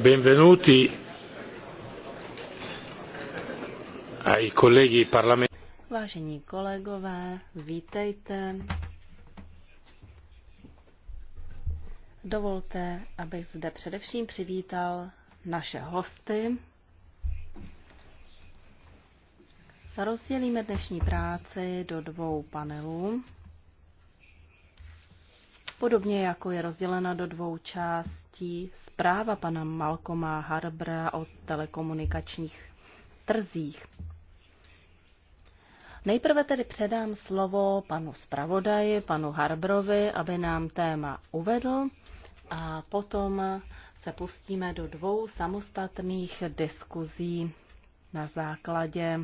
Benvenuti ai colleghi parlamentari. Vážení kolegové, vítejte. Dovolte, abych zde především přivítal naše hosty. Rozdělíme dnešní práci do dvou panelů. Podobně jako je rozdělena do dvou částí zpráva pana Malcoma Harbra o telekomunikačních trzích. Nejprve tedy předám slovo panu zpravodaji, panu Harbrovi, aby nám téma uvedl a potom se pustíme do dvou samostatných diskuzí na základě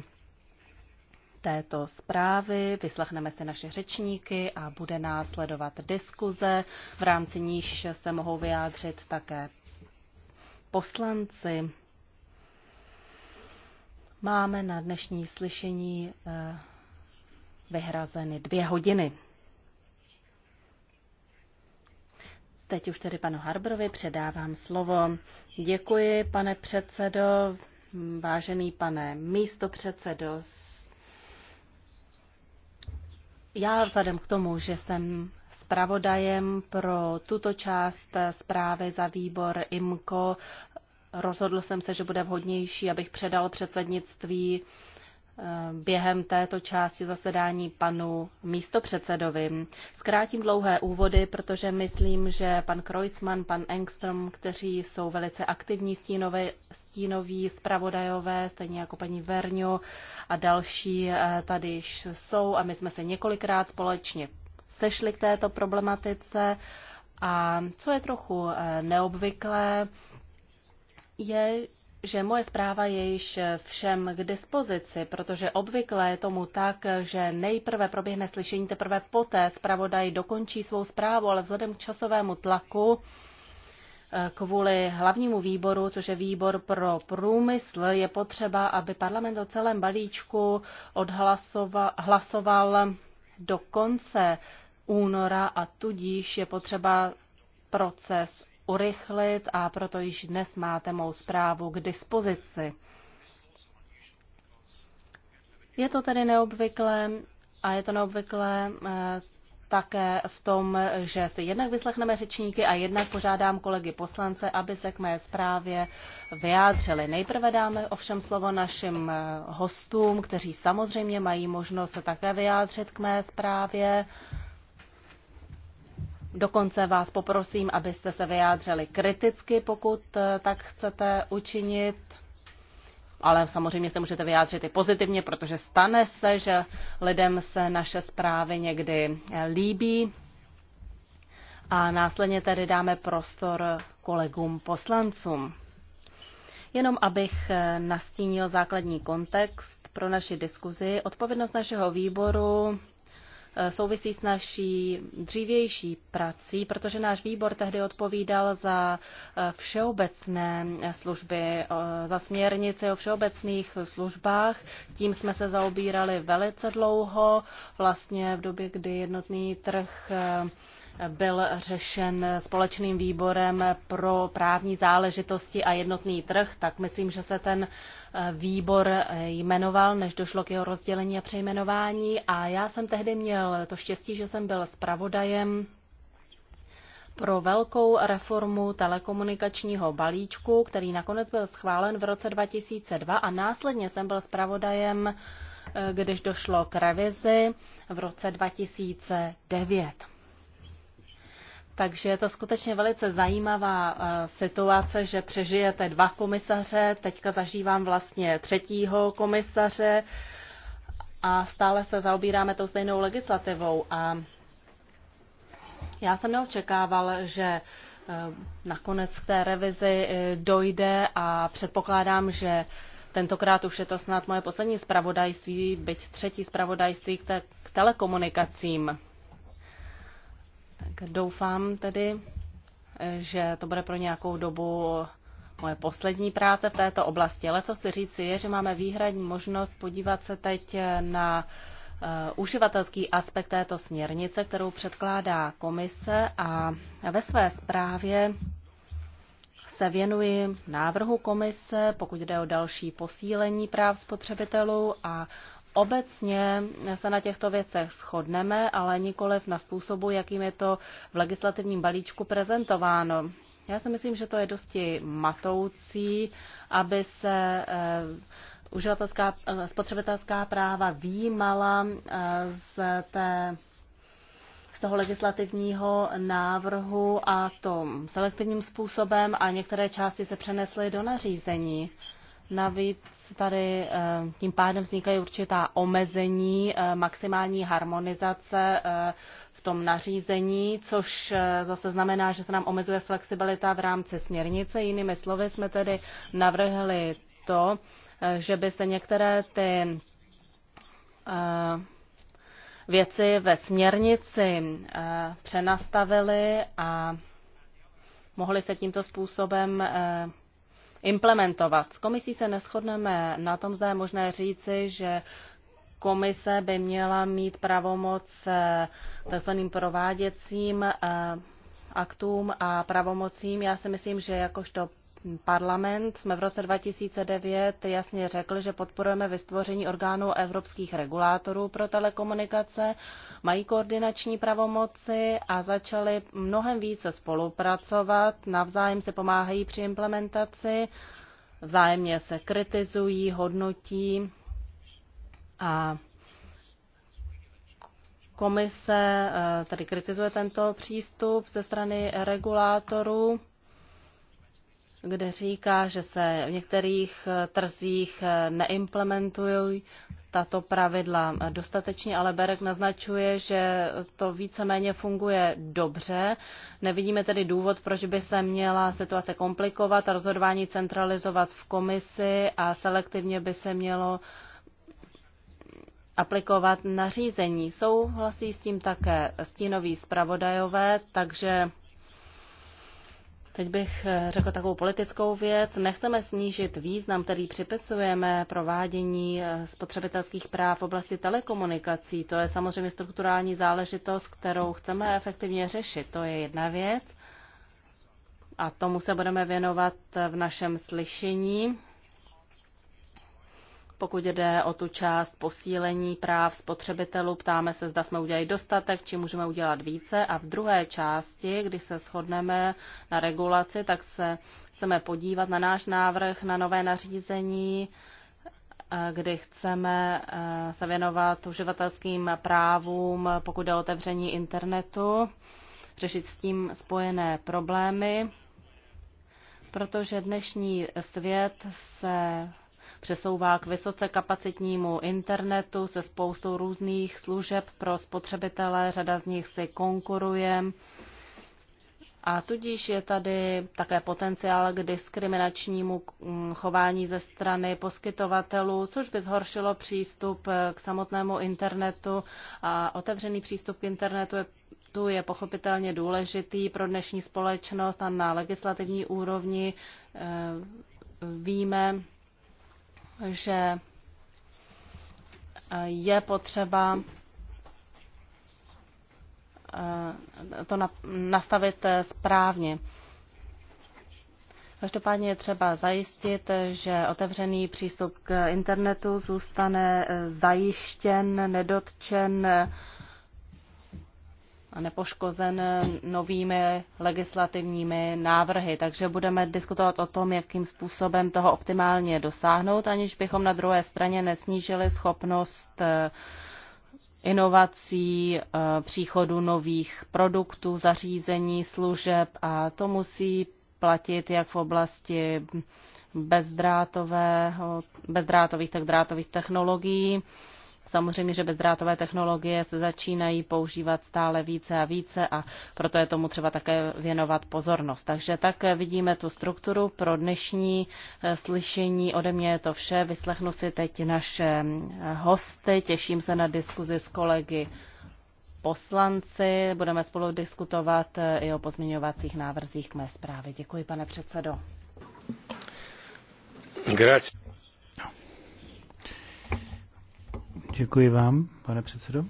této zprávy, vyslechneme si naše řečníky a bude následovat diskuze, v rámci níž se mohou vyjádřit také poslanci. Máme na dnešní slyšení eh, vyhrazeny dvě hodiny. Teď už tedy panu Harbrovi předávám slovo. Děkuji, pane předsedo, vážený pane místopředsedo já vzhledem k tomu, že jsem zpravodajem pro tuto část zprávy za výbor IMCO, rozhodl jsem se, že bude vhodnější, abych předal předsednictví během této části zasedání panu místopředsedovi. Zkrátím dlouhé úvody, protože myslím, že pan Kreuzmann, pan Engström, kteří jsou velice aktivní stínové, stínoví zpravodajové, stejně jako paní Verňu a další eh, tady jsou a my jsme se několikrát společně sešli k této problematice. A co je trochu eh, neobvyklé, je, že moje zpráva je již všem k dispozici, protože obvykle je tomu tak, že nejprve proběhne slyšení, teprve poté zpravodaj dokončí svou zprávu, ale vzhledem k časovému tlaku eh, kvůli hlavnímu výboru, což je výbor pro průmysl, je potřeba, aby parlament o celém balíčku odhlasoval do konce února a tudíž je potřeba proces urychlit a proto již dnes máte mou zprávu k dispozici. Je to tedy neobvyklé a je to neobvyklé eh, také v tom, že si jednak vyslechneme řečníky a jednak požádám kolegy poslance, aby se k mé zprávě vyjádřili. Nejprve dáme ovšem slovo našim eh, hostům, kteří samozřejmě mají možnost se také vyjádřit k mé zprávě. Dokonce vás poprosím, abyste se vyjádřili kriticky, pokud eh, tak chcete učinit. Ale samozřejmě se můžete vyjádřit i pozitivně, protože stane se, že lidem se naše zprávy někdy eh, líbí. A následně tedy dáme prostor kolegům poslancům. Jenom abych eh, nastínil základní kontext pro naši diskuzi, odpovědnost našeho výboru Eh, souvisí s naší dřívější prací, protože náš výbor tehdy odpovídal za eh, všeobecné služby, eh, za směrnice o všeobecných službách. Tím jsme se zaobírali velice dlouho, vlastně v době, kdy jednotný trh byl řešen společným výborem pro právní záležitosti a jednotný trh, tak myslím, že se ten eh, výbor eh, jmenoval, než došlo k jeho rozdělení a přejmenování. A já jsem tehdy měl to štěstí, že jsem byl zpravodajem pro velkou reformu telekomunikačního balíčku, který nakonec byl schválen v roce 2002 a následně jsem byl zpravodajem, eh, když došlo k revizi v roce 2009. Takže je to skutečně velice zajímavá eh, situace, že přežijete dva komisaře, teďka zažívám vlastně třetího komisaře a stále se zaobíráme tou stejnou legislativou. A já jsem neočekával, že eh, nakonec k té revizi eh, dojde a předpokládám, že tentokrát už je to snad moje poslední zpravodajství, byť třetí zpravodajství k, k telekomunikacím. Tak doufám tedy, že to bude pro nějakou dobu moje poslední práce v této oblasti. Ale co chci říct je, že máme výhradní možnost podívat se teď na eh, uživatelský aspekt této směrnice, kterou předkládá komise a ve své zprávě se věnuji návrhu komise, pokud jde o další posílení práv spotřebitelů a Obecně se na těchto věcech shodneme, ale nikoliv na způsobu, jakým je to v legislativním balíčku prezentováno. Já si myslím, že to je dosti matoucí, aby se eh, uživatelská, eh, spotřebitelská práva výjímala eh, z té z toho legislativního návrhu a to selektivním způsobem a některé části se přenesly do nařízení. Navíc tady eh, tím pádem vznikají určitá omezení eh, maximální harmonizace eh, v tom nařízení, což zase znamená, že se nám omezuje flexibilita v rámci směrnice. Jinými slovy jsme tedy navrhli to, že by se některé ty věci ve směrnici přenastavily a mohly se tímto způsobem implementovat. S komisí se neschodneme na tom, zda je možné říci, že komise by měla mít pravomoc eh, tzv. prováděcím eh, aktům a pravomocím. Já si myslím, že jakožto parlament jsme v roce 2009 jasně řekli, že podporujeme vytvoření orgánů evropských regulátorů pro telekomunikace, mají koordinační pravomoci a začali mnohem více spolupracovat, navzájem se pomáhají při implementaci, vzájemně se kritizují, hodnotí a komise eh, tedy kritizuje tento přístup ze strany regulátorů kde říká, že se v některých eh, trzích eh, neimplementují tato pravidla eh, dostatečně, ale Berek naznačuje, že to víceméně funguje dobře. Nevidíme tedy důvod, proč by se měla situace komplikovat a rozhodování centralizovat v komisi a selektivně by se mělo aplikovat nařízení. Souhlasí s tím také stínoví zpravodajové, takže Teď bych eh, řekl takovou politickou věc. Nechceme snížit význam, který připisujeme provádění eh, spotřebitelských práv v oblasti telekomunikací. To je samozřejmě strukturální záležitost, kterou chceme efektivně řešit. To je jedna věc. A tomu se budeme věnovat v našem slyšení pokud jde o tu část posílení práv spotřebitelů, ptáme se, zda jsme udělali dostatek, či můžeme udělat více. A v druhé části, kdy se shodneme na regulaci, tak se chceme podívat na náš návrh na nové nařízení, eh, kdy chceme eh, se věnovat uživatelským právům, pokud jde o otevření internetu, řešit s tím spojené problémy, protože dnešní svět se přesouvá k vysoce kapacitnímu internetu se spoustou různých služeb pro spotřebitele, řada z nich si konkuruje. A tudíž je tady také potenciál k diskriminačnímu mm, chování ze strany poskytovatelů, což by zhoršilo přístup eh, k samotnému internetu. A otevřený přístup k internetu je tu je pochopitelně důležitý pro dnešní společnost a na legislativní úrovni eh, víme, že eh, je potřeba eh, to nastavit eh, správně. Každopádně je třeba zajistit, že otevřený přístup k internetu zůstane zajištěn, nedotčen nepoškozen novými legislativními návrhy. Takže budeme diskutovat o tom, jakým způsobem toho optimálně dosáhnout, aniž bychom na druhé straně nesnížili schopnost eh, inovací, eh, příchodu nových produktů, zařízení, služeb a to musí platit jak v oblasti bezdrátových, tak drátových technologií Samozřejmě, že bezdrátové technologie se začínají používat stále více a více a proto je tomu třeba také věnovat pozornost. Takže tak vidíme tu strukturu pro dnešní eh, slyšení. Ode mě je to vše. Vyslechnu si teď naše mm, hosty. Těším se na diskuzi s kolegy poslanci. Budeme spolu diskutovat eh, i o pozměňovacích návrzích k mé zprávě. Děkuji, pane předsedo. Grazie. Děkuji vám, pane předsedo.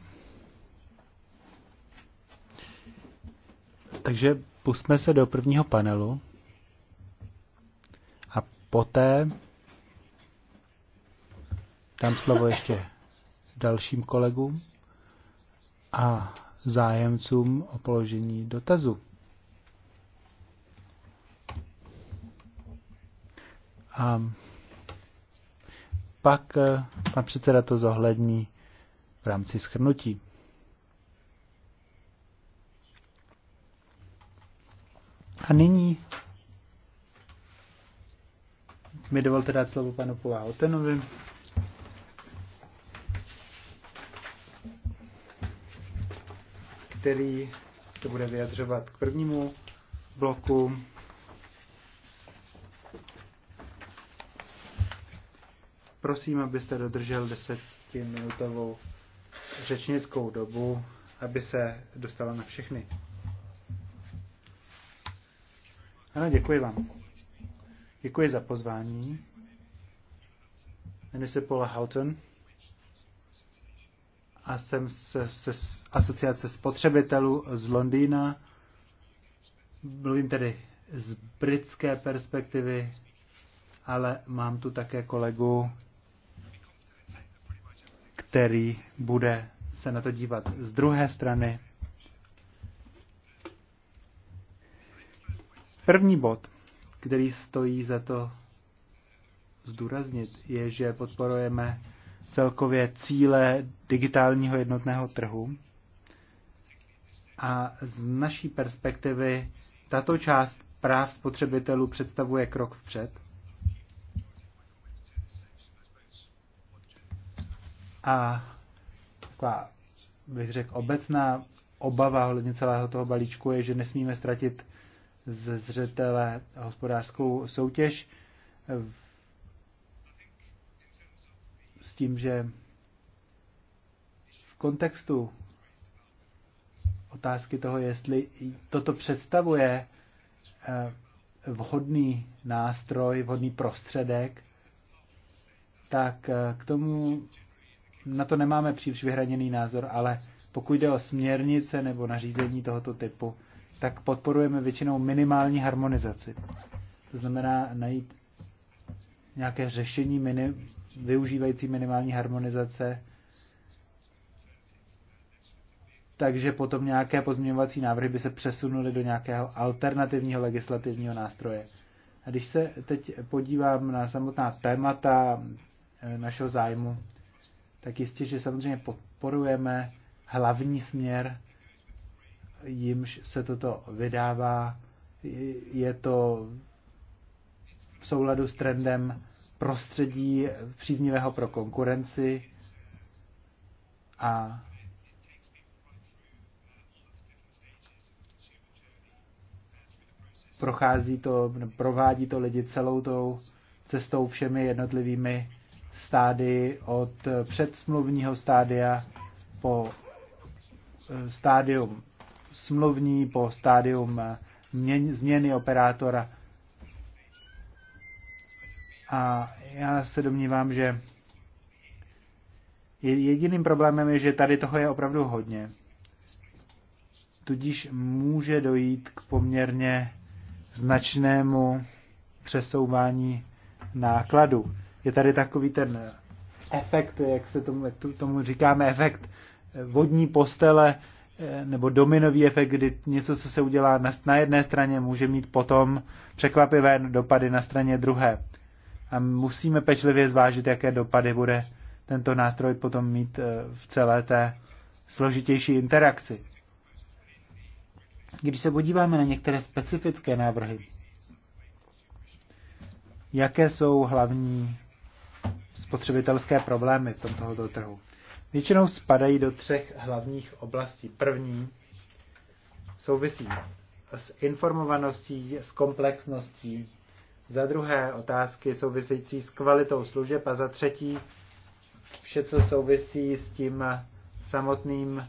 Takže pustme se do prvního panelu a poté dám slovo ještě dalším kolegům a zájemcům o položení dotazu. A pak eh, pan předseda to zohlední v rámci schrnutí. A nyní mi dovolte dát slovo panu Otenovi. který se bude vyjadřovat k prvnímu bloku Prosím, abyste dodržel desetiminutovou řečnickou dobu, aby se dostala na všechny. Ano, děkuji vám. Děkuji za pozvání. Jmenuji se Paula Houghton a jsem se, se asociace spotřebitelů z Londýna. Mluvím tedy z britské perspektivy, ale mám tu také kolegu který bude se na to dívat z druhé strany. První bod, který stojí za to zdůraznit, je, že podporujeme celkově cíle digitálního jednotného trhu. A z naší perspektivy tato část práv spotřebitelů představuje krok vpřed – A taková, bych řekl, obecná obava hledně celého toho balíčku je, že nesmíme ztratit ze zřetele hospodářskou soutěž s tím, že v kontextu otázky toho, jestli toto představuje eh, vhodný nástroj, vhodný prostředek, tak eh, k tomu na to nemáme příliš vyhraněný názor, ale pokud jde o směrnice nebo nařízení tohoto typu, tak podporujeme většinou minimální harmonizaci. To znamená najít nějaké řešení mini, využívající minimální harmonizace, takže potom nějaké pozměňovací návrhy by se přesunuly do nějakého alternativního legislativního nástroje. A když se teď podívám na samotná témata eh, našeho zájmu, tak jistě, že samozřejmě podporujeme hlavní směr, jimž se toto vydává. Je to v souladu s trendem prostředí příznivého pro konkurenci a prochází to, provádí to lidi celou tou cestou všemi jednotlivými stádii od předsmluvního stádia po eh, stádium smluvní, po stádium eh, měn, změny operátora. A já se domnívám, že jediným problémem je, že tady toho je opravdu hodně. Tudíž může dojít k poměrně značnému přesouvání nákladu je tady takový ten efekt, jak se tomu, jak tomu říkáme, efekt eh, vodní postele eh, nebo dominový efekt, kdy něco, co se udělá na, jedné straně, může mít potom překvapivé dopady na straně druhé. A musíme pečlivě zvážit, jaké dopady bude tento nástroj potom mít eh, v celé té složitější interakci. Když se podíváme na některé specifické návrhy, jaké jsou hlavní spotřebitelské problémy v tom tohoto trhu. Většinou spadají do třech hlavních oblastí. První souvisí s informovaností, s komplexností, za druhé otázky související s kvalitou služeb a za třetí vše, co souvisí s tím samotným eh,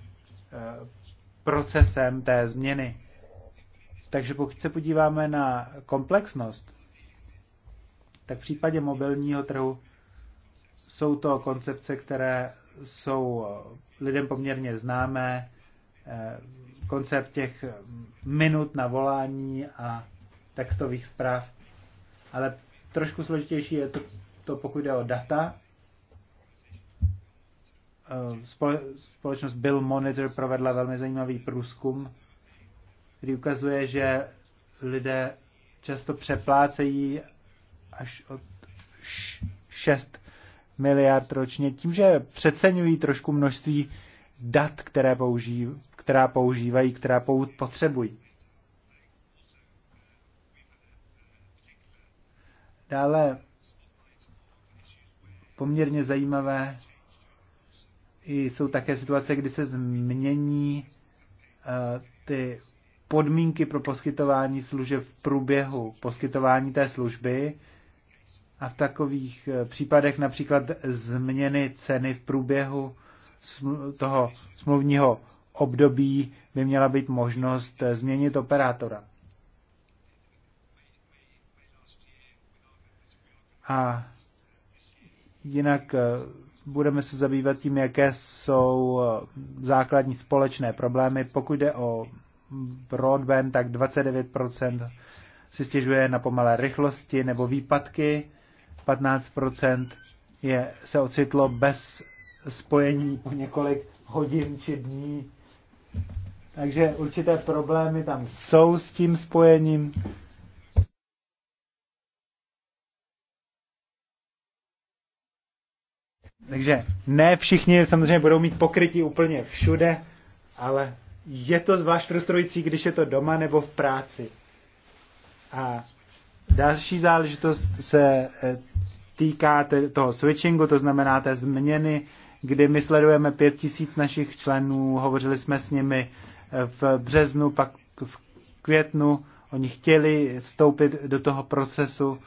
procesem té změny. Takže pokud se podíváme na komplexnost, tak v případě mobilního trhu jsou to koncepce, které jsou lidem poměrně známé, eh, koncept těch minut na volání a textových zpráv. Ale trošku složitější je to, to pokud jde o data. Eh, společnost Bill Monitor provedla velmi zajímavý průzkum, který ukazuje, že lidé často přeplácejí až od 6 miliard ročně tím, že přeceňují trošku množství dat, které používají, která používají, která potřebují. Dále poměrně zajímavé jsou také situace, kdy se změní eh, ty podmínky pro poskytování služeb v průběhu poskytování té služby a v takových eh, případech například změny ceny v průběhu toho smluvního období by měla být možnost eh, změnit operátora. A jinak eh, budeme se zabývat tím, jaké jsou základní společné problémy. Pokud jde o broadband, tak 29% si stěžuje na pomalé rychlosti nebo výpadky 15 je, se ocitlo bez spojení po několik hodin či dní. Takže určité problémy tam jsou s tím spojením. Takže ne všichni samozřejmě budou mít pokrytí úplně všude, ale je to zvlášť frustrující, když je to doma nebo v práci. A další záležitost se eh, týká toho switchingu, to znamená té změny, kdy my sledujeme pět tisíc našich členů, hovořili jsme s nimi eh, v březnu, pak v květnu, oni chtěli vstoupit do toho procesu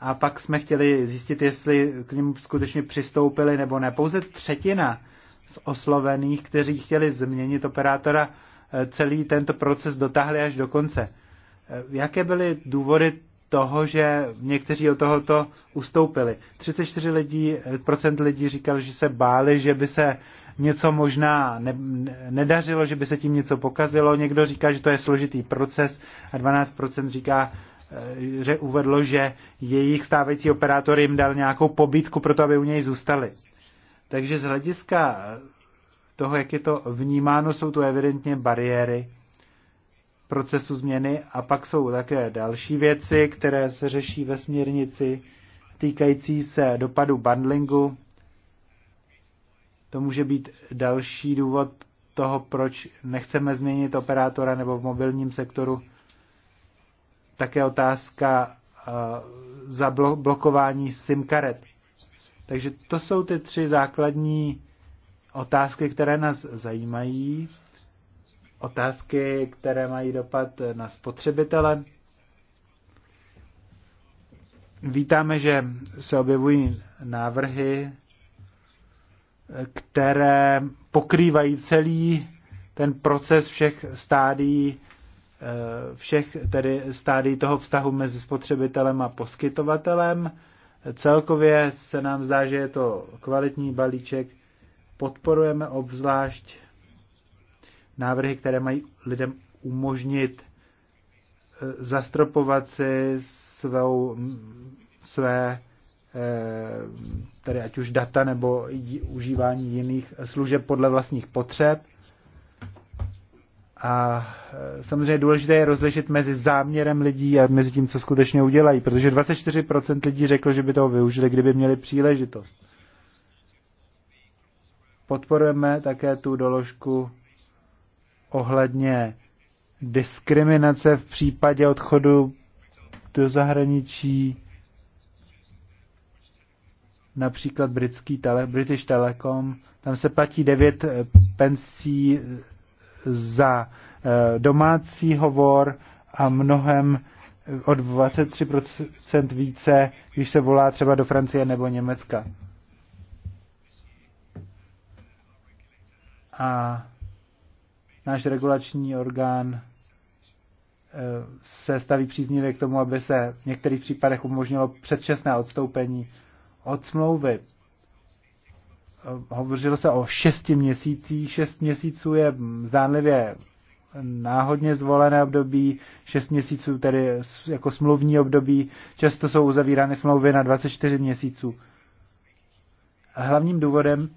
a pak jsme chtěli zjistit, jestli k němu skutečně přistoupili nebo ne. Pouze třetina z oslovených, kteří chtěli změnit operátora, eh, celý tento proces dotáhli až do konce. Eh, jaké byly důvody toho, že někteří od tohoto ustoupili. 34% lidí, procent lidí říkal, že se báli, že by se něco možná ne, nedařilo, že by se tím něco pokazilo. Někdo říká, že to je složitý proces a 12% říká, eh, že uvedlo, že jejich stávající operátor jim dal nějakou pobítku pro to, aby u něj zůstali. Takže z hlediska toho, jak je to vnímáno, jsou tu evidentně bariéry procesu změny a pak jsou také další věci, které se řeší ve směrnici týkající se dopadu bundlingu. To může být další důvod toho, proč nechceme změnit operátora nebo v mobilním sektoru. Také otázka eh, za blokování SIM karet. Takže to jsou ty tři základní otázky, které nás zajímají otázky, které mají dopad na spotřebitele. Vítáme, že se objevují návrhy, které pokrývají celý ten proces všech stádií, všech tedy stádií toho vztahu mezi spotřebitelem a poskytovatelem. Celkově se nám zdá, že je to kvalitní balíček. Podporujeme obzvlášť návrhy, které mají lidem umožnit eh, zastropovat si svou, své, eh, tedy ať už data nebo užívání jiných služeb podle vlastních potřeb. A eh, samozřejmě důležité je rozlišit mezi záměrem lidí a mezi tím, co skutečně udělají, protože 24% lidí řeklo, že by toho využili, kdyby měli příležitost. Podporujeme také tu doložku ohledně diskriminace v případě odchodu do zahraničí, například britský tele, British Telecom, tam se platí 9 eh, pensí za eh, domácí hovor a mnohem eh, o 23% více, když se volá třeba do Francie nebo Německa. A náš regulační orgán eh, se staví příznivě k tomu, aby se v některých případech umožnilo předčasné odstoupení od smlouvy. Eh, hovořilo se o šesti měsících. Šest měsíců je zdánlivě náhodně zvolené období, šest měsíců tedy jako smluvní období. Často jsou uzavírány smlouvy na 24 měsíců. Hlavním důvodem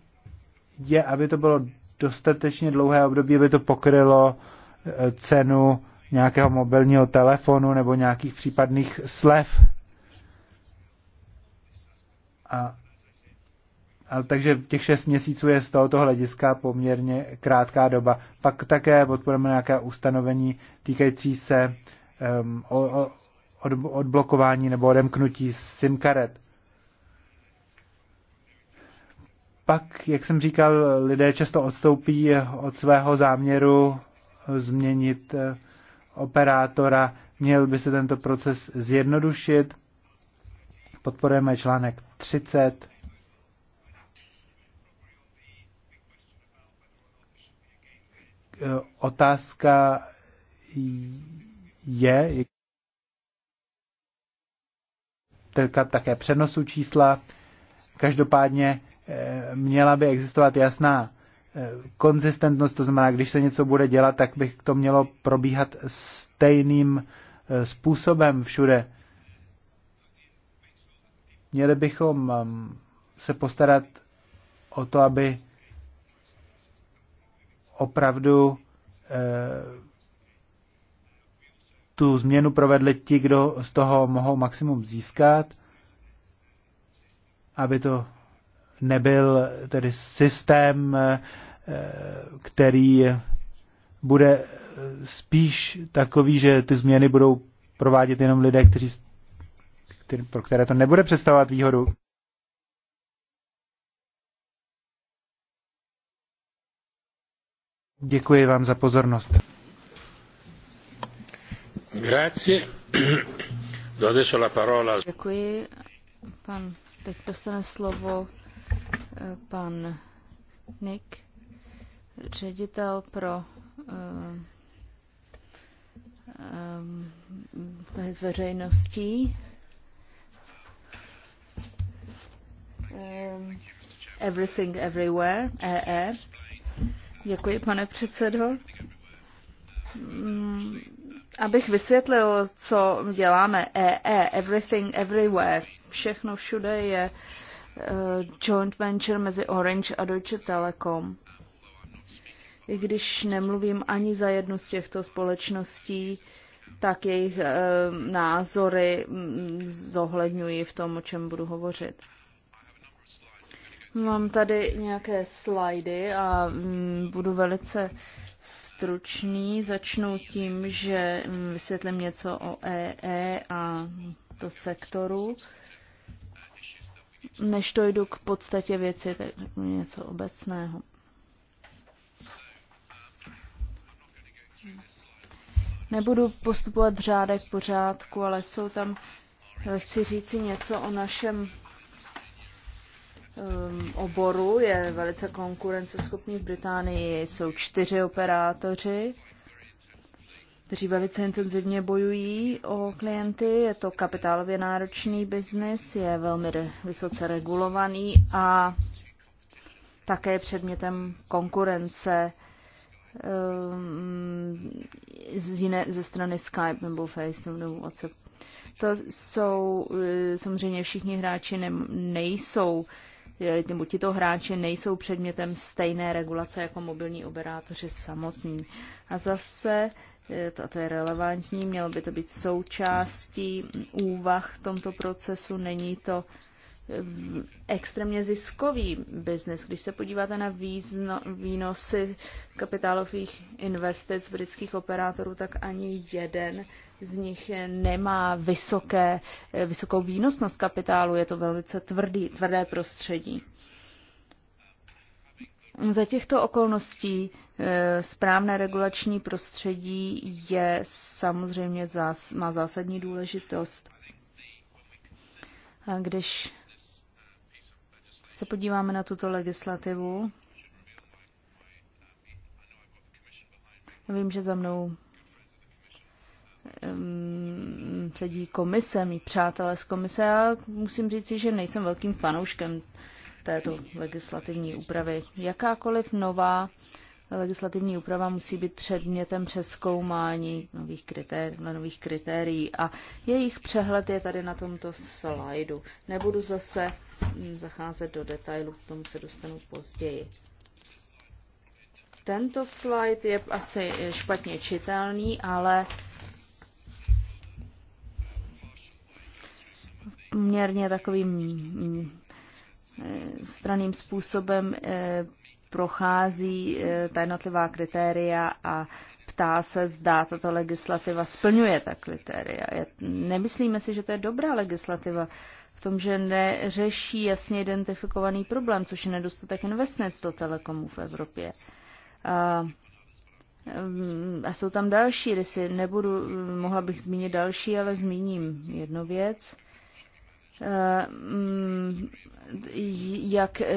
je, aby to bylo dostatečně dlouhé období, aby to pokrylo e, cenu nějakého mobilního telefonu nebo nějakých případných slev. A, a takže těch šest měsíců je z tohoto hlediska poměrně krátká doba. Pak také podporujeme nějaké ustanovení týkající se um, o, o, odblokování nebo odemknutí SIM karet. pak, jak jsem říkal, lidé často odstoupí od svého záměru změnit eh, operátora. Měl by se tento proces zjednodušit. Podporujeme článek 30. Eh, otázka je, také přenosu čísla. Každopádně měla by existovat jasná eh, konzistentnost, to znamená, když se něco bude dělat, tak bych to mělo probíhat stejným eh, způsobem všude. Měli bychom ehm, se postarat o to, aby opravdu eh, tu změnu provedli ti, kdo z toho mohou maximum získat, aby to nebyl tedy systém, eh, který bude spíš takový, že ty změny budou provádět jenom lidé, kteří, který, pro které to nebude představovat výhodu. Děkuji vám za pozornost. Grazie. Do adesso la parola. Děkuji. Pan, teď dostane slovo pan Nick, ředitel pro uh, um, s veřejností. Um, everything Everywhere, EE. E. Děkuji, pane předsedo. Mm, abych vysvětlil, co děláme, EE, e, Everything Everywhere, všechno všude je uh, Eh, joint venture mezi Orange a Deutsche Telekom. I když nemluvím ani za jednu z těchto společností, tak jejich eh, názory mm, zohledňuji v tom, o čem budu hovořit. Mám tady nějaké slajdy a mm, budu velice stručný. Začnu tím, že mm, vysvětlím něco o EE e a to sektoru než to jdu k podstatě věci, tak řeknu něco obecného. Nebudu postupovat řádek pořádku, ale jsou tam, eh, chci říci něco o našem um, oboru. Je velice konkurenceschopný v Británii, jsou čtyři operátoři kteří velice intenzivně bojují o klienty. Je to kapitálově náročný biznis, je velmi vysoce regulovaný a také předmětem konkurence ehm, z jiné, ze strany Skype nebo Facebook nebo WhatsApp. To jsou e, samozřejmě všichni hráči ne, nejsou e, nebo tito hráči nejsou předmětem stejné regulace jako mobilní operátoři samotní. A zase a to je relevantní, mělo by to být součástí úvah v tomto procesu, není to eh, extrémně ziskový biznis. Když se podíváte na význo, výnosy kapitálových investic britských operátorů, tak ani jeden z nich nemá vysoké, eh, vysokou výnosnost kapitálu. Je to velice tvrdý, tvrdé prostředí. Za těchto okolností eh, správné regulační prostředí je samozřejmě zás, má zásadní důležitost. A když se podíváme na tuto legislativu, vím, že za mnou ehm, sedí komise, mý přátelé z komise, a musím si, že nejsem velkým fanouškem této legislativní úpravy. Jakákoliv nová legislativní úprava musí být předmětem přeskoumání nových kritéri- nových kritérií a jejich přehled je tady na tomto slajdu. Nebudu zase zacházet do detailu, k tomu se dostanu později. Tento slide je asi špatně čitelný, ale poměrně takový Eh, straným způsobem eh, prochází eh, ta jednotlivá kritéria a ptá se, zda tato legislativa splňuje ta kritéria. Nemyslíme si, že to je dobrá legislativa v tom, že neřeší jasně identifikovaný problém, což je nedostatek investic do telekomů v Evropě. A, a jsou tam další rysy. Nebudu, mohla bych zmínit další, ale zmíním jednu věc. Eh, mm, jak eh,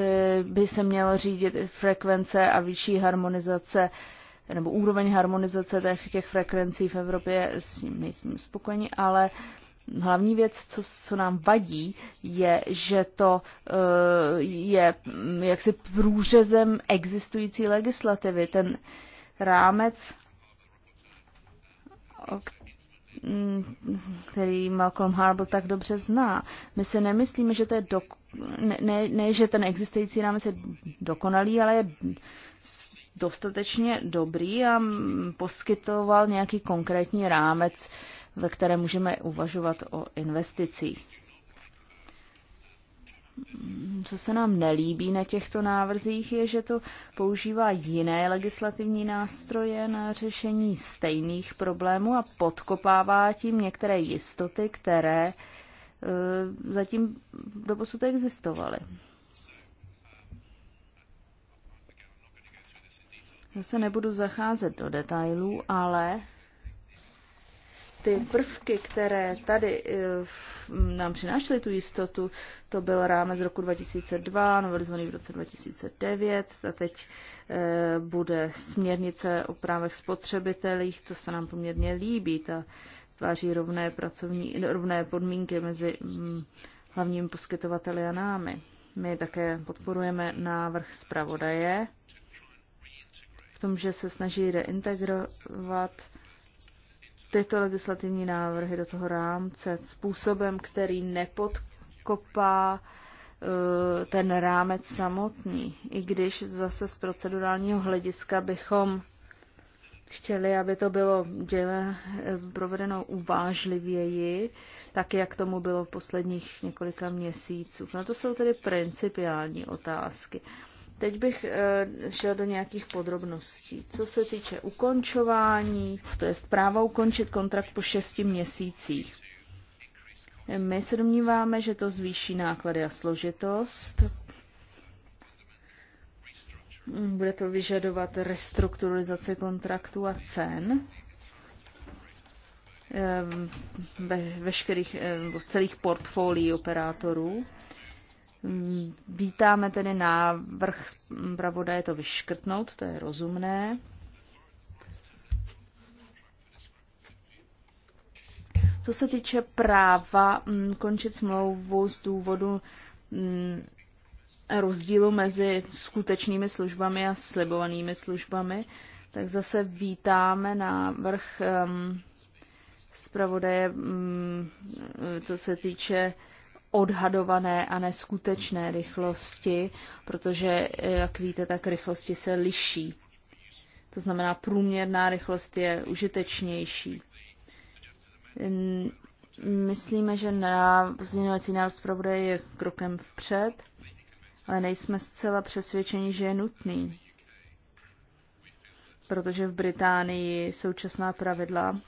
by se mělo řídit frekvence a vyšší harmonizace nebo úroveň harmonizace těch, těch frekvencí v Evropě, s tím nejsme spokojeni, ale hlavní věc, co, co nám vadí, je, že to eh, je mm, jaksi průřezem existující legislativy. Ten rámec, o Mm, který Malcolm Harbour tak dobře zná. My si nemyslíme, že to je do, ne, ne, ne, že ten existující rámec je dokonalý, ale je dostatečně dobrý a poskytoval nějaký konkrétní rámec, ve kterém můžeme uvažovat o investicích co se nám nelíbí na těchto návrzích, je, že to používá jiné legislativní nástroje na řešení stejných problémů a podkopává tím některé jistoty, které e, zatím do posud existovaly. Zase nebudu zacházet do detailů, ale ty prvky, které tady eh, nám přinášely tu jistotu, to byl rámec roku 2002, novelizovaný v roce 2009, a teď eh, bude směrnice o právech spotřebitelích, to se nám poměrně líbí, ta tváří rovné, pracovní, rovné podmínky mezi mm, hlavními poskytovateli a námi. My také podporujeme návrh zpravodaje v tom, že se snaží reintegrovat tyto legislativní návrhy do toho rámce způsobem, který nepodkopá eh, ten rámec samotný, i když zase z procedurálního hlediska bychom chtěli, aby to bylo děle eh, provedeno uvážlivěji, tak jak tomu bylo v posledních několika měsíců. No to jsou tedy principiální otázky. Teď bych eh, šel do nějakých podrobností. Co se týče ukončování, to je práva ukončit kontrakt po šesti měsících. My se domníváme, že to zvýší náklady a složitost. Bude to vyžadovat restrukturalizace kontraktu a cen eh, ve, veškerých, v eh, celých portfolií operátorů. Mm, vítáme tedy návrh zpravodaje to vyškrtnout, to je rozumné. Co se týče práva mm, končit smlouvu z důvodu mm, rozdílu mezi skutečnými službami a slibovanými službami, tak zase vítáme návrh zpravodaje, co se týče odhadované a neskutečné rychlosti, protože, eh, jak víte, tak rychlosti se liší. To znamená, průměrná rychlost je užitečnější. Hm, myslíme, že na pozměňovací návrh zpravodaje je krokem vpřed, ale nejsme zcela přesvědčeni, že je nutný. Protože v Británii současná pravidla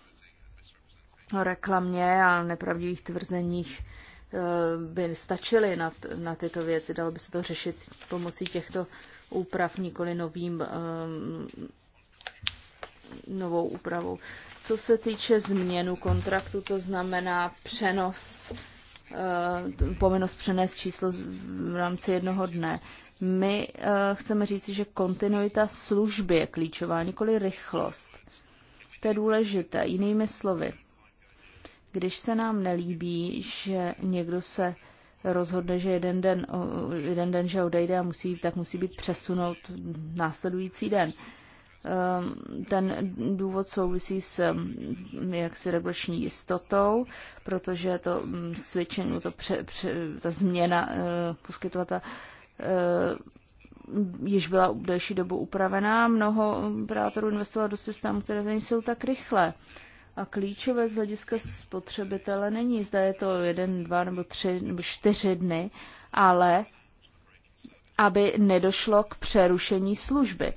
o reklamě a nepravdivých tvrzeních Eh, by stačily na, na tyto věci. Dalo by se to řešit pomocí těchto úprav, nikoli novým, um, novou úpravou. Co se týče změnu kontraktu, to znamená přenos, uh, povinnost přenést číslo v rámci jednoho dne. My uh, chceme říct, že kontinuita služby je klíčová, nikoli rychlost. To je důležité. Jinými slovy, když se nám nelíbí, že někdo se rozhodne, že jeden den, jeden den že odejde a musí, tak musí být přesunout následující den. Ehm, ten důvod souvisí s jaksi regulační jistotou, protože to switching, to pře, pře, ta změna e, poskytovatá e, již byla delší dobu upravená. Mnoho operátorů investovalo do systémů, které nejsou tak rychlé a klíčové z hlediska spotřebitele není, zda je to jeden, dva nebo tři nebo čtyři dny, ale aby nedošlo k přerušení služby,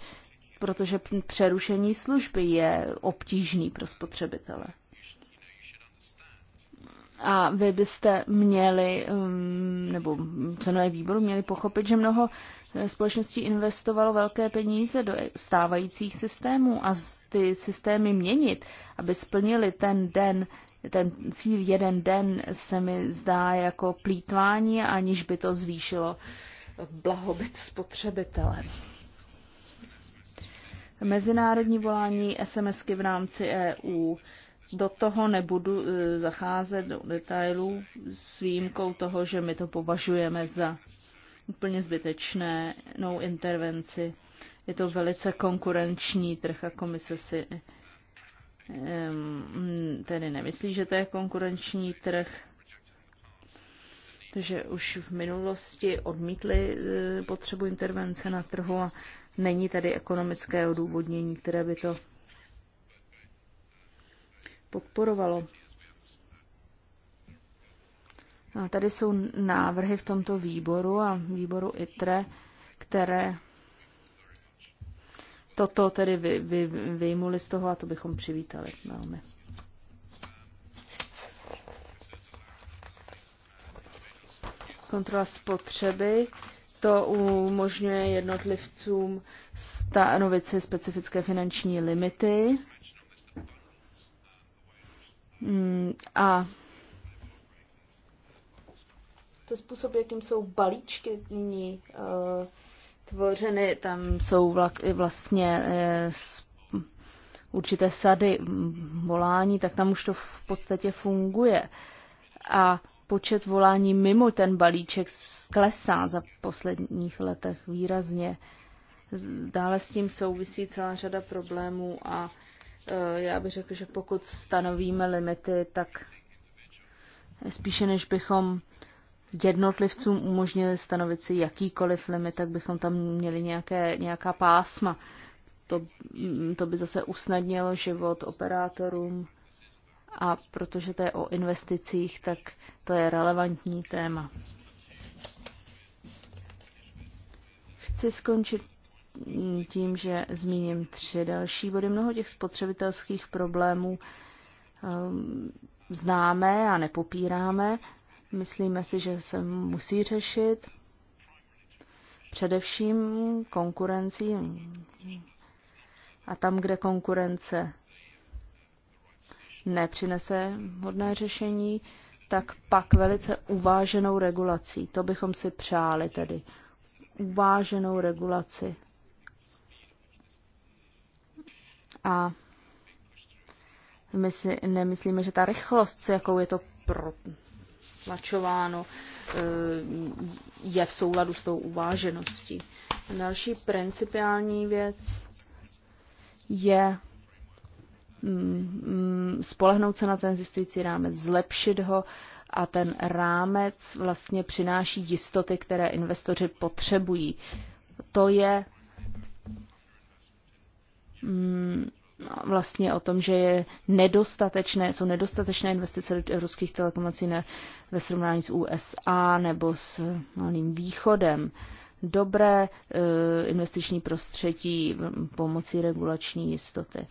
protože přerušení služby je obtížný pro spotřebitele. A vy byste měli, um, nebo cenové výboru měli pochopit, že mnoho eh, společností investovalo velké peníze do stávajících systémů a ty systémy měnit, aby splnili ten den, ten cíl jeden den se mi zdá jako plítvání, aniž by to zvýšilo blahobyt spotřebitele. Mezinárodní volání SMSky v rámci EU do toho nebudu e, zacházet do detailů s výjimkou toho, že my to považujeme za úplně zbytečné no intervenci. Je to velice konkurenční trh a komise si e, tedy nemyslí, že to je konkurenční trh. Takže už v minulosti odmítli e, potřebu intervence na trhu a není tady ekonomické odůvodnění, které by to podporovalo. A tady jsou návrhy v tomto výboru a výboru ITRE, které toto tedy vy, vy, vyjmuli z toho a to bychom přivítali velmi. Kontrola spotřeby. To umožňuje jednotlivcům stanovit si specifické finanční limity Mm, a to způsob, jakým jsou balíčky nyní uh, tvořeny, tam jsou vlastně uh, určité sady mm, volání, tak tam už to v podstatě funguje. A počet volání mimo ten balíček klesá za posledních letech výrazně. Dále s tím souvisí celá řada problémů a uh, Eh, já bych řekl, že pokud stanovíme limity, tak spíše než bychom jednotlivcům umožnili stanovit si jakýkoliv limit, tak bychom tam měli nějaké, nějaká pásma. To, mm, to by zase usnadnilo život operátorům a protože to je o investicích, tak to je relevantní téma. Chci skončit tím, že zmíním tři další body. Mnoho těch spotřebitelských problémů um, známe a nepopíráme. Myslíme si, že se musí řešit především konkurencí a tam, kde konkurence nepřinese hodné řešení, tak pak velice uváženou regulací. To bychom si přáli tedy. Uváženou regulaci A my si nemyslíme, že ta rychlost, s jakou je to protlačováno, eh, je v souladu s tou uvážeností. Další principiální věc je mm, mm, spolehnout se na ten existující rámec, zlepšit ho a ten rámec vlastně přináší jistoty, které investoři potřebují. To je Mm, no, vlastně o tom, že je nedostatečné, jsou nedostatečné investice do ruských telekomunikací ne, ve srovnání s USA nebo s malým východem. Dobré e, investiční prostředí mm, pomocí regulační jistoty.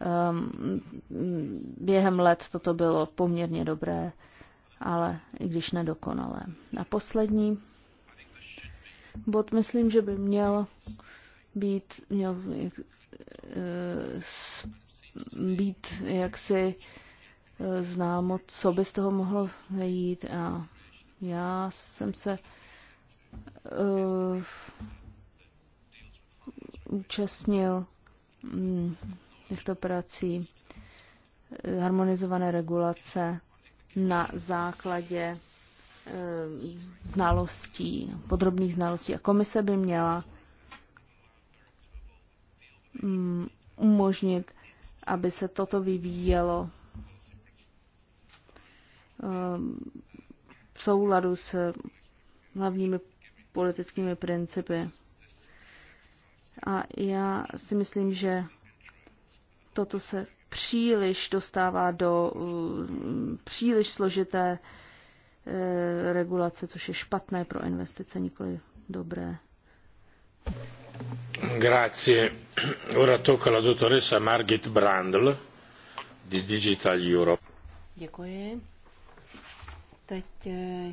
Ehm, mm, během let toto bylo poměrně dobré, ale i když nedokonalé. A poslední bod, myslím, že by měl být, měl Eh, být jaksi eh, známo, co by z toho mohlo vejít. A já jsem se uh, účastnil hm, těchto prací harmonizované regulace na základě znalostí, podrobných znalostí. A komise by měla Mm, umožnit, aby se toto vyvíjelo ehm, v souladu s hlavními politickými principy. A já si myslím, že toto se příliš dostává do mm, příliš složité eh, regulace, což je špatné pro investice, nikoli dobré. Děkuji. Teď eh,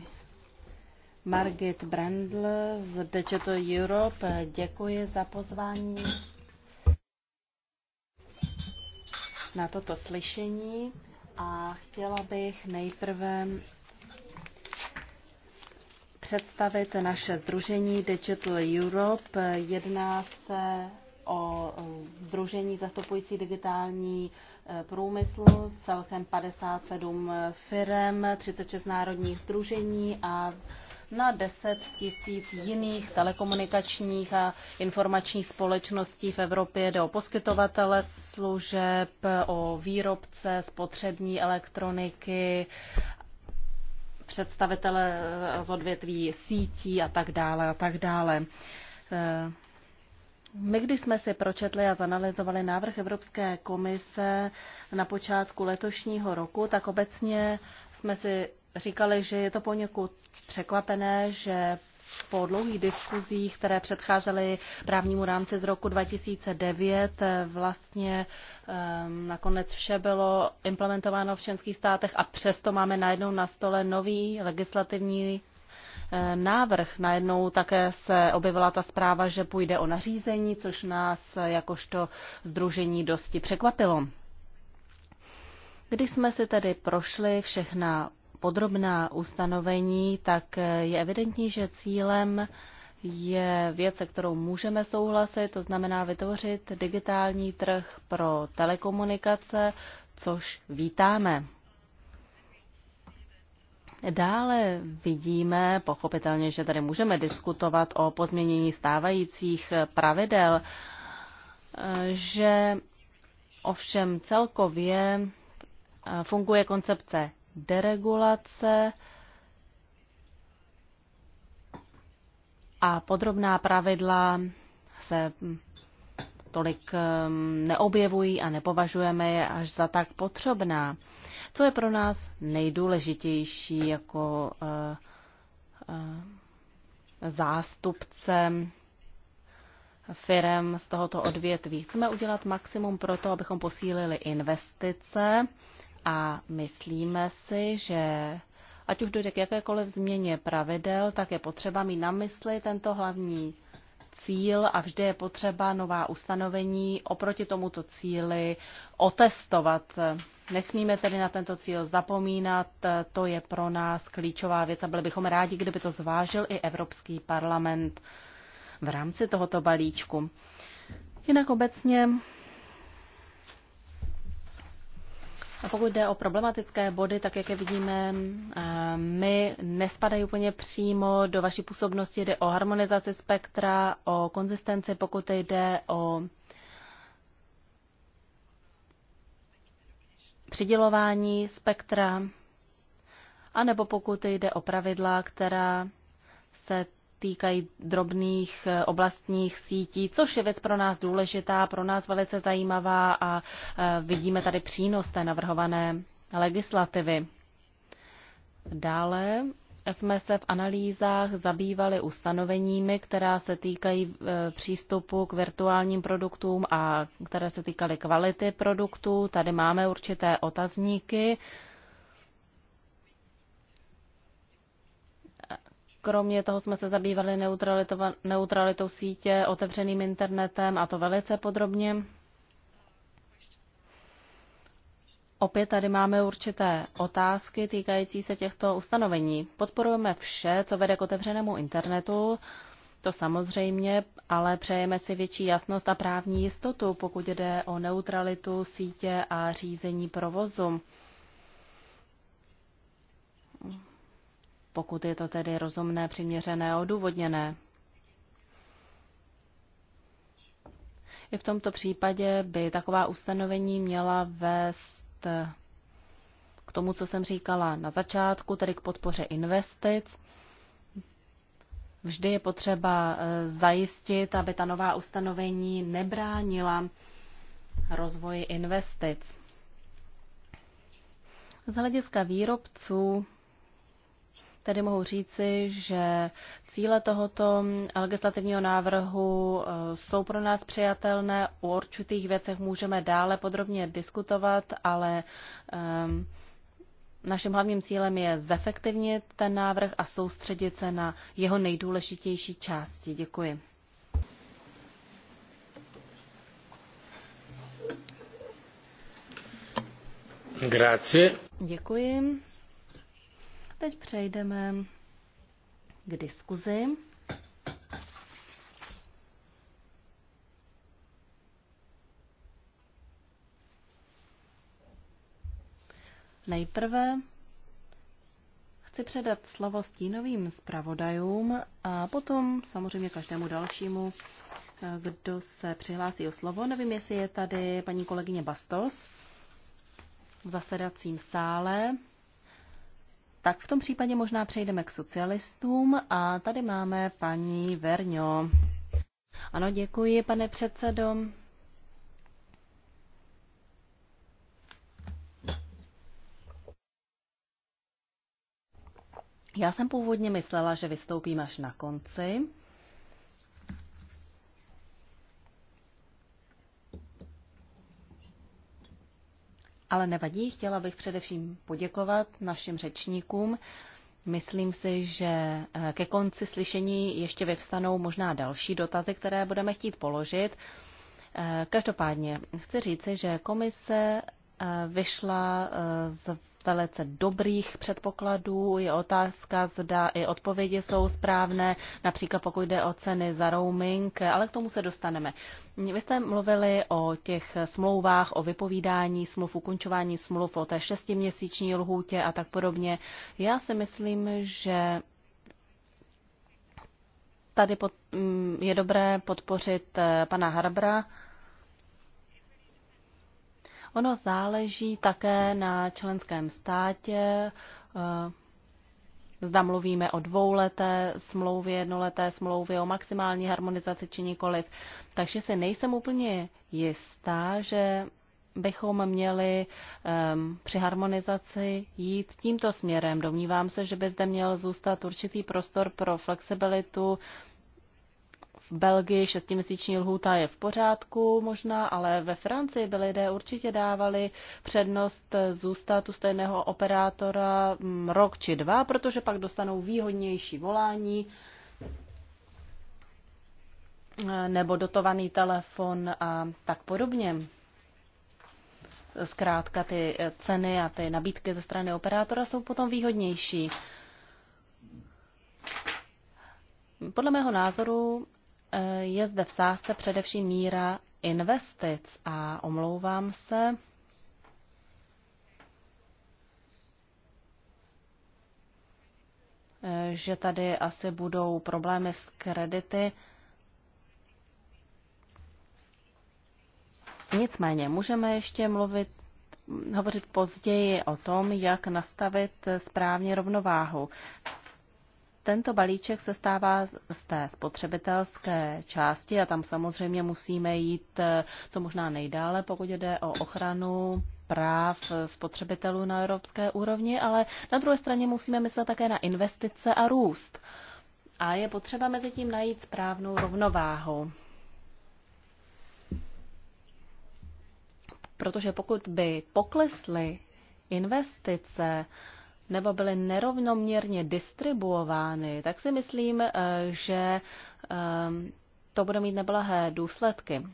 Margit Brandl z Digital Europe. Děkuji za pozvání na toto slyšení a chtěla bych nejprve představit naše združení Digital Europe. Jedná se o združení zastupující digitální e, průmysl, celkem 57 firm, 36 národních združení a na 10 tisíc jiných telekomunikačních a informačních společností v Evropě. Jde o poskytovatele služeb, o výrobce spotřební elektroniky představitele z eh, odvětví sítí a tak dále a tak dále. Eh, my, když jsme si pročetli a zanalizovali návrh Evropské komise na počátku letošního roku, tak obecně jsme si říkali, že je to poněkud překvapené, že po dlouhých diskuzích, které předcházely právnímu rámci z roku 2009, vlastně ehm, nakonec vše bylo implementováno v členských státech a přesto máme najednou na stole nový legislativní eh, návrh. Najednou také se objevila ta zpráva, že půjde o nařízení, což nás jakožto združení dosti překvapilo. Když jsme si tedy prošli všechna podrobná ustanovení, tak je evidentní, že cílem je věc, se kterou můžeme souhlasit, to znamená vytvořit digitální trh pro telekomunikace, což vítáme. Dále vidíme, pochopitelně, že tady můžeme diskutovat o pozměnění stávajících pravidel, že ovšem celkově funguje koncepce deregulace a podrobná pravidla se tolik um, neobjevují a nepovažujeme je až za tak potřebná. Co je pro nás nejdůležitější jako uh, uh, zástupce firem z tohoto odvětví? Chceme udělat maximum pro to, abychom posílili investice a myslíme si, že ať už dojde k jakékoliv změně pravidel, tak je potřeba mít na mysli tento hlavní cíl a vždy je potřeba nová ustanovení oproti tomuto cíli otestovat. Nesmíme tedy na tento cíl zapomínat, to je pro nás klíčová věc a byli bychom rádi, kdyby to zvážil i Evropský parlament v rámci tohoto balíčku. Jinak obecně A pokud jde o problematické body, tak jak je vidíme, eh, my nespadají úplně přímo do vaší působnosti. Jde o harmonizaci spektra, o konzistenci, pokud jde o přidělování spektra, anebo pokud jde o pravidla, která se týkají drobných eh, oblastních sítí, což je věc pro nás důležitá, pro nás velice zajímavá a eh, vidíme tady přínos té navrhované legislativy. Dále jsme se v analýzách zabývali ustanoveními, která se týkají eh, přístupu k virtuálním produktům a které se týkaly kvality produktů. Tady máme určité otazníky. Kromě toho jsme se zabývali neutralitou, sítě, otevřeným internetem a to velice podrobně. Opět tady máme určité otázky týkající se těchto ustanovení. Podporujeme vše, co vede k otevřenému internetu, to samozřejmě, ale přejeme si větší jasnost a právní jistotu, pokud jde o neutralitu sítě a řízení provozu pokud je to tedy rozumné, přiměřené a odůvodněné. I v tomto případě by taková ustanovení měla vést k tomu, co jsem říkala na začátku, tedy k podpoře investic. Vždy je potřeba eh, zajistit, aby ta nová ustanovení nebránila rozvoji investic. Z hlediska výrobců tedy mohu říci, že cíle tohoto eh, legislativního návrhu eh, jsou pro nás přijatelné. U určitých věcech můžeme dále podrobně diskutovat, ale ehm, naším hlavním cílem je zefektivnit ten návrh a soustředit se na jeho nejdůležitější části. Děkuji. Grazie. Děkuji. Teď přejdeme k diskuzi. Nejprve chci předat slovo stínovým zpravodajům a potom samozřejmě každému dalšímu, kdo se přihlásí o slovo. Nevím, jestli je tady paní kolegyně Bastos v zasedacím sále. Tak v tom případě možná přejdeme k socialistům a tady máme paní Verňo. Ano, děkuji, pane předsedo. Já jsem původně myslela, že vystoupím až na konci. ale nevadí. Chtěla bych především poděkovat našim řečníkům. Myslím si, že eh, ke konci slyšení ještě vyvstanou možná další dotazy, které budeme chtít položit. Eh, každopádně chci říci, že komise eh, vyšla s velice dobrých předpokladů. Je otázka, zda i odpovědi jsou správné, například pokud jde o ceny za roaming, ale k tomu se dostaneme. Vy jste mluvili o těch smlouvách, o vypovídání smluv, ukončování smluv, o té šestiměsíční lhůtě a tak podobně. Já si myslím, že tady mm, je dobré podpořit eh, pana Harbra, Ono záleží také na členském státě, eh, Zda mluvíme o dvouleté smlouvě, jednoleté smlouvě, o maximální harmonizaci či nikoliv. Takže si nejsem úplně jistá, že bychom měli um, při harmonizaci jít tímto směrem. Domnívám se, že by zde měl zůstat určitý prostor pro flexibilitu v Belgii šestiměsíční lhůta je v pořádku možná, ale ve Francii by lidé určitě dávali přednost zůstat u stejného operátora mm, rok či dva, protože pak dostanou výhodnější volání eh, nebo dotovaný telefon a tak podobně. Zkrátka ty eh, ceny a ty nabídky ze strany operátora jsou potom výhodnější. Podle mého názoru Eh, je zde v sázce především míra investic a omlouvám se, eh, že tady asi budou problémy s kredity. Nicméně můžeme ještě mluvit, hovořit později o tom, jak nastavit správně rovnováhu. Tento balíček se stává z té spotřebitelské části a tam samozřejmě musíme jít eh, co možná nejdále, pokud jde o ochranu práv spotřebitelů na evropské úrovni, ale na druhé straně musíme myslet také na investice a růst. A je potřeba mezi tím najít správnou rovnováhu. Protože pokud by poklesly investice, nebo byly nerovnoměrně distribuovány, tak si myslím, eh, že ehm, to bude mít neblahé důsledky.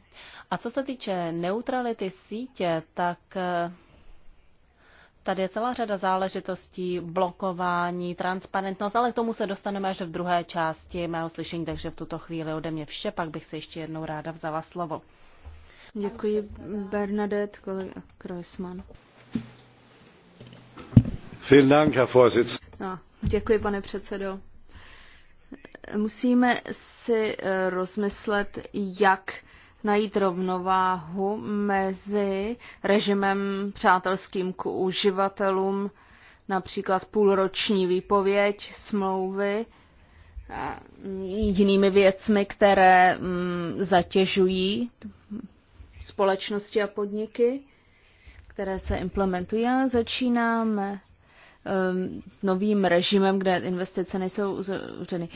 A co se týče neutrality sítě, tak eh, tady je celá řada záležitostí, blokování, transparentnost, ale k tomu se dostaneme až v druhé části mého slyšení, takže v tuto chvíli ode mě vše, pak bych se ještě jednou ráda vzala slovo. Děkuji Bernadette Kreuzmann. No, děkuji, pane předsedající Musíme si eh, rozmyslet, jak najít rovnováhu mezi režimem přátelským k uživatelům, například půlroční výpověď, smlouvy, a mm, jinými věcmi, které mm, zatěžují společnosti a podniky, které se implementují. A začínáme Um, novým režimem, kde investice nejsou uzavřeny.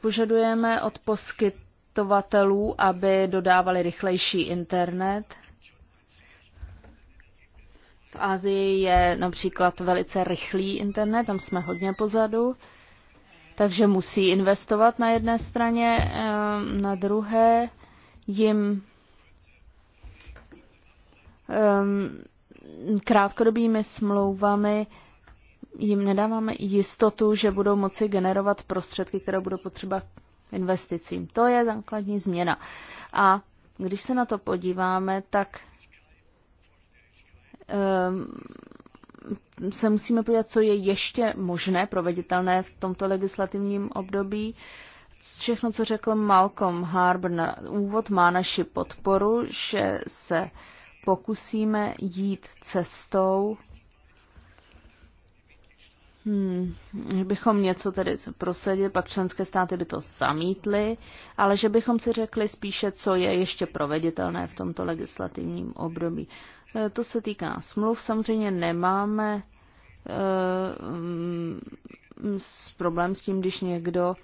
Požadujeme od poskytovatelů, aby dodávali rychlejší internet. V Asii je například velice rychlý internet, tam jsme hodně pozadu, takže musí investovat na jedné straně, um, na druhé jim um, krátkodobými smlouvami jim nedáváme jistotu, že budou moci generovat prostředky, které budou potřeba investicím. To je základní změna. A když se na to podíváme, tak ehm, se musíme podívat, co je ještě možné proveditelné v tomto legislativním období. Všechno, co řekl Malcolm Harbour na úvod, má naši podporu, že se pokusíme jít cestou, hmm, bychom něco tedy prosadili, pak členské státy by to zamítly, ale že bychom si řekli spíše, co je ještě proveditelné v tomto legislativním období. Eh, to se týká smluv. Samozřejmě nemáme e, problém s tím, když někdo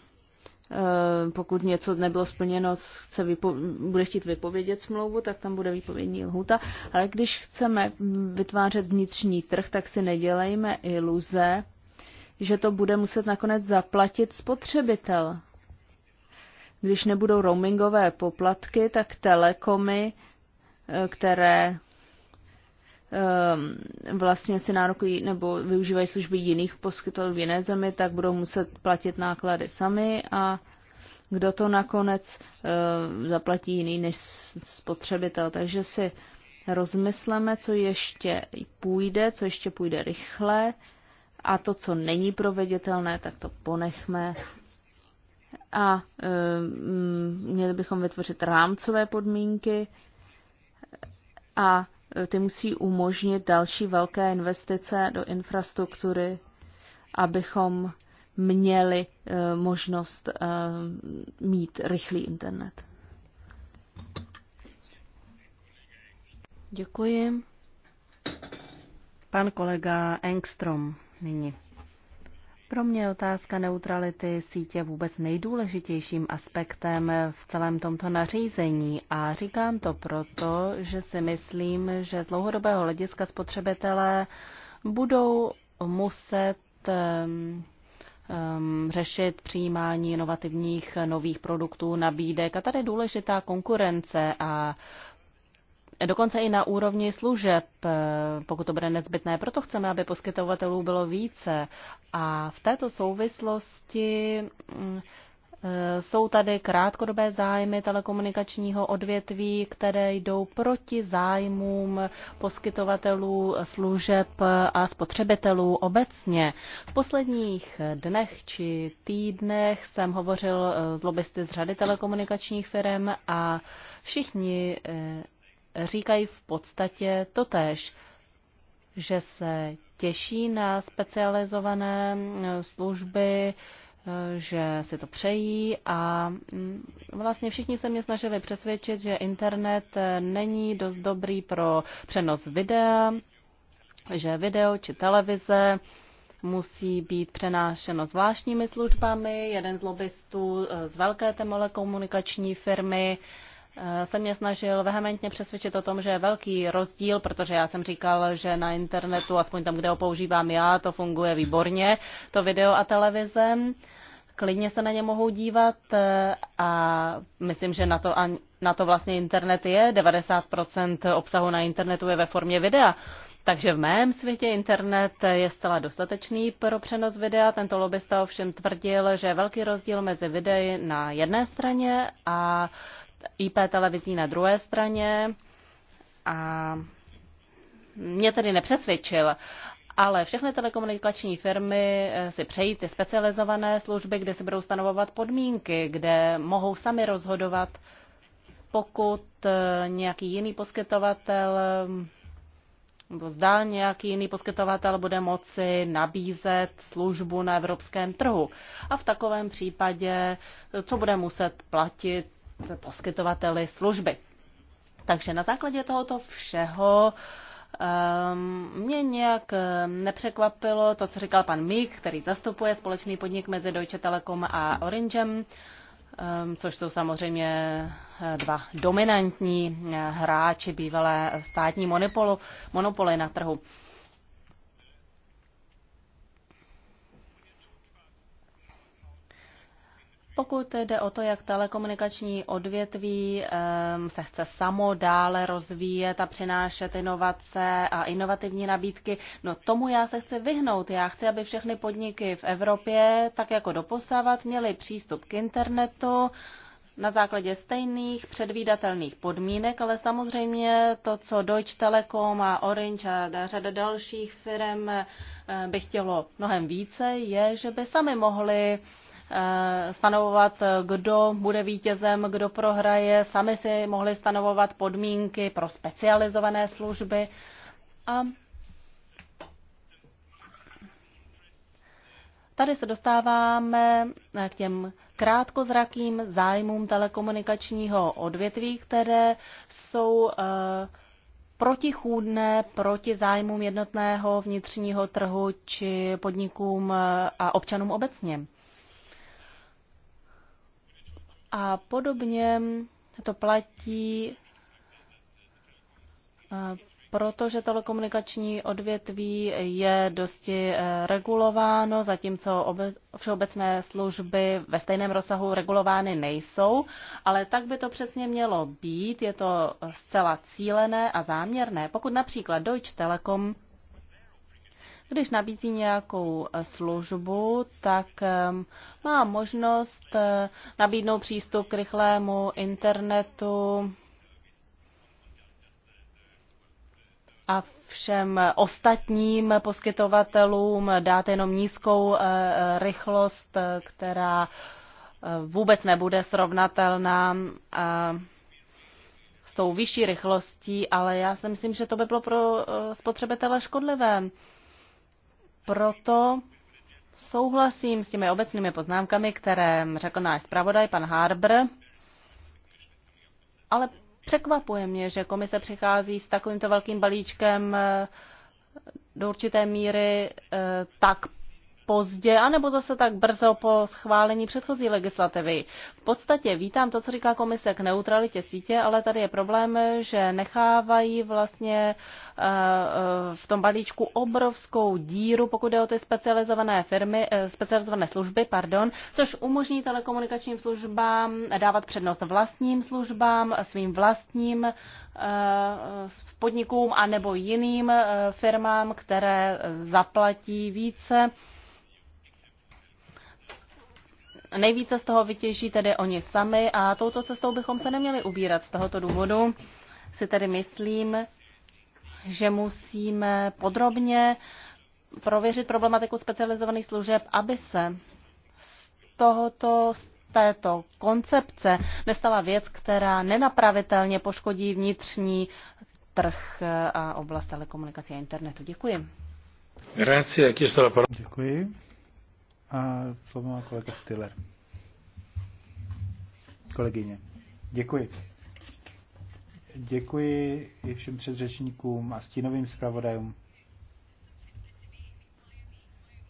Eh, pokud něco nebylo splněno, chce vypo- bude chtít vypovědět smlouvu, tak tam bude výpovědní lhuta. Ale když chceme vytvářet vnitřní trh, tak si nedělejme iluze, že to bude muset nakonec zaplatit spotřebitel. Když nebudou roamingové poplatky, tak telekomy, eh, které Ehm, vlastně si nárokují nebo využívají služby jiných poskytovatelů v jiné zemi, tak budou muset platit náklady sami a kdo to nakonec ehm, zaplatí jiný než spotřebitel. Takže si rozmysleme, co ještě půjde, co ještě půjde rychle a to, co není proveditelné, tak to ponechme. A ehm, měli bychom vytvořit rámcové podmínky a E, ty musí umožnit další velké investice do infrastruktury, abychom měli e, možnost e, mít rychlý internet. Děkuji. Pan kolega Engstrom nyní. Pro mě je otázka neutrality sítě vůbec nejdůležitějším aspektem v celém tomto nařízení a říkám to proto, že si myslím, že z dlouhodobého hlediska spotřebitelé budou muset um, um, řešit přijímání inovativních nových produktů, nabídek a tady je důležitá konkurence a dokonce i na úrovni služeb, eh, pokud to bude nezbytné. Proto chceme, aby poskytovatelů bylo více. A v této souvislosti mm, eh, jsou tady krátkodobé zájmy telekomunikačního odvětví, které jdou proti zájmům poskytovatelů služeb a spotřebitelů obecně. V posledních dnech či týdnech jsem hovořil eh, s lobbysty z řady telekomunikačních firm a všichni říkají v podstatě totéž, že se těší na specializované mm, služby, eh, že si to přejí a mm, vlastně všichni se mě snažili přesvědčit, že internet eh, není dost dobrý pro přenos videa, že video či televize musí být přenášeno zvláštními službami. Jeden z lobbystů eh, z velké telekomunikační firmy uh, Eh, se mě snažil vehementně přesvědčit o tom, že je velký rozdíl, protože já jsem říkal, že na internetu, aspoň tam, kde ho používám já, to funguje výborně, to video a televize. Klidně se na ně mohou dívat eh, a myslím, že na to, na to vlastně internet je. 90% obsahu na internetu je ve formě videa. Takže v mém světě internet je zcela dostatečný pro přenos videa. Tento lobbysta ovšem tvrdil, že je velký rozdíl mezi videi na jedné straně a uh, IP televizí na druhé straně. A mě tedy nepřesvědčil, ale všechny telekomunikační firmy eh, si přejí ty specializované služby, kde si budou stanovovat podmínky, kde mohou sami rozhodovat, pokud eh, nějaký jiný poskytovatel eh, nebo zdá nějaký jiný poskytovatel bude moci nabízet službu na evropském trhu. A v takovém případě, co bude muset platit poskytovateli služby. Takže na základě tohoto všeho ehm, mě nějak ehm, nepřekvapilo to, co říkal pan Mík, který zastupuje společný podnik mezi Deutsche Telekom a Orangem, ehm, což jsou samozřejmě eh, dva dominantní eh, hráči bývalé státní monopolu, monopoly na trhu. Pokud jde o to, jak telekomunikační odvětví se chce samo dále rozvíjet a přinášet inovace a inovativní nabídky, no tomu já se chci vyhnout. Já chci, aby všechny podniky v Evropě, tak jako doposávat, měly přístup k internetu, na základě stejných předvídatelných podmínek, ale samozřejmě to, co Deutsche Telekom a Orange a řada dalších firm eh, by chtělo mnohem více, je, že by sami mohli Eh, stanovovat, kdo bude vítězem, kdo prohraje. Sami si mohli stanovovat podmínky pro specializované služby. A tady se dostáváme eh, k těm krátkozrakým zájmům telekomunikačního odvětví, které jsou eh, protichůdné proti zájmům jednotného vnitřního trhu či podnikům a občanům obecně. A podobně to platí, eh, protože telekomunikační odvětví je dosti eh, regulováno, zatímco všeobecné služby ve stejném rozsahu regulovány nejsou, ale tak by to přesně mělo být, je to eh, zcela cílené a záměrné. Pokud například Deutsche Telekom když nabízí nějakou eh, službu, tak ehm, má možnost eh, nabídnout přístup k rychlému internetu a všem ostatním poskytovatelům dát jenom nízkou eh, rychlost, která vůbec nebude srovnatelná s tou vyšší rychlostí, ale já si myslím, že to by bylo pro spotřebitele škodlivé proto souhlasím s těmi obecnými poznámkami, které řekl náš zpravodaj, pan Harbr, ale překvapuje mě, že komise přichází s takovýmto velkým balíčkem eh, do určité míry eh, tak pozdě, anebo zase tak brzo po schválení předchozí legislativy. V podstatě vítám to, co říká komise k neutralitě sítě, ale tady je problém, že nechávají vlastně eh, eh, v tom balíčku obrovskou díru, pokud jde o ty specializované firmy, eh, specializované služby, pardon, což umožní telekomunikačním službám dávat přednost vlastním službám, svým vlastním podnikům anebo jiným firmám, které zaplatí více Nejvíce z toho vytěží tedy oni sami a touto cestou bychom se neměli ubírat. Z tohoto důvodu si tedy myslím, že musíme podrobně prověřit problematiku specializovaných služeb, aby se z tohoto, z této koncepce nestala věc, která nenapravitelně poškodí vnitřní trh a oblast telekomunikace a internetu. Děkuji. Děkuji. A slovo má kolega Stiller. Kolegyně. Děkuji. Děkuji i všem předřečníkům a stínovým zpravodajům.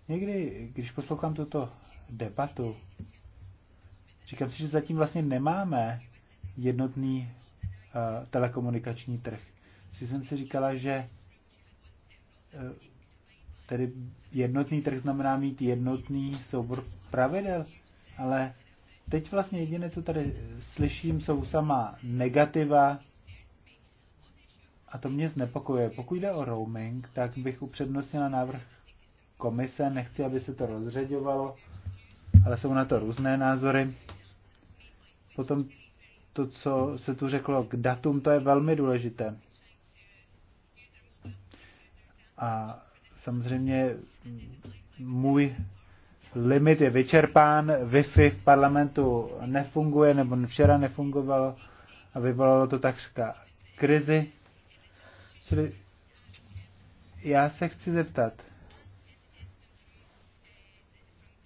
Někdy, když poslouchám tuto debatu, říkám si, že zatím vlastně nemáme jednotný uh, telekomunikační trh. Si jsem si říkala, že uh, Tedy jednotný trh znamená mít jednotný soubor pravidel, ale teď vlastně jediné, co tady slyším, jsou sama negativa a to mě znepokojuje. Pokud jde o roaming, tak bych upřednostnila návrh komise, nechci, aby se to rozřeďovalo, ale jsou na to různé názory. Potom to, co se tu řeklo k datům, to je velmi důležité. A samozřejmě můj limit je vyčerpán, Wi-Fi v parlamentu nefunguje, nebo včera nefungovalo a vyvolalo to takřka krizi. Čili já se chci zeptat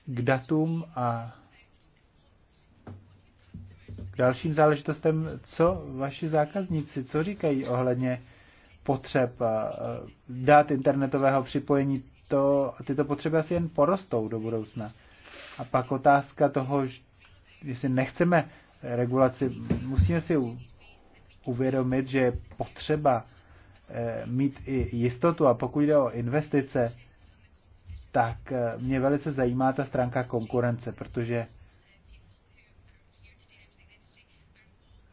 k datům a k dalším záležitostem, co vaši zákazníci, co říkají ohledně potřeb eh, dát internetového připojení, to, tyto potřeby asi jen porostou do budoucna. A pak otázka toho, jestli nechceme regulaci, musíme si uvědomit, že je potřeba eh, mít i jistotu. A pokud jde o investice, tak eh, mě velice zajímá ta stránka konkurence, protože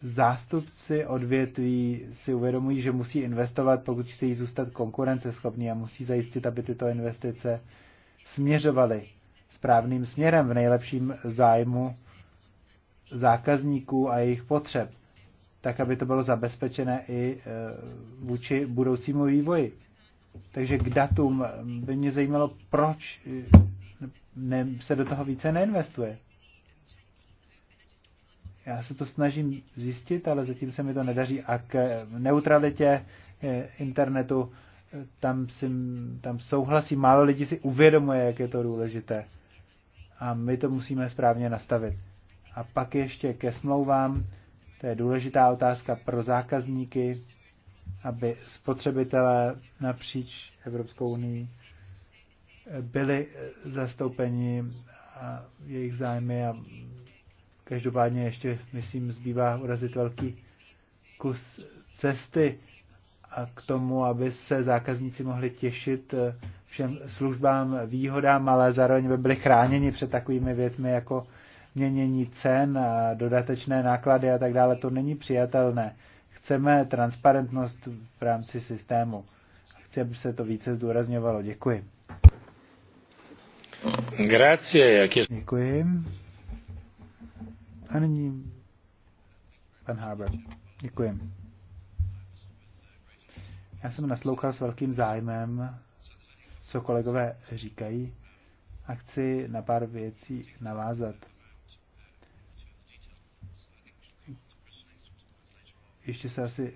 zástupci odvětví si uvědomují, že musí investovat, pokud chtějí zůstat konkurenceschopní a musí zajistit, aby tyto investice směřovaly správným směrem v nejlepším zájmu zákazníků a jejich potřeb, tak aby to bylo zabezpečené i e, vůči budoucímu vývoji. Takže k datům by mě zajímalo, proč e, se do toho více neinvestuje. Já se to snažím zjistit, ale zatím se mi to nedaří. A k eh, neutralitě eh, internetu, eh, tam, si, tam souhlasí, málo lidí si uvědomuje, jak je to důležité. A my to musíme správně nastavit. A pak ještě ke smlouvám, to je důležitá otázka pro zákazníky, aby spotřebitelé napříč Evropskou unii byli zastoupeni a jejich zájmy a Každopádně ještě, myslím, zbývá urazit velký kus cesty a k tomu, aby se zákazníci mohli těšit eh, všem službám, výhodám, ale zároveň by byli chráněni před takovými věcmi jako měnění cen a dodatečné náklady a tak dále. To není přijatelné. Chceme transparentnost v rámci systému. Chci, aby se to více zdůrazňovalo. Děkuji. Grazie. Děkuji. A nyní pan Harber. Děkuji. Já jsem naslouchal s velkým zájmem, co kolegové říkají a chci na pár věcí navázat. Ještě se asi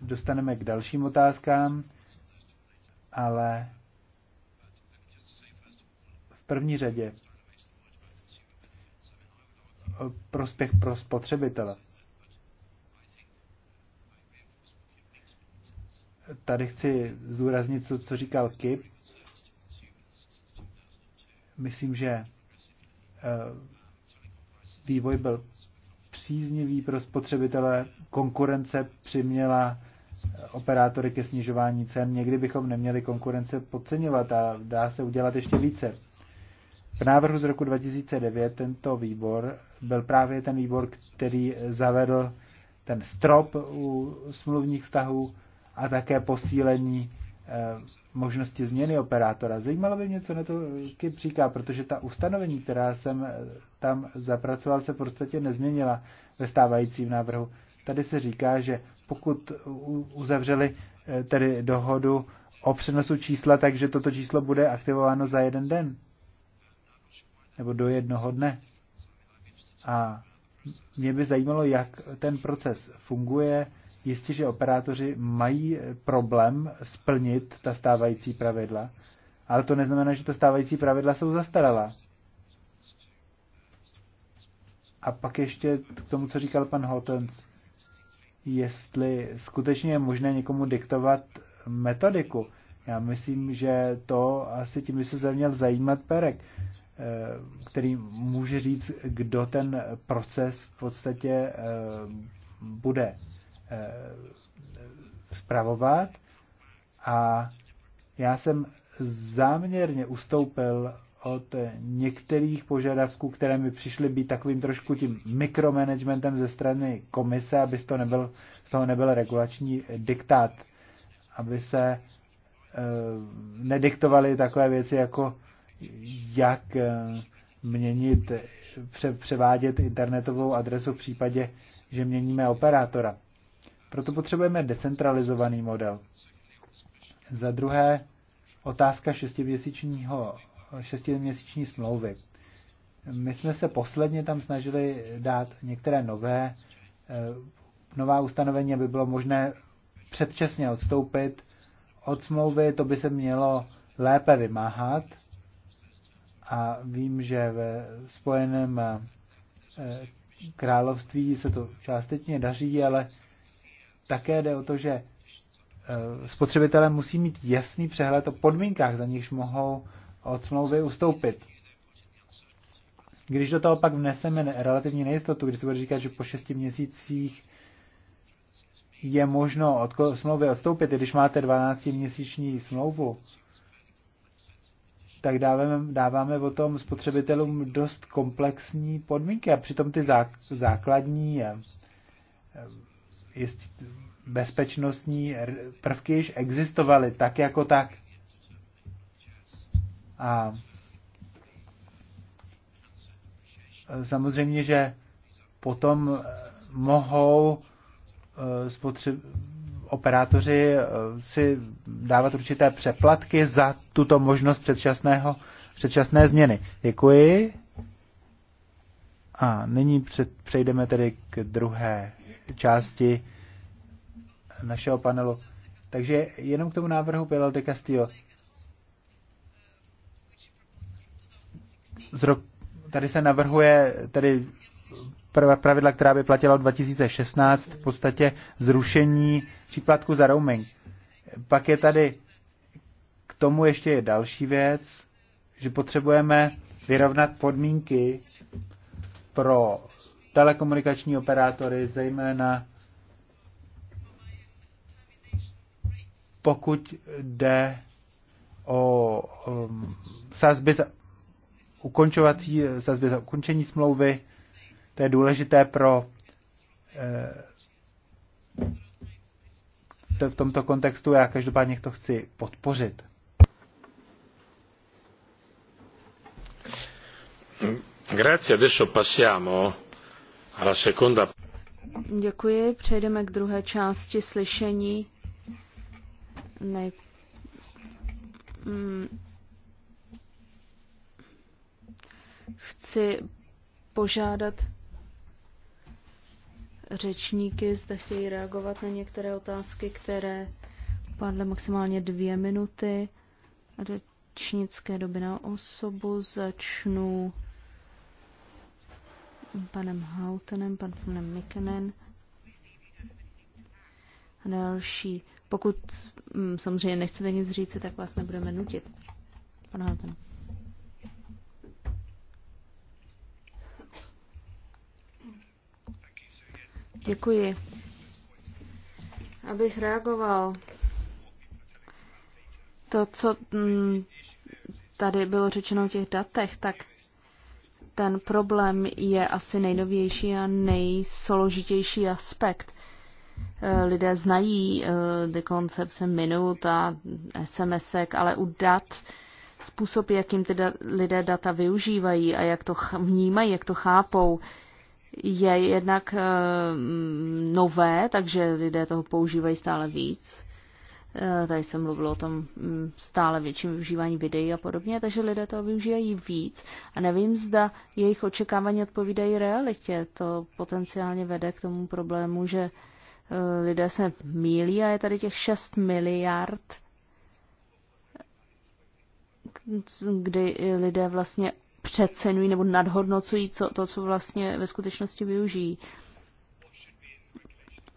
dostaneme k dalším otázkám, ale v první řadě prospěch pro spotřebitele. Tady chci zdůraznit, co, co říkal Kip. Myslím, že eh, vývoj byl příznivý pro spotřebitele, konkurence přiměla eh, operátory ke snižování cen. Někdy bychom neměli konkurence podceňovat a dá se udělat ještě více. V návrhu z roku 2009 tento výbor byl právě ten výbor, který zavedl ten strop u smluvních vztahů a také posílení eh, možnosti změny operátora. Zajímalo by mě, co na to KIP říká, protože ta ustanovení, která jsem eh, tam zapracoval, se v podstatě nezměnila ve stávajícím návrhu. Tady se říká, že pokud uzavřeli eh, tedy dohodu o přenosu čísla, takže toto číslo bude aktivováno za jeden den nebo do jednoho dne. A mě by zajímalo, jak ten proces funguje. Jistě, že operátoři mají problém splnit ta stávající pravidla, ale to neznamená, že ta stávající pravidla jsou zastaralá. A pak ještě k tomu, co říkal pan Hotens, jestli skutečně je možné někomu diktovat metodiku. Já myslím, že to asi tím by se měl zajímat Perek, Eh, který může říct, kdo ten proces v podstatě eh, bude zpravovat. Eh, A já jsem záměrně ustoupil od některých požadavků, které mi přišly být takovým trošku tím mikromanagementem ze strany komise, aby z toho nebyl, z toho nebyl regulační diktát, aby se e, nediktovaly takové věci jako jak eh, měnit, převádět internetovou adresu v případě, že měníme operátora. Proto potřebujeme decentralizovaný model. Za druhé, otázka šestiměsíčního, šestiměsíční smlouvy. My jsme se posledně tam snažili dát některé nové, eh, nová ustanovení, aby bylo možné předčasně odstoupit od smlouvy, to by se mělo lépe vymáhat a vím, že ve Spojeném eh, království se to částečně daří, ale také jde o to, že eh, spotřebitelé musí mít jasný přehled o podmínkách, za nichž mohou od smlouvy ustoupit. Když do toho pak vneseme relativní nejistotu, když se bude říkat, že po šesti měsících je možno od smlouvy odstoupit, když máte 12-měsíční smlouvu, tak dáváme, dáváme o tom spotřebitelům dost komplexní podmínky a přitom ty základní eh, eh, jest, bezpečnostní prvky již existovaly tak jako tak. A eh, samozřejmě, že potom mohou spotřeb, operátoři eh, si dávat určité přeplatky za tuto možnost předčasného, předčasné změny. Děkuji. A nyní před, přejdeme tedy k druhé části našeho panelu. Takže jenom k tomu návrhu Pilo de Castillo. Z rok, tady se navrhuje tedy pravidla, která by platila od 2016, v podstatě zrušení příplatku za roaming. Pak je tady k tomu ještě je další věc, že potřebujeme vyrovnat podmínky pro telekomunikační operátory, zejména pokud jde o um, sazby za, ukončovací sazby za ukončení smlouvy, to je důležité pro eh, v tomto kontextu já každopádně to chci podpořit. Grazie, adesso passiamo alla seconda. Děkuji, přejdeme k druhé části slyšení. Ne... Mm. Chci požádat řečníky, zda chtějí reagovat na některé otázky, které padly maximálně dvě minuty. Řečnické doby na osobu začnu panem Hautenem, panem Mikenen a další. Pokud mm, samozřejmě nechcete nic říct, tak vás nebudeme nutit. Pan Hauten. Děkuji. Abych reagoval to, co mm, tady bylo řečeno o těch datech, tak ten problém je asi nejnovější a nejsložitější aspekt. Eh, lidé znají eh, ty koncepce minut a sms ale u dat způsob, jakým ty da- lidé data využívají a jak to vnímají, jak to chápou, je jednak eh, nové, takže lidé toho používají stále víc. Eh, tady jsem mluvilo o tom mm, stále větším využívání videí a podobně, takže lidé toho využívají víc. A nevím, zda jejich očekávání odpovídají realitě. To potenciálně vede k tomu problému, že eh, lidé se mílí a je tady těch 6 miliard, kdy lidé vlastně přecenují nebo nadhodnocují co, to, co vlastně ve skutečnosti využijí.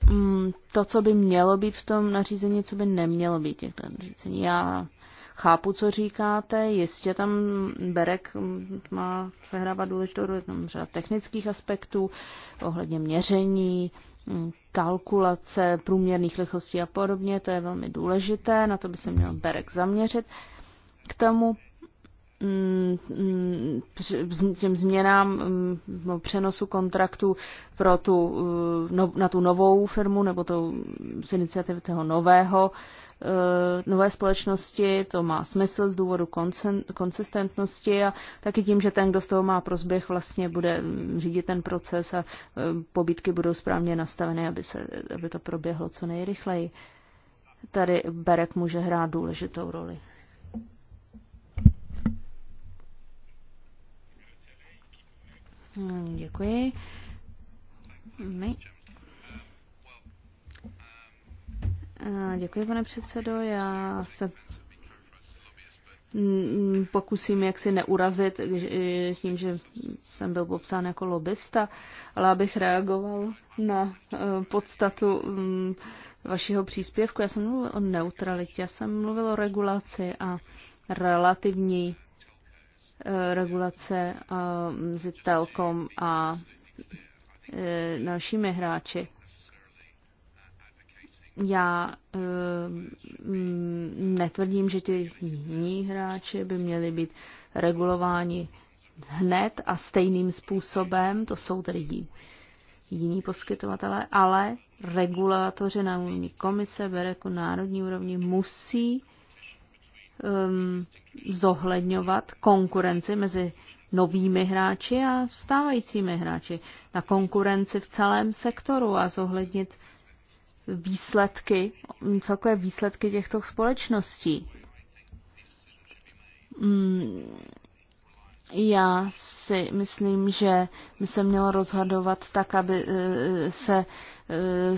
Mm, to, co by mělo být v tom nařízení, co by nemělo být tom nařízení. Já chápu, co říkáte, jistě tam Berek mm, má sehrávat důležitou roli, tam řada technických aspektů, ohledně měření, mm, kalkulace průměrných rychlostí a podobně, to je velmi důležité, na to by se měl Berek zaměřit. K tomu Mm, mm, těm změnám mm, no, přenosu kontraktu pro tu, eh, no, na tu novou firmu nebo to z iniciativy toho nového, eh, nové společnosti, to má smysl z důvodu konsistentnosti a taky tím, že ten, kdo z toho má prozběh, vlastně bude řídit ten proces a eh, pobítky budou správně nastaveny, aby, se, aby to proběhlo co nejrychleji. Tady Berek může hrát důležitou roli. Hmm, děkuji. My... Eh, děkuji, pane předsedo. Já se mm, pokusím jaksi neurazit eh, tím, že jsem byl popsán jako lobista, ale abych reagoval na eh, podstatu mm, vašeho příspěvku. Já jsem mluvil o neutralitě, já jsem mluvil o regulaci a relativní Eh, regulace eh, mezi Telkom a eh, dalšími hráči. Já mm, netvrdím, že ti jiní hráči by měli být regulováni hned a stejným způsobem, to jsou tedy jiní poskytovatelé, ale regulátoři na úrovni komise, bereku jako národní úrovni musí um, zohledňovat konkurenci mezi novými hráči a stávajícími hráči, na konkurenci v celém sektoru a zohlednit výsledky, celkové výsledky těchto společností. Mm, já si myslím, že by se mělo rozhodovat tak, aby eh, se Eh,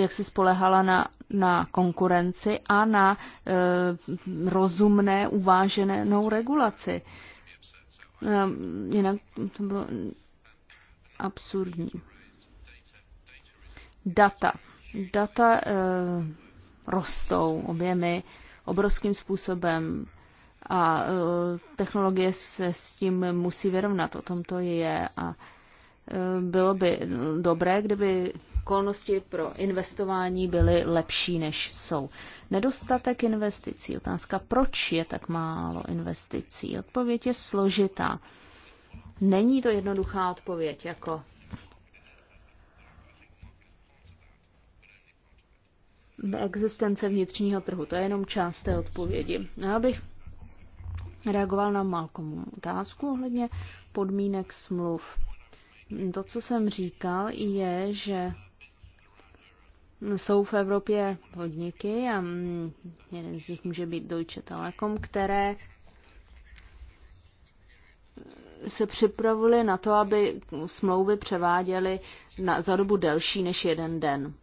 jak si spolehala na, na konkurenci a na eh, rozumné, uváženou regulaci. Eh, jinak to bylo absurdní. Data. Data rostou objemy obrovským způsobem a technologie se s tím musí vyrovnat, o tom to je a bylo by dobré, kdyby okolnosti pro investování byly lepší, než jsou. Nedostatek investicí. Otázka, proč je tak málo investicí? Odpověď je složitá. Není to jednoduchá odpověď, jako existence vnitřního trhu. To je jenom část té odpovědi. Já no, bych reagoval na Malkomu otázku ohledně podmínek smluv. To, co jsem říkal, je, že jsou v Evropě podniky a mm, jeden z nich může být Deutsche Telekom, které se připravili na to, aby smlouvy převáděly na, za dobu delší než jeden den.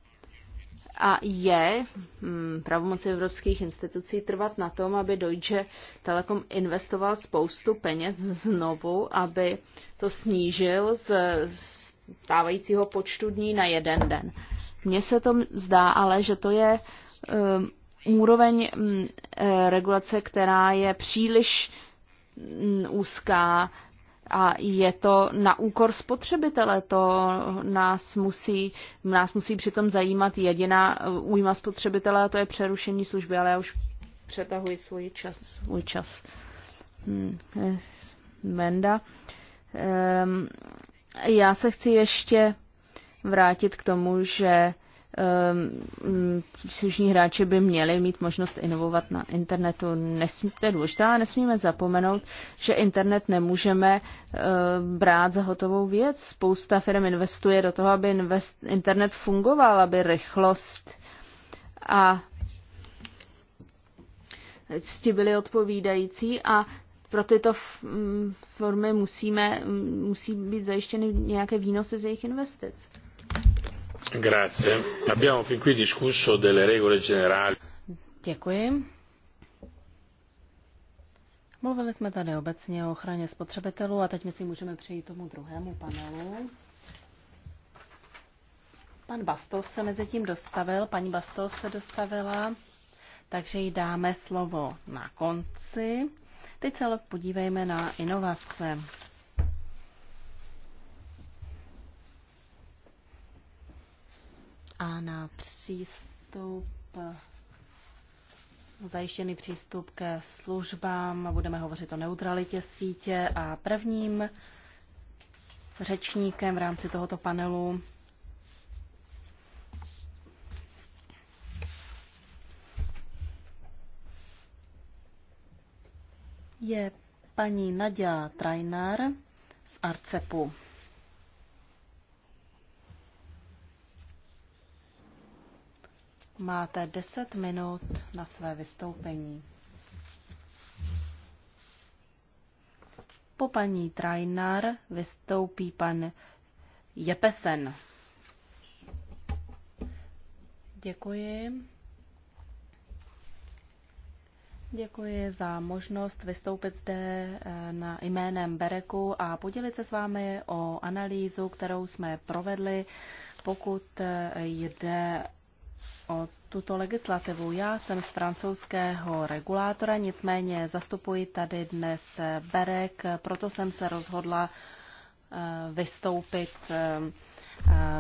A je hmm, pravomoci evropských institucí trvat na tom, aby Deutsche Telekom investoval spoustu peněz znovu, aby to snížil z stávajícího počtu dní na jeden den. Uh, mně se to zdá ale, že to je um, úroveň um, regulace, která je příliš um, úzká a je to na úkor spotřebitele. To nás musí, nás musí přitom zajímat jediná eh, újma spotřebitele a to je přerušení služby, ale já už přetahuji svůj čas. Svůj čas. Hmm. Eh, Menda. Um, já se chci ještě vrátit k tomu, že ehm, mm, služní hráči by měli mít možnost inovovat na internetu. Nesmí, to je důležité, ale nesmíme zapomenout, že internet nemůžeme ehm, brát za hotovou věc. Spousta firm investuje do toho, aby invest, internet fungoval, aby rychlost a cti byly odpovídající a pro tyto mm, formy musíme, mm, musí být zajištěny nějaké výnosy z jejich investic. Abbiamo fin qui discusso delle regole generali. Děkuji. Mluvili jsme tady obecně o ochraně spotřebitelů a teď myslím, můžeme přejít tomu druhému panelu. Pan Bastos se mezi tím dostavil, paní Bastos se dostavila, takže jí dáme slovo na konci. Teď se podívejme na inovace. a na přístup zajištěný přístup ke službám. Budeme hovořit o neutralitě sítě a prvním řečníkem v rámci tohoto panelu je paní Nadia Trajnar z Arcepu. Máte 10 minut na své vystoupení. Po paní Trajnar vystoupí pan Jepesen. Děkuji. Děkuji za možnost vystoupit zde eh, na jménem Bereku a podělit se s vámi o analýzu, kterou jsme provedli, pokud eh, jde o tuto legislativu. Já jsem z francouzského regulátora, nicméně zastupuji tady dnes Berek, proto jsem se rozhodla eh, vystoupit eh,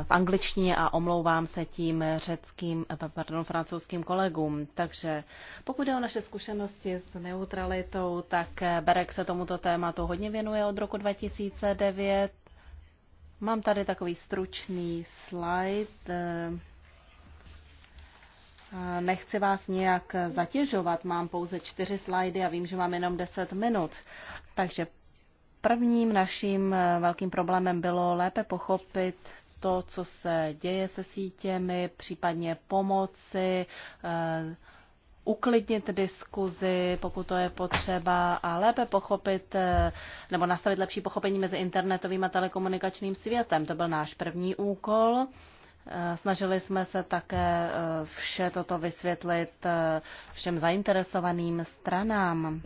v angličtině a omlouvám se tím řeckým, eh, pardon, francouzským kolegům. Takže pokud jde o naše zkušenosti s neutralitou, tak Berek se tomuto tématu hodně věnuje od roku 2009. Mám tady takový stručný slide Nechci vás nějak zatěžovat, mám pouze čtyři slajdy a vím, že mám jenom deset minut. Takže prvním naším eh, velkým problémem bylo lépe pochopit to, co se děje se sítěmi, případně pomoci, eh, uklidnit diskuzi, pokud to je potřeba, a lépe pochopit eh, nebo nastavit lepší pochopení mezi internetovým a telekomunikačním světem. To byl náš první úkol. Snažili jsme se také eh, vše toto vysvětlit eh, všem zainteresovaným stranám.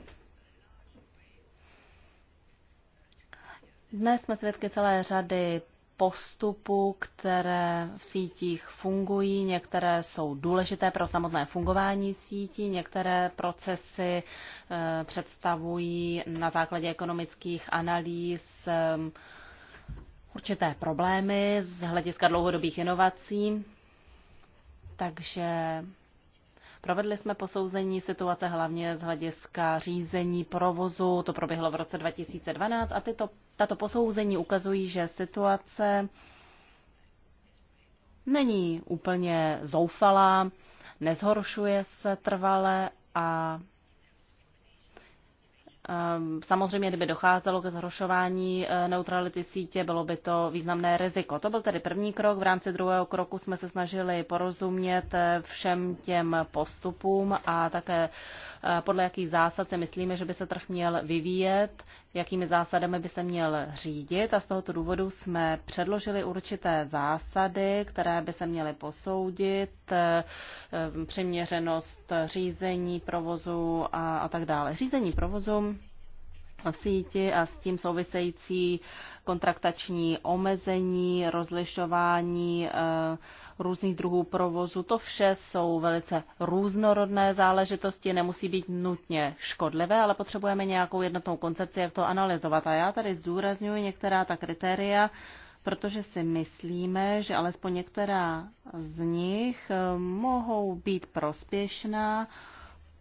Dnes jsme svědky celé řady postupů, které v sítích fungují. Některé jsou důležité pro samotné fungování sítí, některé procesy eh, představují na základě ekonomických analýz určité problémy z hlediska dlouhodobých inovací, takže Provedli jsme posouzení situace hlavně z hlediska řízení provozu, to proběhlo v roce 2012 a tyto, tato posouzení ukazují, že situace není úplně zoufalá, nezhoršuje se trvale a Ehm, samozřejmě, kdyby docházelo ke zhoršování eh, neutrality sítě, bylo by to významné riziko. To byl tedy první krok. V rámci druhého kroku jsme se snažili porozumět eh, všem těm postupům a také Eh, podle jakých zásad si myslíme, že by se trh měl vyvíjet, jakými zásadami by se měl řídit a z tohoto důvodu jsme předložili určité zásady, které by se měly posoudit, eh, přiměřenost řízení provozu a, a tak dále. Řízení provozu v síti a s tím související kontraktační omezení, rozlišování eh, různých druhů provozu. To vše jsou velice různorodné záležitosti, nemusí být nutně škodlivé, ale potřebujeme nějakou jednotnou koncepci, jak to analyzovat. A já tady zdůrazňuji některá ta kritéria, protože si myslíme, že alespoň některá z nich eh, mohou být prospěšná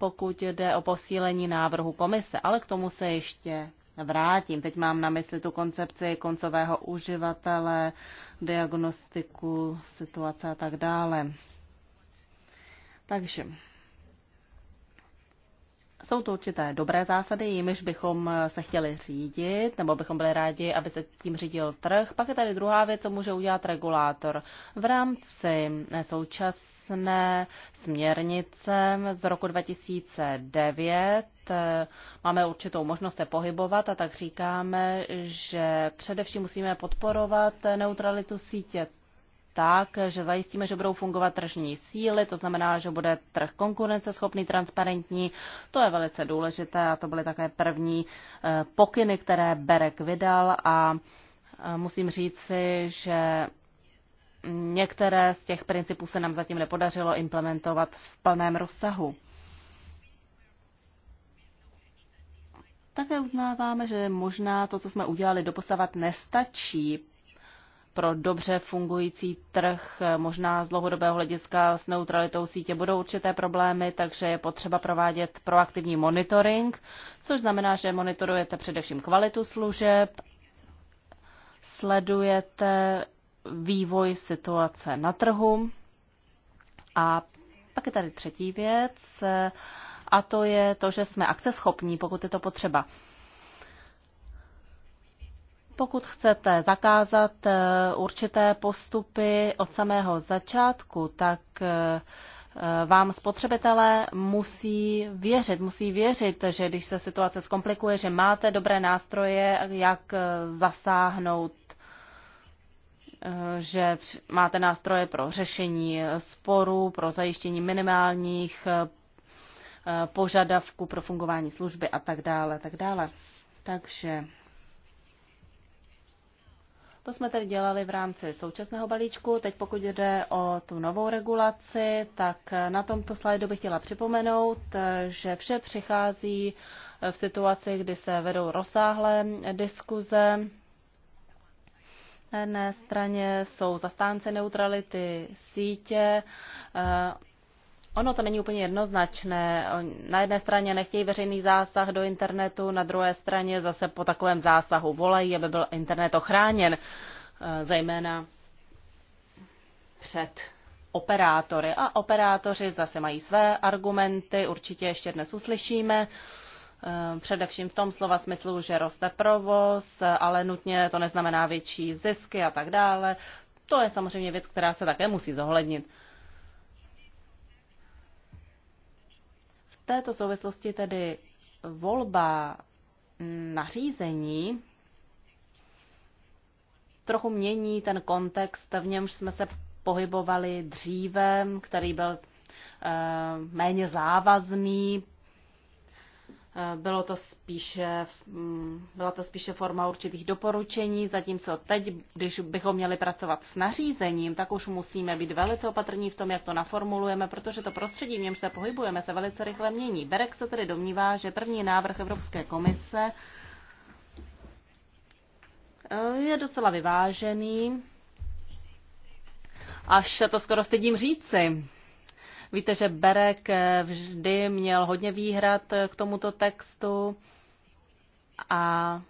pokud jde o posílení návrhu komise, ale k tomu se ještě vrátím. Teď mám na mysli tu koncepci koncového uživatele, diagnostiku, situace a tak dále. Takže jsou to určité dobré zásady, jimiž bychom eh, se chtěli řídit, nebo bychom byli rádi, aby se tím řídil trh. Pak je tady druhá věc, co může udělat regulátor. V rámci eh, současné směrnice z roku 2009 eh, máme určitou možnost se pohybovat a tak říkáme, že především musíme podporovat neutralitu sítě tak, že zajistíme, že budou fungovat tržní síly, to znamená, že bude trh konkurenceschopný, transparentní. To je velice důležité a to byly také první eh, pokyny, které Berek vydal a eh, musím říct si, že některé z těch principů se nám zatím nepodařilo implementovat v plném rozsahu. Také uznáváme, že možná to, co jsme udělali doposavat, nestačí pro dobře fungující trh, možná z dlouhodobého hlediska s neutralitou sítě budou určité problémy, takže je potřeba provádět proaktivní monitoring, což znamená, že monitorujete především kvalitu služeb, sledujete vývoj situace na trhu a pak je tady třetí věc, a to je to, že jsme akceschopní, pokud je to potřeba. Pokud chcete zakázat eh, určité postupy od samého začátku, tak eh, eh, vám spotřebitelé musí věřit, musí věřit, že když se situace zkomplikuje, že máte dobré nástroje, jak zasáhnout, že máte nástroje pro řešení sporů, pro zajištění minimálních požadavků pro fungování služby a tak dále, tak dále. Takže to jsme tedy dělali v rámci současného balíčku. Teď pokud jde o tu novou regulaci, tak na tomto slajdu bych chtěla připomenout, že vše přichází v situaci, kdy se vedou rozsáhlé diskuze. Na jedné straně jsou zastánce neutrality sítě, Ono to není úplně jednoznačné. Na jedné straně nechtějí veřejný zásah do internetu, na druhé straně zase po takovém zásahu volají, aby byl internet ochráněn, eh, zejména před operátory. A operátoři zase mají své argumenty, určitě ještě dnes uslyšíme. Eh, především v tom slova smyslu, že roste provoz, ale nutně to neznamená větší zisky a tak dále. To je samozřejmě věc, která se také musí zohlednit. této souvislosti tedy volba nařízení trochu mění ten kontext, v němž jsme se pohybovali dříve, který byl eh, méně závazný Eh, bylo to spíše, mm, byla to spíše forma určitých doporučení, zatímco teď, když bychom měli pracovat s nařízením, tak už musíme být velice opatrní v tom, jak to naformulujeme, protože to prostředí, v němž se pohybujeme, se velice rychle mění. Berek se tedy domnívá, že první návrh Evropské komise eh, je docela vyvážený, až to skoro stydím říci. Víte, že Berek vždy měl hodně výhrad k tomuto textu a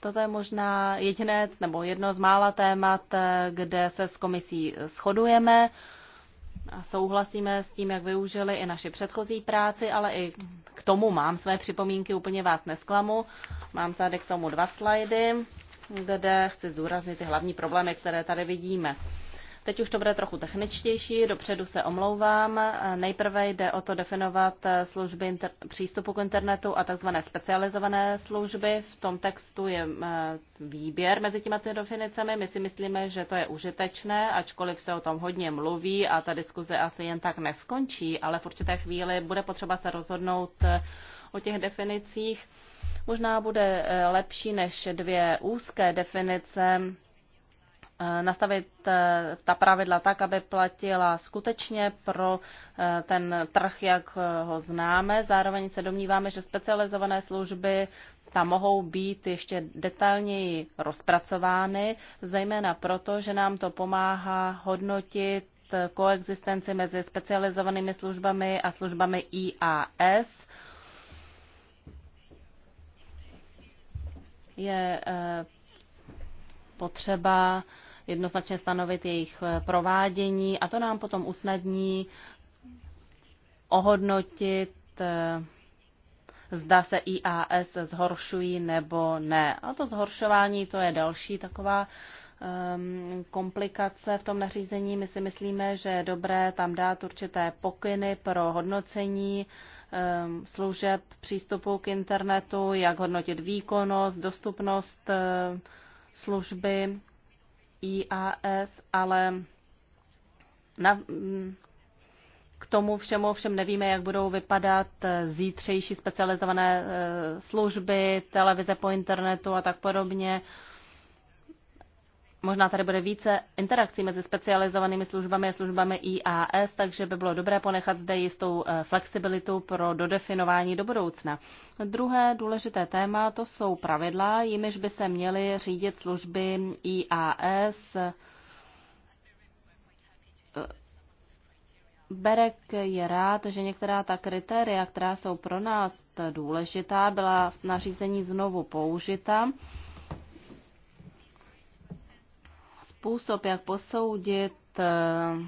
toto je možná jediné nebo jedno z mála témat, kde se s komisí shodujeme a souhlasíme s tím, jak využili i naši předchozí práci, ale i k tomu mám své připomínky, úplně vás nesklamu. Mám tady k tomu dva slajdy, kde chci zdůraznit ty hlavní problémy, které tady vidíme. Teď už to bude trochu techničtější, dopředu se omlouvám. Nejprve jde o to definovat eh, služby inter- přístupu k internetu a tzv. specializované služby. V tom textu je eh, výběr mezi ty definicemi. My si myslíme, že to je užitečné, ačkoliv se o tom hodně mluví a ta diskuze asi jen tak neskončí, ale v určité chvíli bude potřeba se rozhodnout eh, o těch definicích. Možná bude lepší než dvě úzké definice Eh, nastavit eh, ta pravidla tak, aby platila skutečně pro eh, ten trh, jak ho známe. Zároveň se domníváme, že specializované služby tam mohou být ještě detailněji rozpracovány, zejména proto, že nám to pomáhá hodnotit koexistenci mezi specializovanými službami a službami IAS. Je potřeba jednoznačně stanovit jejich eh, provádění a to nám potom usnadní ohodnotit, eh, zda se IAS zhoršují nebo ne. A to zhoršování to je další taková ehm, komplikace v tom nařízení. My si myslíme, že je dobré tam dát určité pokyny pro hodnocení ehm, služeb přístupu k internetu, jak hodnotit výkonnost, dostupnost eh, služby IAS, ale na, mm, k tomu všemu všem nevíme, jak budou vypadat eh, zítřejší specializované eh, služby, televize po internetu a tak podobně. Možná tady bude více interakcí mezi specializovanými službami a službami IAS, takže by bylo dobré ponechat zde jistou eh, flexibilitu pro dodefinování do budoucna. Druhé důležité téma to jsou pravidla, jimiž by se měly řídit služby IAS. Eh, Berek je rád, že některá ta kritéria, která jsou pro nás důležitá, byla v nařízení znovu použita. způsob, jak posoudit eh,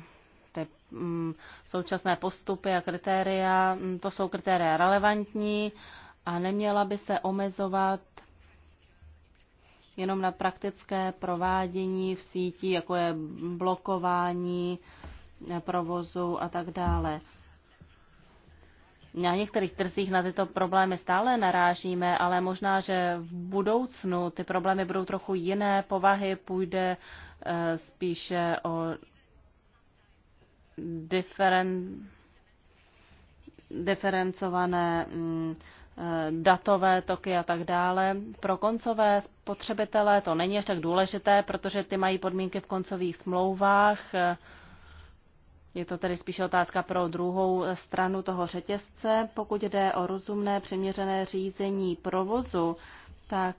ty mm, současné postupy a kritéria, mm, to jsou kritéria relevantní a neměla by se omezovat jenom na praktické provádění v síti, jako je blokování eh, provozu a tak dále. Na některých trzích na tyto problémy stále narážíme, ale možná, že v budoucnu ty problémy budou trochu jiné povahy, půjde Eh, spíše o diferen, diferencované mm, eh, datové toky a tak dále. Pro koncové spotřebitele to není až tak důležité, protože ty mají podmínky v koncových smlouvách. Eh, je to tedy spíše otázka pro druhou stranu toho řetězce. Pokud jde o rozumné přiměřené řízení provozu, tak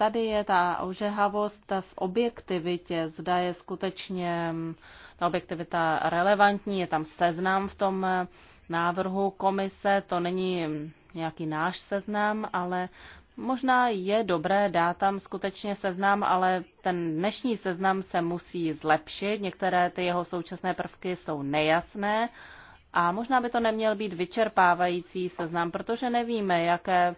tady je ta ožehavost v objektivitě, zda je skutečně mm, ta objektivita relevantní, je tam seznam v tom eh, návrhu komise, to není mm, nějaký náš seznam, ale možná je dobré dát tam skutečně seznam, ale ten dnešní seznam se musí zlepšit, některé ty jeho současné prvky jsou nejasné a možná by to neměl být vyčerpávající seznam, protože nevíme, jaké e,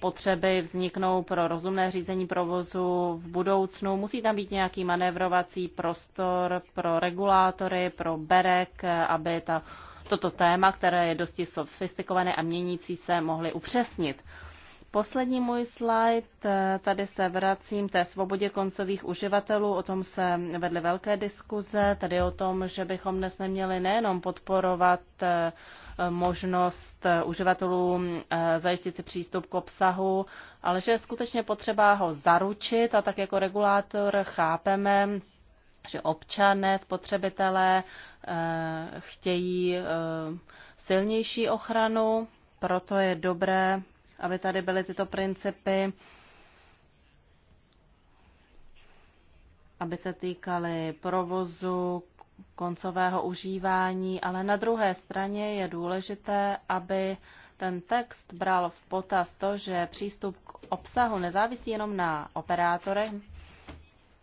potřeby vzniknou pro rozumné řízení provozu v budoucnu. Musí tam být nějaký manévrovací prostor pro regulátory, pro berek, e, aby ta, toto téma, které je dosti sofistikované a měnící se, mohly upřesnit. Poslední můj slide, eh, tady se vracím té svobodě koncových uživatelů, o tom se vedly velké diskuze, tady o tom, že bychom dnes neměli nejenom podporovat eh, možnost eh, uživatelů zajistit si přístup k obsahu, ale že je skutečně potřeba ho zaručit a tak jako regulátor chápeme, že občané, spotřebitelé chtějí silnější ochranu, proto je dobré aby tady byly tyto principy, aby se týkaly provozu, koncového užívání, ale na druhé straně je důležité, aby ten text bral v potaz to, že přístup k obsahu nezávisí jenom na operátorech.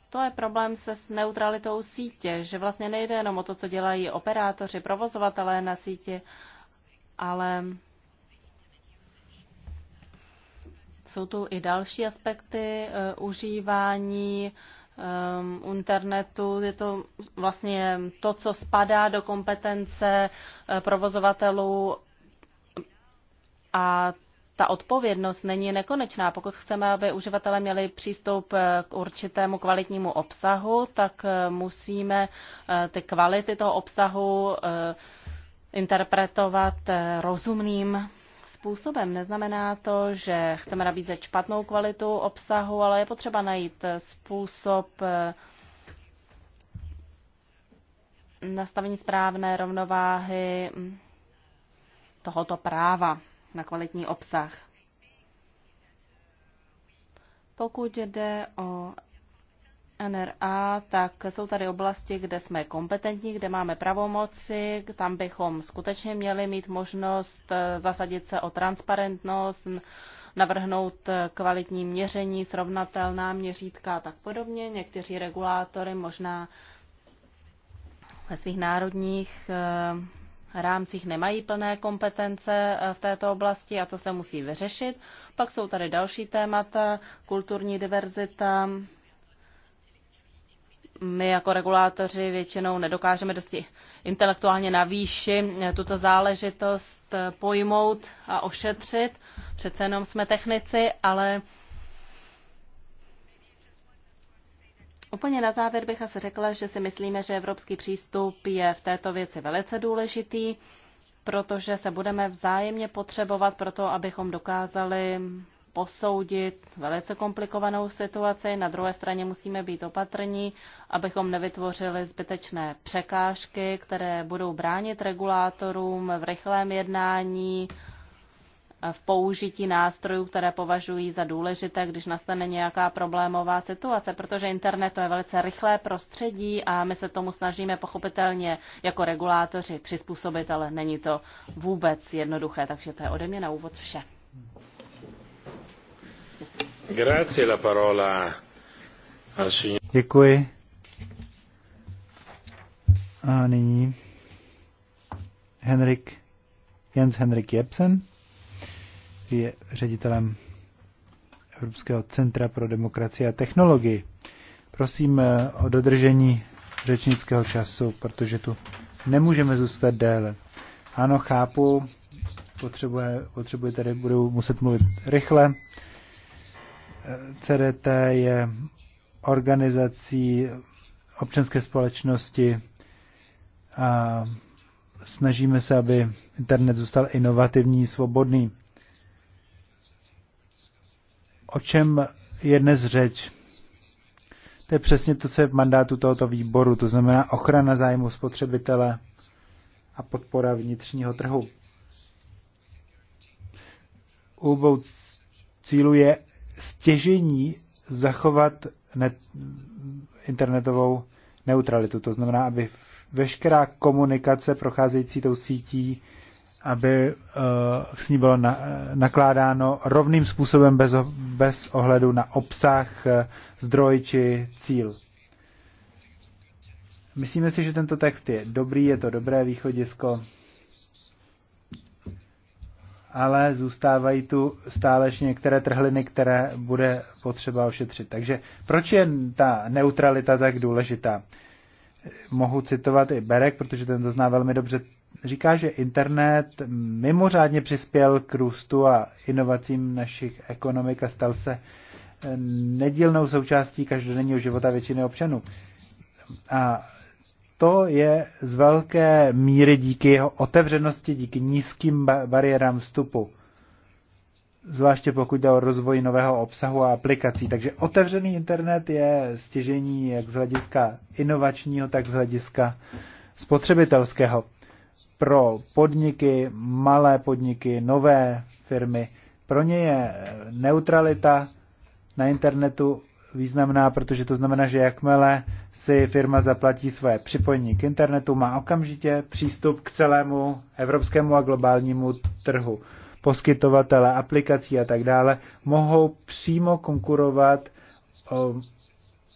To je problém se s neutralitou sítě, že vlastně nejde jenom o to, co dělají operátoři, provozovatelé na síti, ale Jsou tu i další aspekty eh, užívání ehm, internetu. Je to vlastně to, co spadá do kompetence eh, provozovatelů a ta odpovědnost není nekonečná. Pokud chceme, aby uživatelé měli přístup eh, k určitému kvalitnímu obsahu, tak musíme ty kvality toho obsahu interpretovat rozumným způsobem. Neznamená to, že chceme nabízet špatnou kvalitu obsahu, ale je potřeba najít způsob eh, nastavení správné rovnováhy hm, tohoto práva na kvalitní obsah. Pokud jde o NRA, tak jsou tady oblasti, kde jsme kompetentní, kde máme pravomoci, tam bychom skutečně měli mít možnost eh, zasadit se o transparentnost, navrhnout eh, kvalitní měření, srovnatelná měřítka a tak podobně. Někteří regulátory možná ve svých národních eh, rámcích nemají plné kompetence v této oblasti a to se musí vyřešit. Pak jsou tady další témata, kulturní diverzita, my jako regulátoři většinou nedokážeme dosti intelektuálně na výši tuto záležitost pojmout a ošetřit. Přece jenom jsme technici, ale Úplně na závěr bych asi řekla, že si myslíme, že evropský přístup je v této věci velice důležitý, protože se budeme vzájemně potřebovat pro to, abychom dokázali posoudit velice komplikovanou situaci. Na druhé straně musíme být opatrní, abychom nevytvořili zbytečné překážky, které budou bránit regulátorům v rychlém jednání, v použití nástrojů, které považují za důležité, když nastane nějaká problémová situace, protože internet to je velice rychlé prostředí a my se tomu snažíme pochopitelně jako regulátoři přizpůsobit, ale není to vůbec jednoduché, takže to je ode mě na úvod vše. Děkuji. A nyní Henrik, Jens Henrik Jebsen je ředitelem Evropského centra pro demokracii a technologii. Prosím eh, o dodržení řečnického času, protože tu nemůžeme zůstat déle. Ano, chápu, potřebuje, potřebuje tady, budu muset mluvit rychle. CDT je organizací občanské společnosti a snažíme se, aby internet zůstal inovativní, svobodný. O čem je dnes řeč? To je přesně to, co je v mandátu tohoto výboru, to znamená ochrana zájmu spotřebitele a podpora vnitřního trhu. Úbou cílu je stěžení zachovat net, internetovou neutralitu. To znamená, aby veškerá komunikace procházející tou sítí, aby uh, s ní bylo na, nakládáno rovným způsobem bez, bez ohledu na obsah, eh, zdroj či cíl. Myslíme si, že tento text je dobrý, je to dobré východisko ale zůstávají tu stále ještě některé trhliny, které bude potřeba ošetřit. Takže proč je ta neutralita tak důležitá? Mohu citovat i Berek, protože ten to zná velmi dobře. Říká, že internet mimořádně přispěl k růstu a inovacím našich ekonomik a stal se nedílnou součástí každodenního života většiny občanů. A to je z velké míry díky jeho otevřenosti, díky nízkým bariérám vstupu. Zvláště pokud jde o rozvoj nového obsahu a aplikací. Takže otevřený internet je stěžení jak z hlediska inovačního, tak z hlediska spotřebitelského. Pro podniky, malé podniky, nové firmy, pro ně je neutralita na internetu významná, protože to znamená, že jakmile si firma zaplatí své připojení k internetu, má okamžitě přístup k celému evropskému a globálnímu trhu. Poskytovatele aplikací a tak dále mohou přímo konkurovat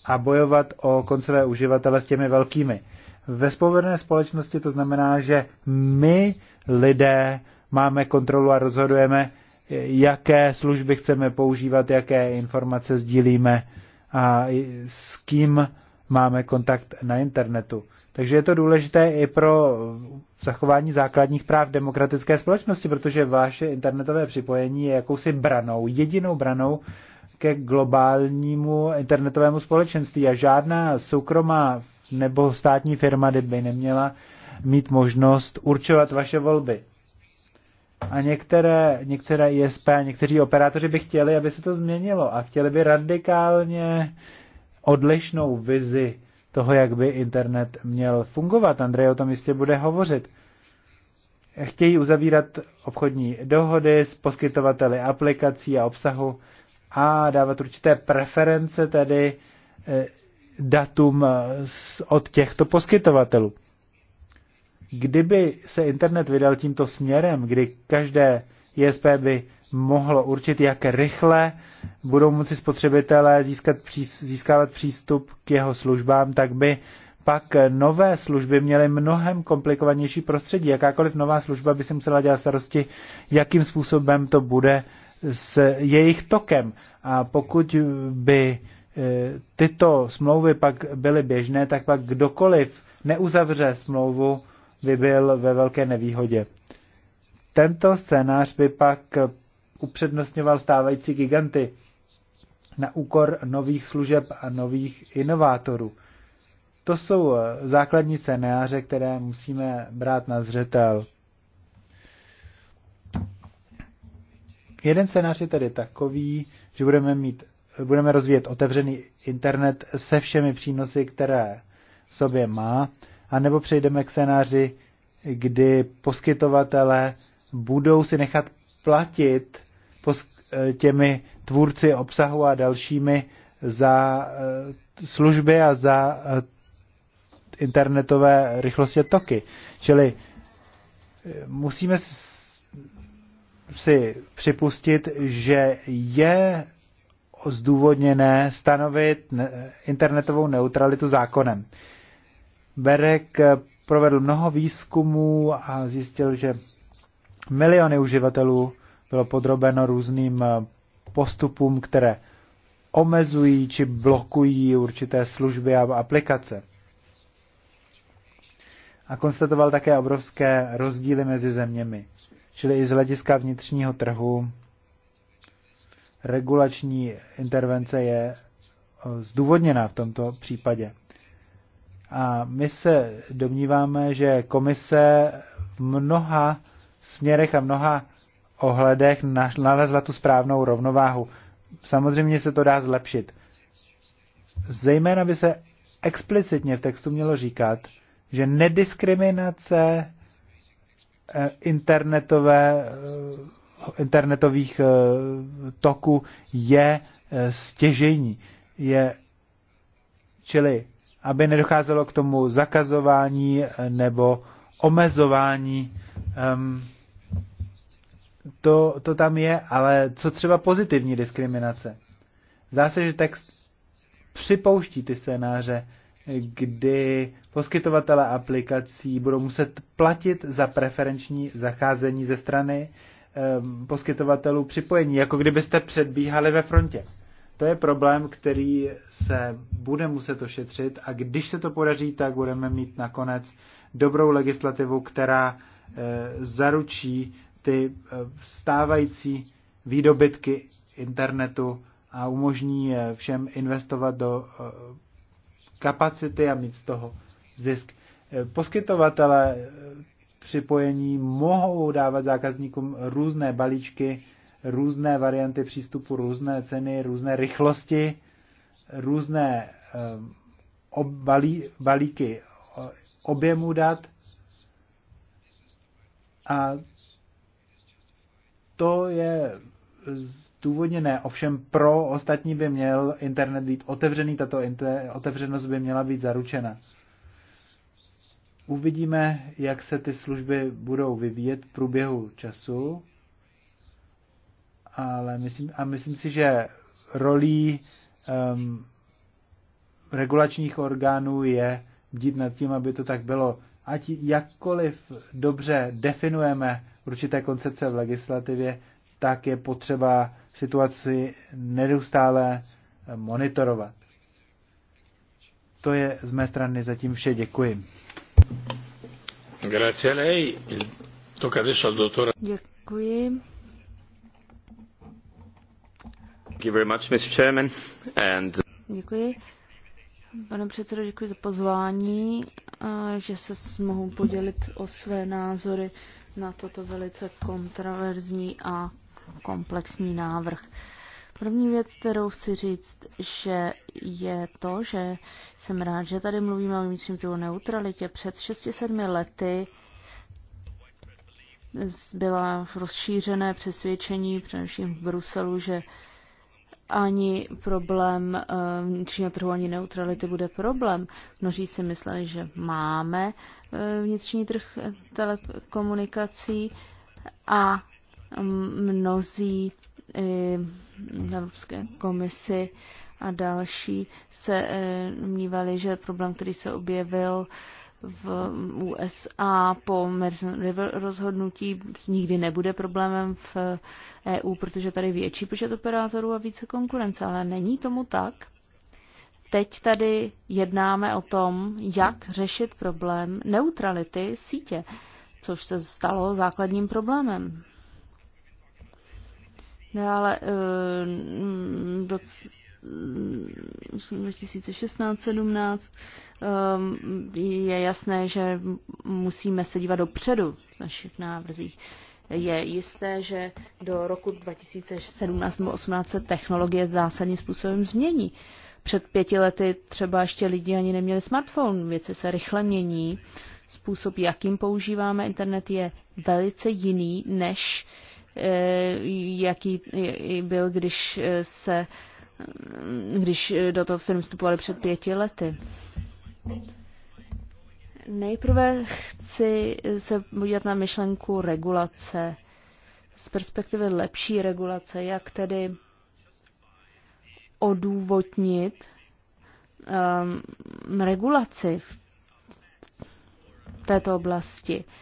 a bojovat o koncové uživatele s těmi velkými. Ve spovedné společnosti to znamená, že my lidé máme kontrolu a rozhodujeme, jaké služby chceme používat, jaké informace sdílíme a s kým máme kontakt na internetu. Takže je to důležité i pro zachování základních práv demokratické společnosti, protože vaše internetové připojení je jakousi branou, jedinou branou ke globálnímu internetovému společenství a žádná soukromá nebo státní firma by neměla mít možnost určovat vaše volby. A některé, některé ISP a někteří operátoři by chtěli, aby se to změnilo a chtěli by radikálně odlišnou vizi toho, jak by internet měl fungovat. Andrej o tom jistě bude hovořit. Chtějí uzavírat obchodní dohody s poskytovateli aplikací a obsahu a dávat určité preference tedy eh, datum eh, od těchto poskytovatelů kdyby se internet vydal tímto směrem, kdy každé ISP by mohlo určit, jak rychle budou moci spotřebitelé získat, získávat přístup k jeho službám, tak by pak nové služby měly mnohem komplikovanější prostředí. Jakákoliv nová služba by si musela dělat starosti, jakým způsobem to bude s jejich tokem. A pokud by e, tyto smlouvy pak byly běžné, tak pak kdokoliv neuzavře smlouvu by byl ve velké nevýhodě. Tento scénář by pak upřednostňoval stávající giganty na úkor nových služeb a nových inovátorů. To jsou eh, základní scénáře, které musíme brát na zřetel. Jeden scénář je tedy takový, že budeme, mít, budeme rozvíjet otevřený internet se všemi přínosy, které sobě má a nebo přejdeme k scénáři, kdy poskytovatele budou si nechat platit eh, těmi tvůrci obsahu a dalšími za eh, služby a za eh, internetové rychlosti toky. Čili musíme si připustit, že je zdůvodněné stanovit internetovou neutralitu zákonem. Berek eh, provedl mnoho výzkumů a zjistil, že miliony uživatelů bylo podrobeno různým eh, postupům, které omezují či blokují určité služby a aplikace. A konstatoval také obrovské rozdíly mezi zeměmi, čili i z hlediska vnitřního trhu regulační intervence je eh, zdůvodněná v tomto případě. A my se domníváme, že komise v mnoha směrech a mnoha ohledech nalezla tu správnou rovnováhu. Samozřejmě se to dá zlepšit. Zejména by se explicitně v textu mělo říkat, že nediskriminace eh, internetové, eh, internetových eh, toků je stěžení. Je, čili aby nedocházelo k tomu zakazování nebo omezování. Um, to, to tam je, ale co třeba pozitivní diskriminace? Zdá se, že text připouští ty scénáře, kdy poskytovatele aplikací budou muset platit za preferenční zacházení ze strany um, poskytovatelů připojení, jako kdybyste předbíhali ve frontě. To je problém, který se bude muset ošetřit a když se to podaří, tak budeme mít nakonec dobrou legislativu, která eh, zaručí ty eh, stávající výdobytky internetu a umožní eh, všem investovat do kapacity a mít z toho zisk. Poskytovatele připojení mohou dávat zákazníkům různé balíčky různé varianty přístupu, různé ceny, různé rychlosti, různé eh, balí, balíky eh, objemu dat a to je důvodněné. Ovšem pro ostatní by měl internet být otevřený, tato otevřenost by měla být zaručena. Uvidíme, jak se ty služby budou vyvíjet v průběhu času ale myslím, a myslím si, že rolí um, regulačních orgánů je bdít nad tím, aby to tak bylo. Ať jakkoliv dobře definujeme určité koncepce v legislativě, tak je potřeba situaci neustále monitorovat. To je z mé strany zatím vše. Děkuji. Grazie a lei. Tocca adesso al dottore. Děkuji. Děkuji. Pane předsedo, děkuji za pozvání, že se mohu podělit o své názory na toto velice kontroverzní a komplexní návrh. První věc, kterou chci říct, že je to, že jsem rád, že tady mluvíme o vnitřním trhu neutralitě. Před 6-7 lety byla rozšířené přesvědčení, především v Bruselu, že ani problém eh, vnitřního trhu, ani neutrality bude problém. Množí si mysleli, že máme eh, vnitřní trh telekomunikací a mm, mnozí eh, Evropské komisi a další se mnívali, že problém, který se objevil, v USA po Merson River rozhodnutí nikdy nebude problémem v EU, protože tady větší počet operátorů a více konkurence, ale není tomu tak. Teď tady jednáme o tom, jak řešit problém neutrality sítě, což se stalo základním problémem. Ne, no, eh, doc, 2016-17 um, je jasné, že musíme se dívat dopředu v našich návrzích. Je jisté, že do roku 2017 nebo 2018 se technologie zásadním způsobem změní. Před pěti lety třeba ještě lidi ani neměli smartphone, věci se rychle mění. Způsob, jakým používáme internet, je velice jiný, než eh, jaký byl, když eh, se když do toho firm vstupovali před pěti lety. Nejprve chci se podívat na myšlenku regulace z perspektivy lepší regulace, jak tedy odůvodnit um, regulaci v této oblasti. Uh,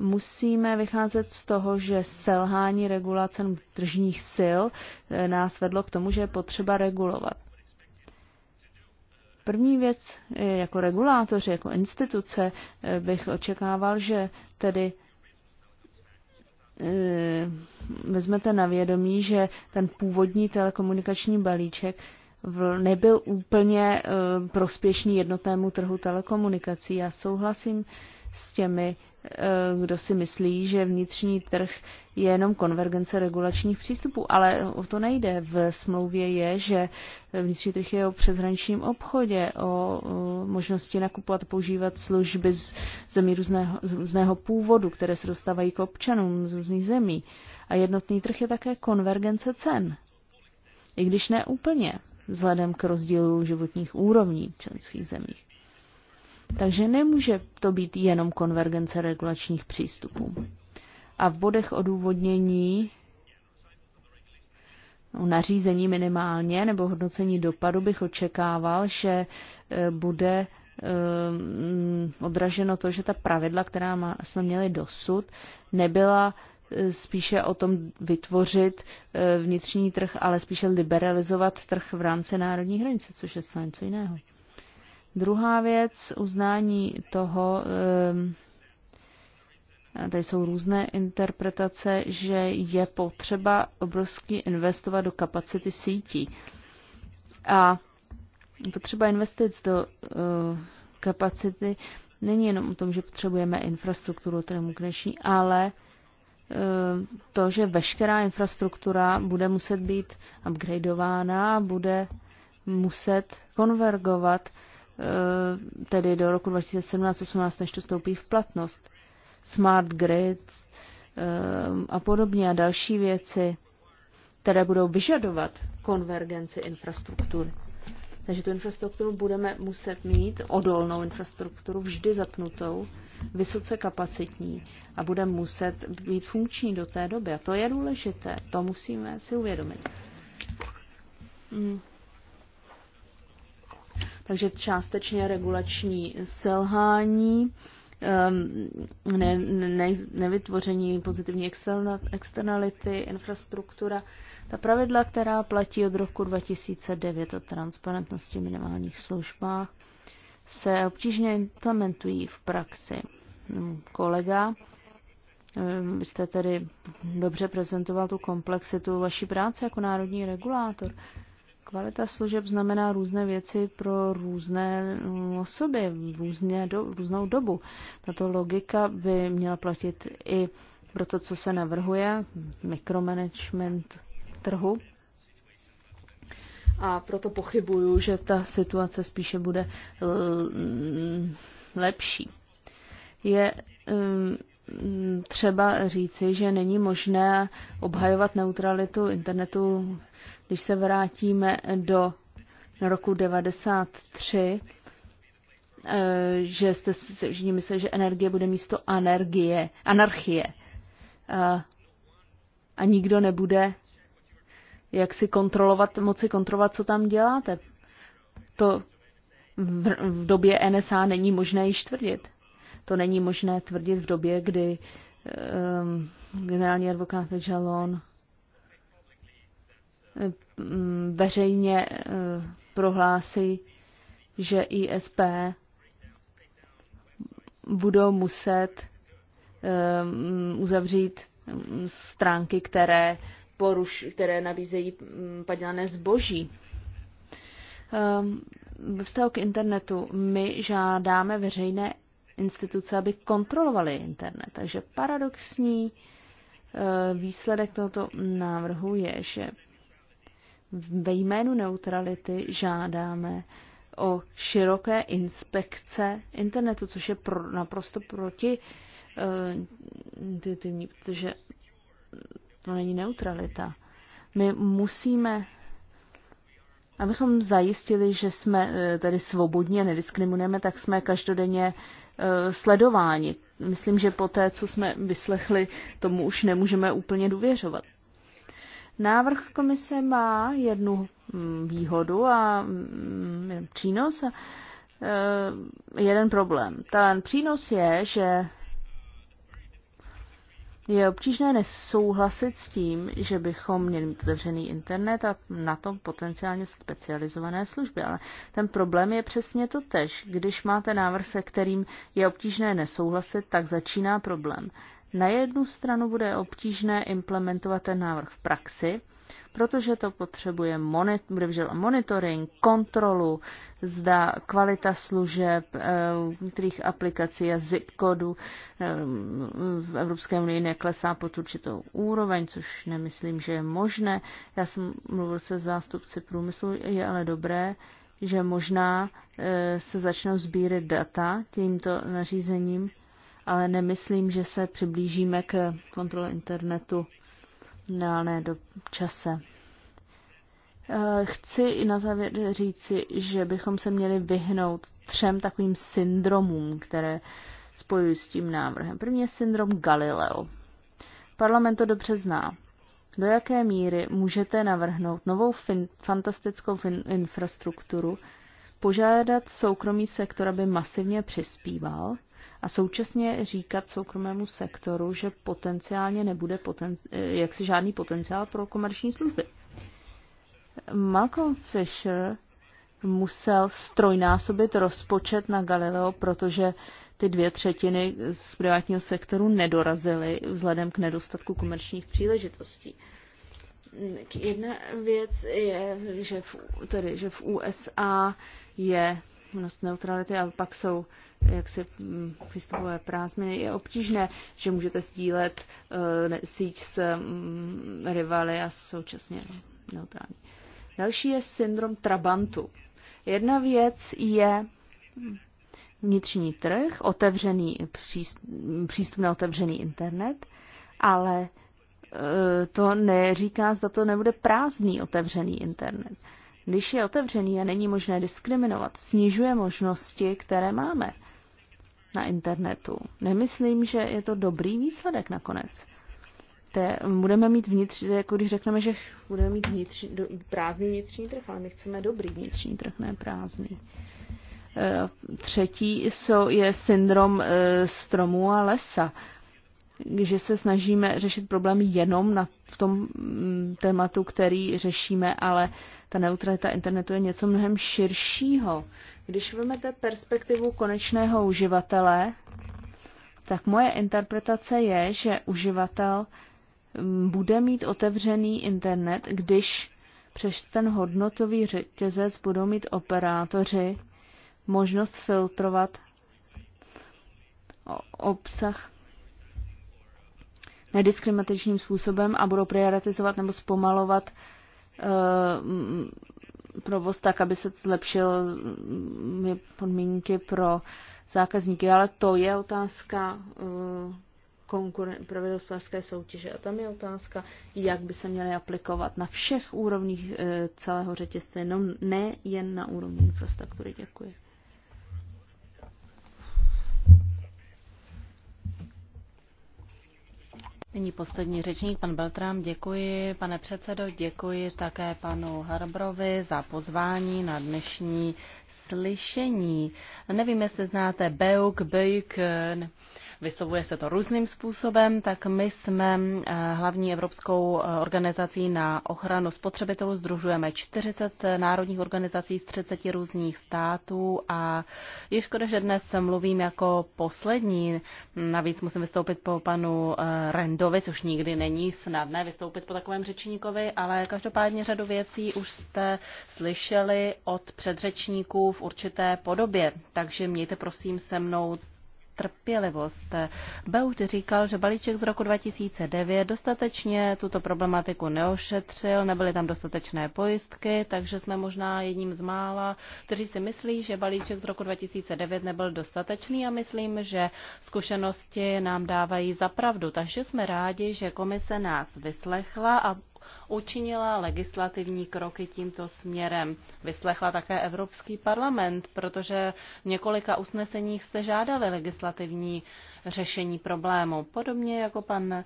Musíme vycházet z toho, že selhání regulace tržních sil eh, nás vedlo k tomu, že je potřeba regulovat. První věc, eh, jako regulátoři, jako instituce, eh, bych očekával, že tedy vezmete na vědomí, že ten původní telekomunikační balíček nebyl úplně prospěšný jednotnému trhu telekomunikací. Já souhlasím s těmi, eh, kdo si myslí, že vnitřní trh je jenom konvergence regulačních přístupů, ale o to nejde. V smlouvě je, že vnitřní trh je o přeshraničním obchodě, o možnosti nakupovat používat služby z zemí různého, z různého původu, které se dostávají k občanům z různých zemí. A jednotný trh je také konvergence cen. I když ne úplně, vzhledem k rozdílu životních úrovní v členských zemích. Takže nemůže to být jenom konvergence regulačních přístupů. A v bodech odůvodnění no, nařízení minimálně nebo hodnocení dopadu bych očekával, že e, bude e, mm, odraženo to, že ta pravidla, která jsme měli dosud, nebyla e, spíše o tom vytvořit vnitřní trh, ale spíše liberalizovat trh v rámci národní hranice, což je něco jiného. Druhá věc, uznání toho, ehm, tady jsou různé interpretace, že je potřeba obrovsky investovat do kapacity sítí. A potřeba investic do eh, kapacity není jenom o tom, že potřebujeme infrastrukturu termokrační, ale eh, to, že veškerá infrastruktura bude muset být upgradeována, bude muset konvergovat Eh, tedy do roku 2017 2018 než to stoupí v platnost. Smart grid eh, a podobně a další věci, které budou vyžadovat konvergenci infrastruktury. Takže tu infrastrukturu budeme muset mít, odolnou infrastrukturu, vždy zapnutou, vysoce kapacitní a bude muset být funkční do té doby. A to je důležité, to musíme si uvědomit. Mm. Takže částečně regulační selhání, ehm, ne, ne, nevytvoření pozitivní externality, infrastruktura, ta pravidla, která platí od roku 2009 o transparentnosti minimálních službách, se obtížně implementují v praxi. Kolega, ehm, vy jste tedy dobře prezentoval tu komplexitu vaší práce jako národní regulátor. Kvalita služeb znamená různé věci pro různé mm, osoby, různě do, různou dobu. Tato logika by měla platit i pro to, co se navrhuje, mikromanagement trhu. A proto pochybuju, že ta situace spíše bude mm, lepší. Je um, třeba říci, že není možné obhajovat neutralitu internetu, když se vrátíme do roku 93, eh, že jste si všichni mysleli, že energie bude místo energie, anarchie. A, a nikdo nebude jak si kontrolovat, moci kontrolovat, co tam děláte. To v, v době NSA není možné již tvrdit. To není možné tvrdit v době, kdy um, generální advokát Jalon ehm, veřejně uh, prohlásí, že ISP budou muset um, uzavřít stránky, které, poruš, které nabízejí mm, padělané zboží. Um, vztahu k internetu my žádáme veřejné instituce, aby kontrolovaly internet. Takže paradoxní e, výsledek tohoto návrhu je, že ve jménu neutrality žádáme o široké inspekce internetu, což je pro, naprosto proti e, intuitivní, protože to není neutralita. My musíme, abychom zajistili, že jsme e, tady svobodní a nediskriminujeme, tak jsme každodenně Eh, sledování. Myslím, že po té, co jsme vyslechli, tomu už nemůžeme úplně důvěřovat. Návrh komise má jednu mm, výhodu a mm, přínos a eh, jeden problém. Ten přínos je, že je obtížné nesouhlasit s tím, že bychom měli mít otevřený internet a na tom potenciálně specializované služby, ale ten problém je přesně to tež. Když máte návrh, se kterým je obtížné nesouhlasit, tak začíná problém. Na jednu stranu bude obtížné implementovat ten návrh v praxi, protože to potřebuje monit, bude monitoring, kontrolu, zda kvalita služeb, eh, některých aplikací a zip kodu eh, v Evropské unii neklesá pod určitou úroveň, což nemyslím, že je možné. Já jsem mluvil se zástupci průmyslu, je ale dobré, že možná eh, se začnou sbírat data tímto nařízením, ale nemyslím, že se přiblížíme k kontrole internetu dálné do čase. Eh, chci i na závěr říci, že bychom se měli vyhnout třem takovým syndromům, které spojují s tím návrhem. První je syndrom Galileo. Parlament to dobře zná. Do jaké míry můžete navrhnout novou fin- fantastickou fin- infrastrukturu, požádat soukromý sektor, aby masivně přispíval a současně říkat soukromému sektoru, že potenciálně nebude poten- jaksi žádný potenciál pro komerční služby. Malcolm Fisher musel strojnásobit rozpočet na Galileo, protože ty dvě třetiny z privátního sektoru nedorazily vzhledem k nedostatku komerčních příležitostí. Jedna věc je, že v, tedy, že v USA je možnost neutrality, ale pak jsou jaksi mm, přístupové prázdniny. Je obtížné, že můžete sdílet uh, síť s um, rivaly a současně neutrální. Další je syndrom Trabantu. Jedna věc je vnitřní trh, otevřený přístup na otevřený internet, ale eh, to neříká, zda to nebude prázdný otevřený internet. Když je otevřený a není možné diskriminovat, snižuje možnosti, které máme na internetu. Nemyslím, že je to dobrý výsledek nakonec. Te, budeme mít vnitř, jako když řekneme, že budeme mít vnitř, do, prázdný vnitřní trh, ale my chceme dobrý vnitřní trh, ne prázdný. E, třetí jsou, je syndrom e, stromu a lesa. E, že se snažíme řešit problémy jenom na, v tom mm, tématu, který řešíme, ale ta neutralita internetu je něco mnohem širšího. Když vezmete perspektivu konečného uživatele, tak moje interpretace je, že uživatel mm, bude mít otevřený internet, když přes ten hodnotový řetězec budou mít operátoři možnost filtrovat obsah nediskriminačním způsobem a budou prioritizovat nebo zpomalovat eh, provoz tak, aby se zlepšil mm, podmínky pro zákazníky. Ale to je otázka eh, konkuren- pravidel hospodářské soutěže. A tam je otázka, jak by se měly aplikovat na všech úrovních eh, celého řetězce, jenom ne jen na úrovni infrastruktury. Děkuji. Nyní poslední řečník, pan Beltrám, děkuji. Pane předsedo, děkuji také panu Harbrovi za pozvání na dnešní slyšení. Nevím, jestli znáte Beuk, Beuk, vyslovuje se to různým způsobem, tak my jsme eh, hlavní evropskou eh, organizací na ochranu spotřebitelů, združujeme 40 eh, národních organizací z 30 různých států a je škoda, že dnes mluvím jako poslední. Navíc musím vystoupit po panu Rendovi, což nikdy není snadné vystoupit po takovém řečníkovi, ale každopádně řadu věcí už jste slyšeli od předřečníků v určité podobě, takže mějte prosím se mnou trpělivost. Beuš říkal, že balíček z roku 2009 dostatečně tuto problematiku neošetřil, nebyly tam dostatečné pojistky, takže jsme možná jedním z mála, kteří si myslí, že balíček z roku 2009 nebyl dostatečný a myslím, že zkušenosti nám dávají zapravdu. Takže jsme rádi, že komise nás vyslechla a učinila legislativní kroky tímto směrem. Vyslechla také Evropský parlament, protože v několika usneseních jste žádali legislativní řešení problému. Podobně jako pan uh,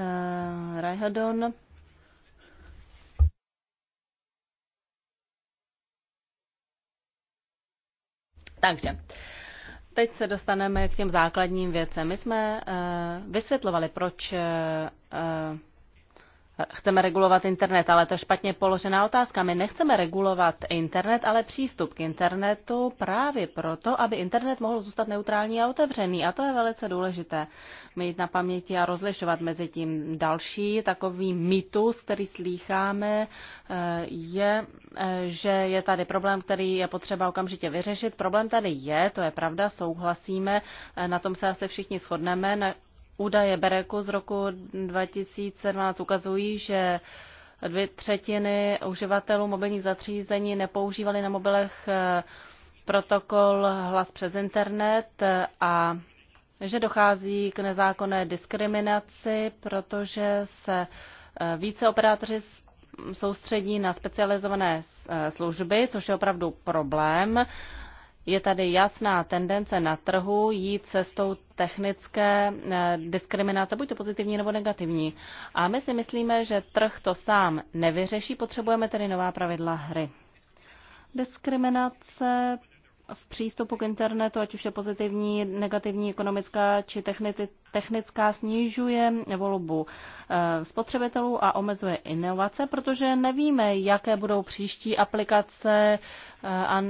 eh, Rajhadon, Takže teď se dostaneme k těm základním věcem. My jsme uh, vysvětlovali, proč uh, chceme regulovat internet, ale to je špatně položená otázka. My nechceme regulovat internet, ale přístup k internetu právě proto, aby internet mohl zůstat neutrální a otevřený. A to je velice důležité mít na paměti a rozlišovat mezi tím další. Takový mýtus, který slýcháme, eh, je, eh, že je tady problém, který je potřeba okamžitě vyřešit. Problém tady je, to je pravda, souhlasíme, eh, na tom se asi všichni shodneme, Údaje Bereku z roku 2017 ukazují, že dvě třetiny uživatelů mobilních zařízení nepoužívali na mobilech eh, protokol hlas přes internet a že dochází k nezákonné diskriminaci, protože se eh, více operátoři soustředí na specializované eh, služby, což je opravdu problém je tady jasná tendence na trhu jít cestou technické eh, diskriminace, buď to pozitivní nebo negativní. A my si myslíme, že trh to sám nevyřeší, potřebujeme tedy nová pravidla hry. Diskriminace v přístupu k internetu, ať už je pozitivní, negativní, ekonomická či technická, snižuje volbu eh, spotřebitelů a omezuje inovace, protože nevíme, jaké budou příští aplikace eh, a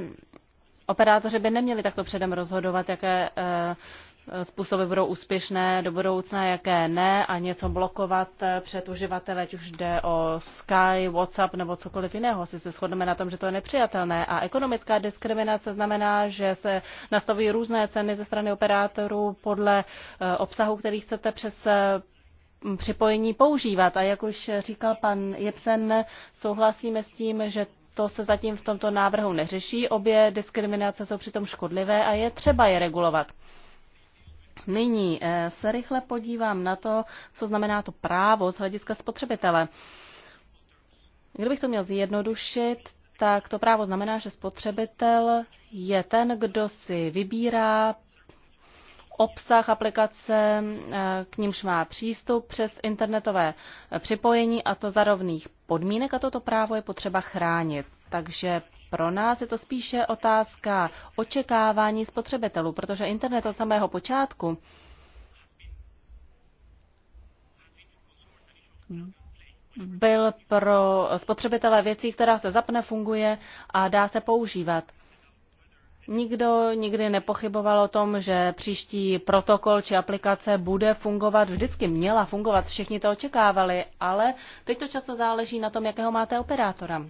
Operátoři by neměli takto předem rozhodovat, jaké eh, způsoby budou úspěšné do budoucna, jaké ne a něco blokovat eh, před uživatele, ať už jde o Sky, WhatsApp nebo cokoliv jiného. Si se shodneme na tom, že to je nepřijatelné. A ekonomická diskriminace znamená, že se nastavují různé ceny ze strany operátorů podle eh, obsahu, který chcete přes připojení používat. A jak už říkal pan Jepsen, souhlasíme s tím, že to se zatím v tomto návrhu neřeší. Obě diskriminace jsou přitom škodlivé a je třeba je regulovat. Nyní eh, se rychle podívám na to, co znamená to právo z hlediska spotřebitele. Kdybych to měl zjednodušit, tak to právo znamená, že spotřebitel je ten, kdo si vybírá obsah aplikace, eh, k nímž má přístup přes internetové eh, připojení a to za rovných podmínek a toto právo je potřeba chránit. Takže pro nás je to spíše otázka očekávání spotřebitelů, protože internet od samého počátku byl pro spotřebitele věcí, která se zapne, funguje a dá se používat. Nikdo nikdy nepochyboval o tom, že příští protokol či aplikace bude fungovat, vždycky měla fungovat, všichni to očekávali, ale teď to často záleží na tom, jakého máte operátora.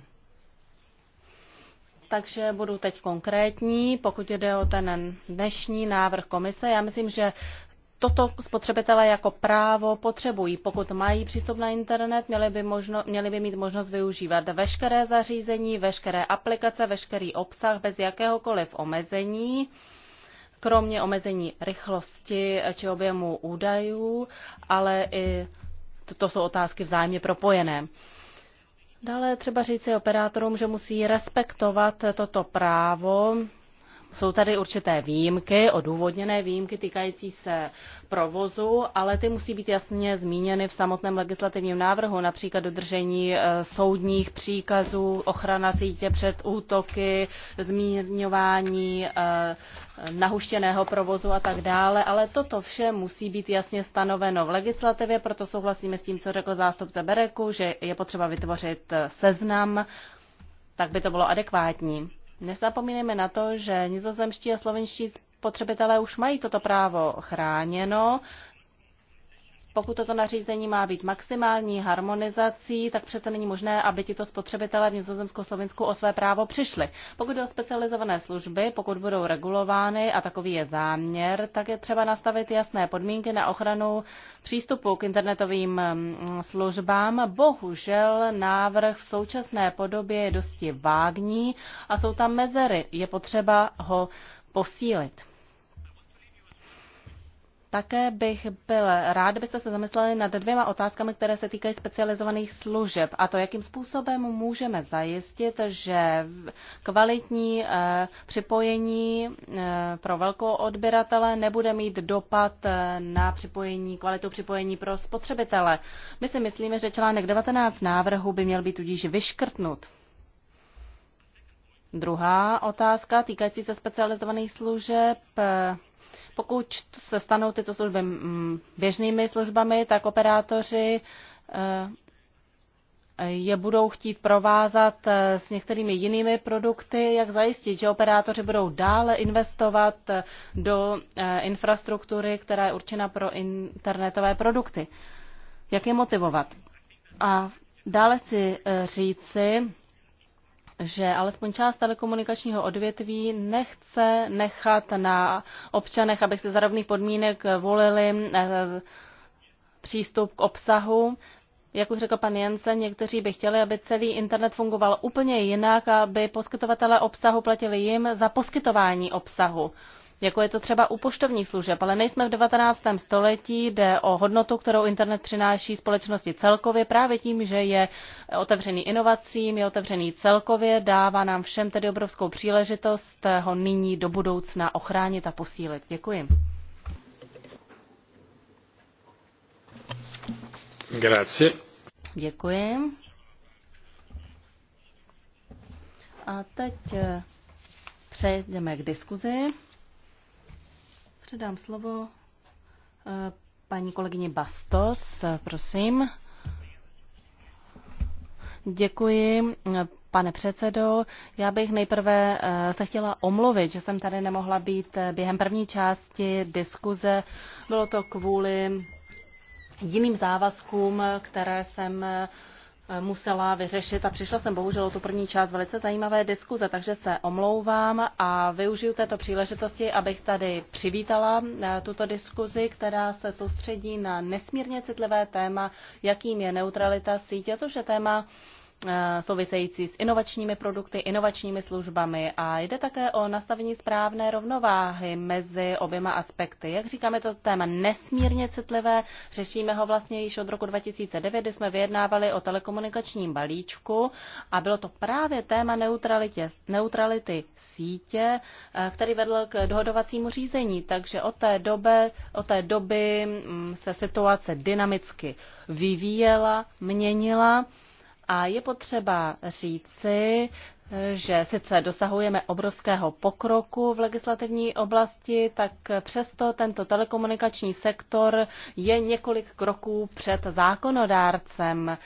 Takže budu teď konkrétní, pokud jde o ten dnešní návrh komise. Já myslím, že toto spotřebitelé jako právo potřebují. Pokud mají přístup na internet, měli by, možno, měli by mít možnost využívat veškeré zařízení, veškeré aplikace, veškerý obsah bez jakéhokoliv omezení, kromě omezení rychlosti či objemu údajů, ale i to jsou otázky vzájemně propojené. Dále třeba říci operátorům, že musí respektovat toto právo jsou tady určité výjimky, odůvodněné výjimky týkající se provozu, ale ty musí být jasně zmíněny v samotném legislativním návrhu, například dodržení eh, soudních příkazů, ochrana sítě před útoky, zmírňování eh, nahuštěného provozu a tak dále, ale toto vše musí být jasně stanoveno v legislativě, proto souhlasíme s tím, co řekl zástupce Bereku, že je potřeba vytvořit eh, seznam, tak by to bylo adekvátní. Nezapomínejme na to, že nizozemští a slovenští spotřebitelé už mají toto právo chráněno pokud toto nařízení má být maximální harmonizací, tak přece není možné, aby tito spotřebitelé v Nizozemsku Slovensku o své právo přišli. Pokud jde o specializované služby, pokud budou regulovány, a takový je záměr, tak je třeba nastavit jasné podmínky na ochranu přístupu k internetovým mm, službám. Bohužel návrh v současné podobě je dosti vágní a jsou tam mezery. Je potřeba ho posílit. Také bych byl rád, kdybyste se zamysleli nad dvěma otázkami, které se týkají specializovaných služeb a to, jakým způsobem můžeme zajistit, že kvalitní eh, připojení eh, pro velkou odběratele nebude mít dopad eh, na připojení, kvalitu připojení pro spotřebitele. My si myslíme, že článek 19 návrhu by měl být tudíž vyškrtnut. Druhá otázka týkající se specializovaných služeb pokud se stanou tyto služby mm, běžnými službami, tak operátoři eh, je budou chtít provázat eh, s některými jinými produkty, jak zajistit, že operátoři budou dále investovat eh, do infrastruktury, která je určena pro internetové produkty. Jak je motivovat? A dále chci říci, že alespoň část telekomunikačního odvětví nechce nechat na občanech, aby se za rovných podmínek volili eh, přístup k obsahu. Jak už řekl pan Jensen, někteří by chtěli, aby celý internet fungoval úplně jinak, aby poskytovatelé obsahu platili jim za poskytování obsahu jako je to třeba u poštovních služeb, ale nejsme v 19. století, jde o hodnotu, kterou internet přináší společnosti celkově právě tím, že je otevřený inovacím, je otevřený celkově, dává nám všem tedy obrovskou příležitost ho nyní do budoucna ochránit a posílit. Děkuji. Grazie. Děkuji. A teď eh, přejdeme k diskuzi. Předám slovo eh, paní kolegyni Bastos, eh, prosím. Děkuji, eh, pane předsedo. Já bych nejprve se chtěla omluvit, že jsem tady nemohla být během první části diskuze. Bylo to kvůli jiným závazkům, které jsem musela vyřešit a přišla jsem bohužel o tu první část velice zajímavé diskuze, takže se omlouvám a využiju této příležitosti, abych tady přivítala eh, tuto diskuzi, která se soustředí na nesmírně citlivé téma, jakým je neutralita sítě, což je téma, Eh, související s inovačními produkty, inovačními službami a jde také o nastavení správné rovnováhy mezi oběma aspekty. Jak říkáme, to téma nesmírně citlivé, řešíme ho vlastně již od roku 2009, kdy jsme vyjednávali o telekomunikačním balíčku a bylo to právě téma neutralitě, neutrality sítě, eh, který vedl k dohodovacímu řízení, takže od té doby, od té doby mm, se situace dynamicky vyvíjela, měnila. A je potřeba říci, že sice dosahujeme obrovského pokroku v legislativní oblasti, tak přesto tento telekomunikační sektor je několik kroků před zákonodárcem.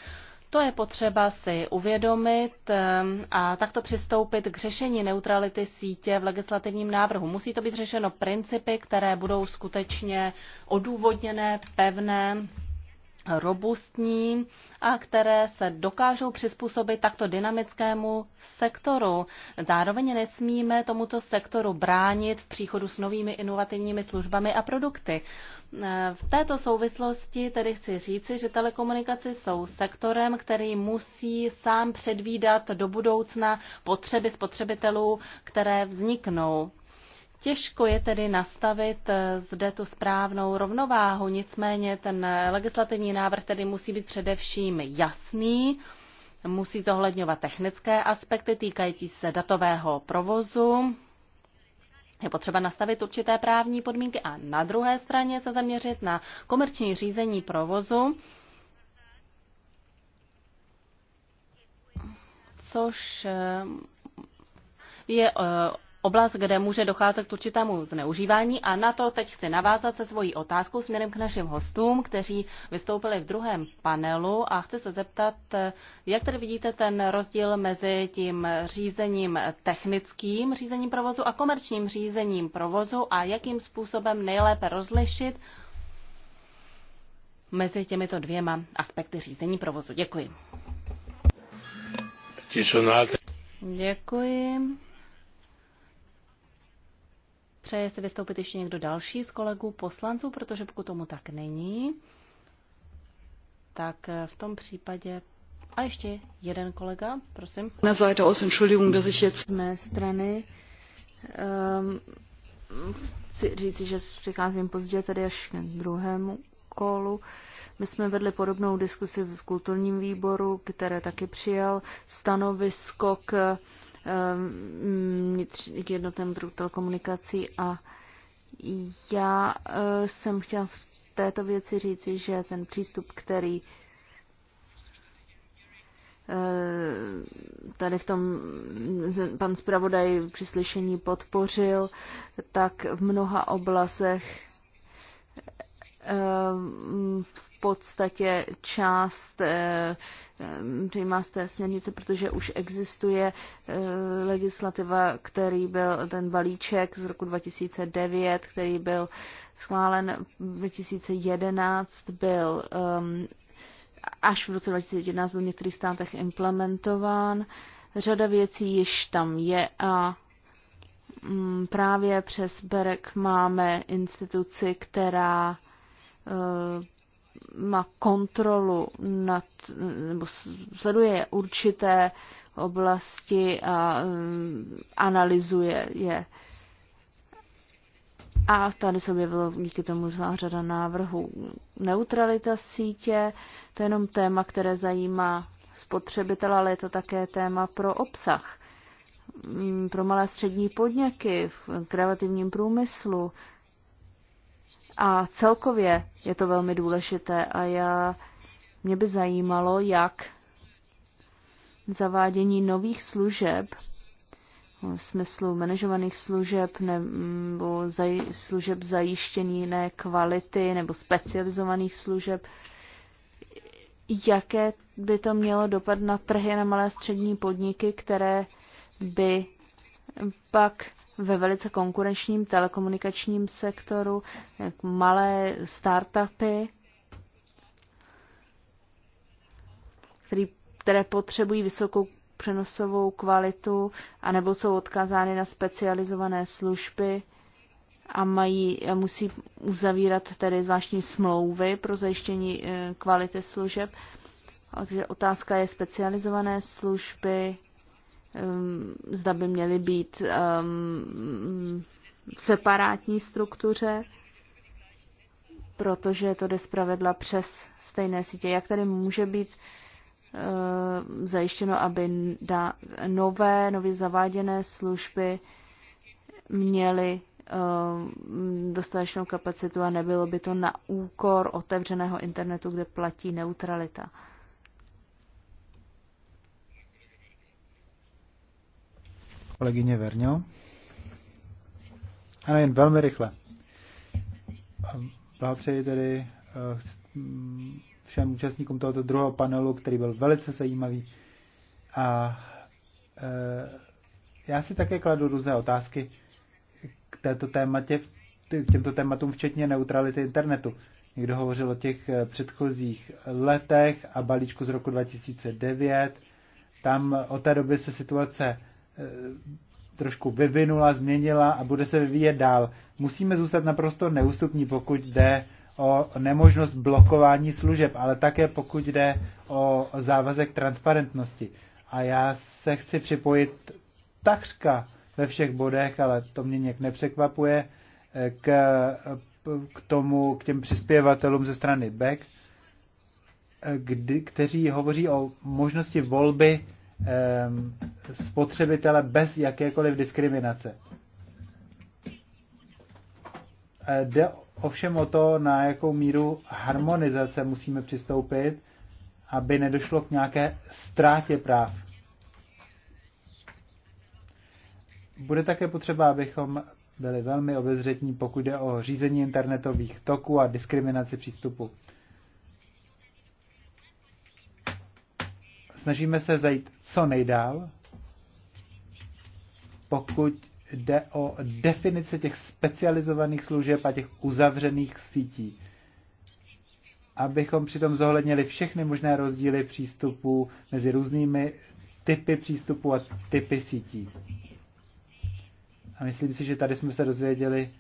To je potřeba si uvědomit ehm, a takto přistoupit k řešení neutrality sítě v legislativním návrhu. Musí to být řešeno principy, které budou skutečně odůvodněné, pevné robustní a které se dokážou přizpůsobit takto dynamickému sektoru. Zároveň nesmíme tomuto sektoru bránit v příchodu s novými inovativními službami a produkty. V této souvislosti tedy chci říci, že telekomunikace jsou sektorem, který musí sám předvídat do budoucna potřeby spotřebitelů, které vzniknou. Těžko je tedy nastavit eh, zde tu správnou rovnováhu, nicméně ten legislativní návrh tedy musí být především jasný, musí zohledňovat technické aspekty týkající se datového provozu, je potřeba nastavit určité právní podmínky a na druhé straně se zaměřit na komerční řízení provozu, což eh, je eh, oblast, kde může docházet k určitému zneužívání a na to teď chci navázat se svojí otázkou směrem k našim hostům, kteří vystoupili v druhém panelu a chci se zeptat, jak tedy vidíte ten rozdíl mezi tím řízením technickým, řízením provozu a komerčním řízením provozu a jakým způsobem nejlépe rozlišit mezi těmito dvěma aspekty řízení provozu. Děkuji. Děkuji. Přeje si vystoupit ještě někdo další z kolegů poslanců, protože pokud tomu tak není, tak v tom případě a ještě jeden kolega, prosím. Na Seite aus, Entschuldigung, dass ich jetzt... Z mé strany um, chci říct, že přicházím pozdě tady až k druhému kolu. My jsme vedli podobnou diskusi v kulturním výboru, které taky přijal stanovisko k uh, Ehm, k jednotnému druhu telekomunikací a já eh, jsem chtěla v této věci říci, že ten přístup, který eh, tady v tom pan zpravodaj při slyšení podpořil, tak v mnoha oblastech eh, v podstatě část Ehm, přijímá z té směrnice, protože už existuje eh, legislativa, který byl ten balíček z roku 2009, který byl schválen 2011, byl ehm, až v roce 2011 byl v některých státech implementován. Řada věcí již tam je a mm, právě přes Berek máme instituci, která eh, má kontrolu nad, nebo sleduje určité oblasti a um, analyzuje je. A tady se objevilo díky tomu celá řada návrhů. Neutralita sítě, to je jenom téma, které zajímá spotřebitele, ale je to také téma pro obsah. Mm, pro malé střední podniky v kreativním průmyslu, a celkově je to velmi důležité a já, mě by zajímalo, jak zavádění nových služeb v smyslu manažovaných služeb nebo zaj, služeb zajištění jiné kvality nebo specializovaných služeb, jaké by to mělo dopad na trhy na malé střední podniky, které by pak ve velice konkurenčním telekomunikačním sektoru, jak malé startupy, který, které potřebují vysokou přenosovou kvalitu, anebo jsou odkázány na specializované služby a mají, musí uzavírat tedy zvláštní smlouvy pro zajištění eh, kvality služeb. Takže otázka je specializované služby, Ehm, zda by měly být v ehm, separátní struktuře, protože to jde zpravedla přes stejné sítě. Jak tady může být ehm, zajištěno, aby nové, nově zaváděné služby měly dostatečnou kapacitu a nebylo by to na úkor otevřeného internetu, kde platí neutralita. Kolegyně Verňo. Ano, jen velmi rychle. Blahopřeji tedy eh, mm, všem účastníkům tohoto druhého panelu, který byl velice zajímavý. A eh, já si také kladu různé otázky k této tématě, k těmto tématům, včetně neutrality internetu. Někdo hovořil o těch eh, předchozích letech a balíčku z roku 2009. Tam od té doby se situace Eh, trošku vyvinula, změnila a bude se vyvíjet dál. Musíme zůstat naprosto neústupní, pokud jde o nemožnost blokování služeb, ale také pokud jde o závazek transparentnosti. A já se chci připojit takřka ve všech bodech, ale to mě nějak nepřekvapuje, eh, k, k tomu, k těm přispěvatelům ze strany Beck, eh, kteří hovoří o možnosti volby spotřebitele bez jakékoliv diskriminace. Eh, jde ovšem o to, na jakou míru harmonizace musíme přistoupit, aby nedošlo k nějaké ztrátě práv. Bude také potřeba, abychom byli velmi obezřetní, pokud jde o řízení internetových toků a diskriminaci přístupu. Snažíme se zajít co nejdál, pokud jde o definice těch specializovaných služeb a těch uzavřených sítí, abychom přitom zohlednili všechny možné rozdíly přístupů mezi různými typy přístupů a typy sítí. A myslím si, že tady jsme se dozvěděli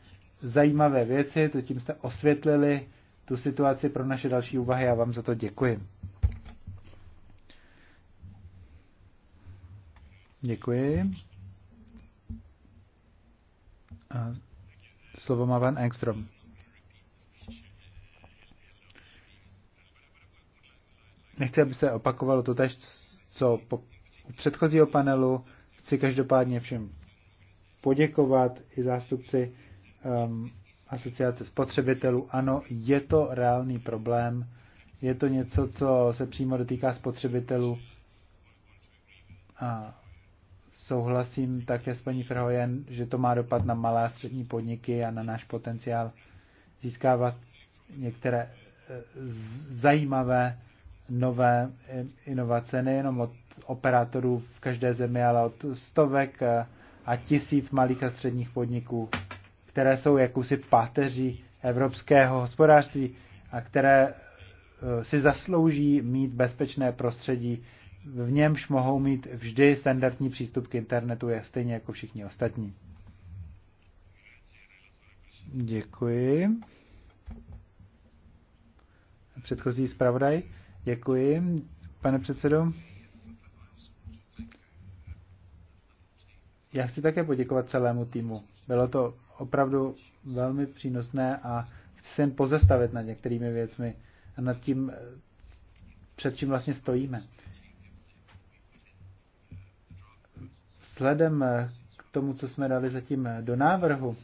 zajímavé věci, to tím jste osvětlili tu situaci pro naše další úvahy. a vám za to děkuji. Děkuji. A slovo má pan Engstrom. Nechci, aby se opakovalo to tež, co po, u předchozího panelu. Chci každopádně všem poděkovat i zástupci um, asociace spotřebitelů. Ano, je to reálný problém. Je to něco, co se přímo dotýká spotřebitelů. A souhlasím také s paní Frhojen, že to má dopad na malé a střední podniky a na náš potenciál získávat některé eh, zajímavé nové eh, inovace, nejenom od operátorů v každé zemi, ale od stovek eh, a tisíc malých a středních podniků, které jsou jakousi páteří evropského hospodářství a které si zaslouží mít bezpečné prostředí v němž mohou mít vždy standardní přístup k internetu, je stejně jako všichni ostatní. Děkuji. Předchozí zpravodaj. Děkuji, pane předsedo. Já chci také poděkovat celému týmu. Bylo to opravdu velmi přínosné a chci se jen pozastavit nad některými věcmi a nad tím, před čím vlastně stojíme. vzhledem eh, k tomu, co jsme dali zatím eh, do návrhu,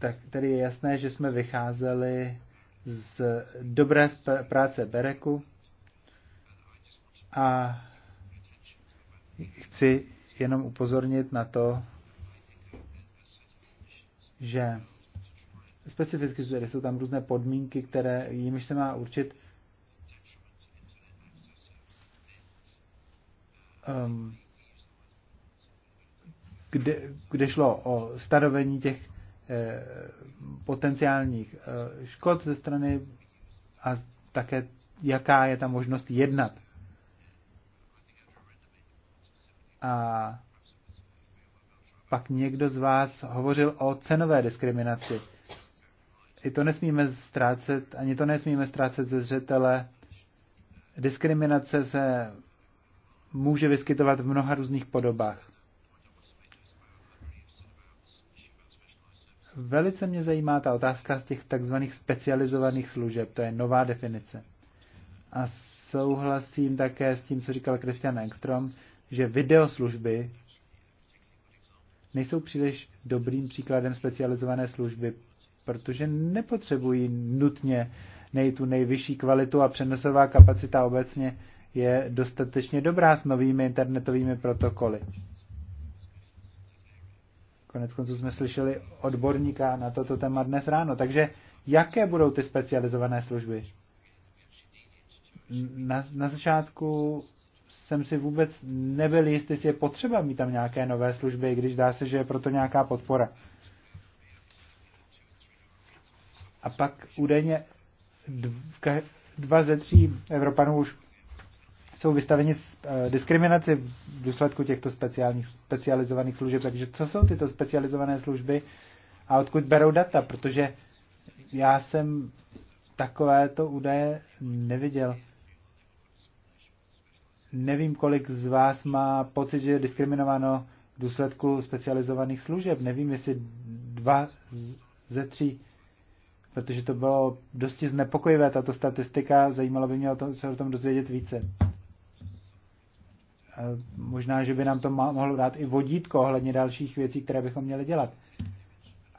tak tedy je jasné, že jsme vycházeli z dobré práce Bereku a chci jenom upozornit na to, že specificky tady jsou tam různé podmínky, které jimž se má určit um, kde, kde šlo o stanovení těch eh, potenciálních eh, škod ze strany a také jaká je ta možnost jednat. A pak někdo z vás hovořil o cenové diskriminaci. I to nesmíme ztrácet, ani to nesmíme ztrácet ze zřetele. Diskriminace se může vyskytovat v mnoha různých podobách. Velice mě zajímá ta otázka z těch takzvaných specializovaných služeb, to je nová definice. A souhlasím také s tím, co říkal Christian Engstrom, že videoslužby nejsou příliš dobrým příkladem specializované služby, protože nepotřebují nutně nej, tu nejvyšší kvalitu a přenosová kapacita obecně je dostatečně dobrá s novými internetovými protokoly. Konec konců jsme slyšeli odborníka na toto téma dnes ráno. Takže jaké budou ty specializované služby? Na, na začátku jsem si vůbec nebyl jistý, jestli je potřeba mít tam nějaké nové služby, když dá se, že je proto nějaká podpora. A pak údajně dva ze tří Evropanů už jsou vystaveni eh, diskriminaci v důsledku těchto speciálních, specializovaných služeb. Takže co jsou tyto specializované služby a odkud berou data? Protože já jsem takovéto údaje neviděl. Nevím, kolik z vás má pocit, že je diskriminováno v důsledku specializovaných služeb. Nevím, jestli dva ze tří, protože to bylo dosti znepokojivé, tato statistika. Zajímalo by mě o tom, se o tom dozvědět více. Možná, že by nám to mohlo dát i vodítko ohledně dalších věcí, které bychom měli dělat.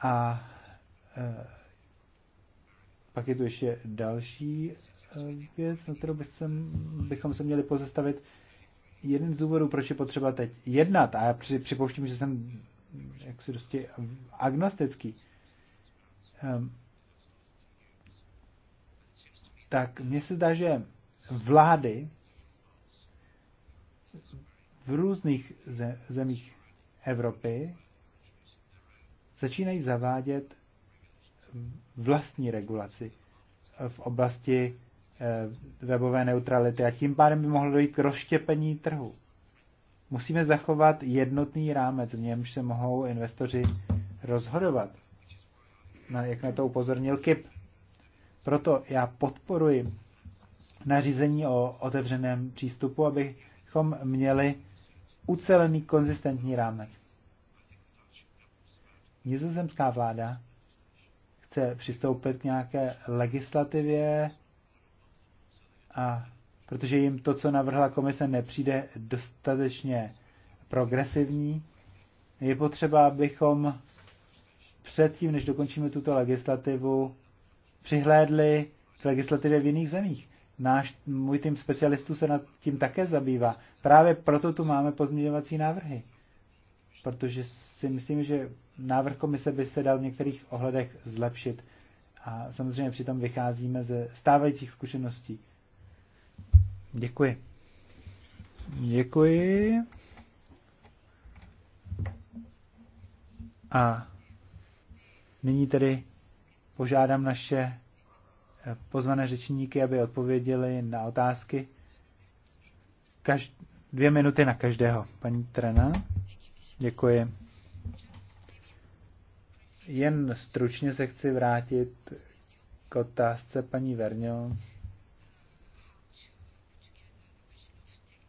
A e, pak je tu ještě další e, věc, na kterou bychom, se měli pozastavit. Jeden z důvodů, proč je potřeba teď jednat, a já připouštím, že jsem jaksi dosti agnostický, ehm, tak mně se zdá, že vlády v různých zemích Evropy začínají zavádět vlastní regulaci v oblasti eh, webové neutrality a tím pádem by mohlo dojít k rozštěpení trhu. Musíme zachovat jednotný rámec, v němž se mohou investoři rozhodovat, na, jak na to upozornil Kip. Proto já podporuji nařízení o otevřeném přístupu, aby abychom měli ucelený, konzistentní rámec. Nizozemská vláda chce přistoupit k nějaké legislativě, a protože jim to, co navrhla komise, nepřijde dostatečně progresivní, je potřeba, abychom předtím, než dokončíme tuto legislativu, přihlédli k legislativě v jiných zemích náš, můj tým specialistů se nad tím také zabývá. Právě proto tu máme pozměňovací návrhy. Protože si myslím, že návrh komise by se dal v některých ohledech zlepšit. A samozřejmě přitom vycházíme ze stávajících zkušeností. Děkuji. Děkuji. A nyní tedy požádám naše pozvané řečníky, aby odpověděli na otázky. Každ- dvě minuty na každého. Paní Trena, děkuji. Jen stručně se chci vrátit k otázce paní Verňo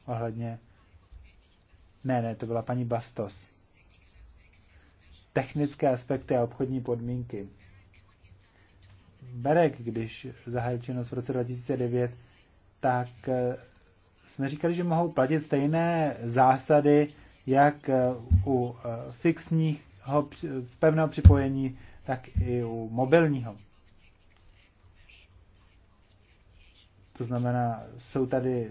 ohledně ne, ne, to byla paní Bastos. Technické aspekty a obchodní podmínky. Berek, když zahájil činnost v roce 2009, tak eh, jsme říkali, že mohou platit stejné zásady, jak eh, u eh, fixního pevného připojení, tak i u mobilního. To znamená, jsou tady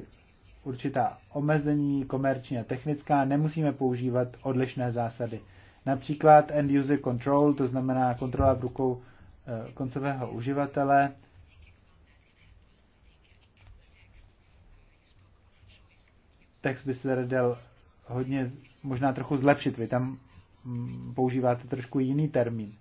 určitá omezení komerční a technická, nemusíme používat odlišné zásady. Například end user control, to znamená kontrola v rukou Eh, koncového uživatele. Text by se tady dal hodně možná trochu zlepšit. Vy tam mm, používáte trošku jiný termín.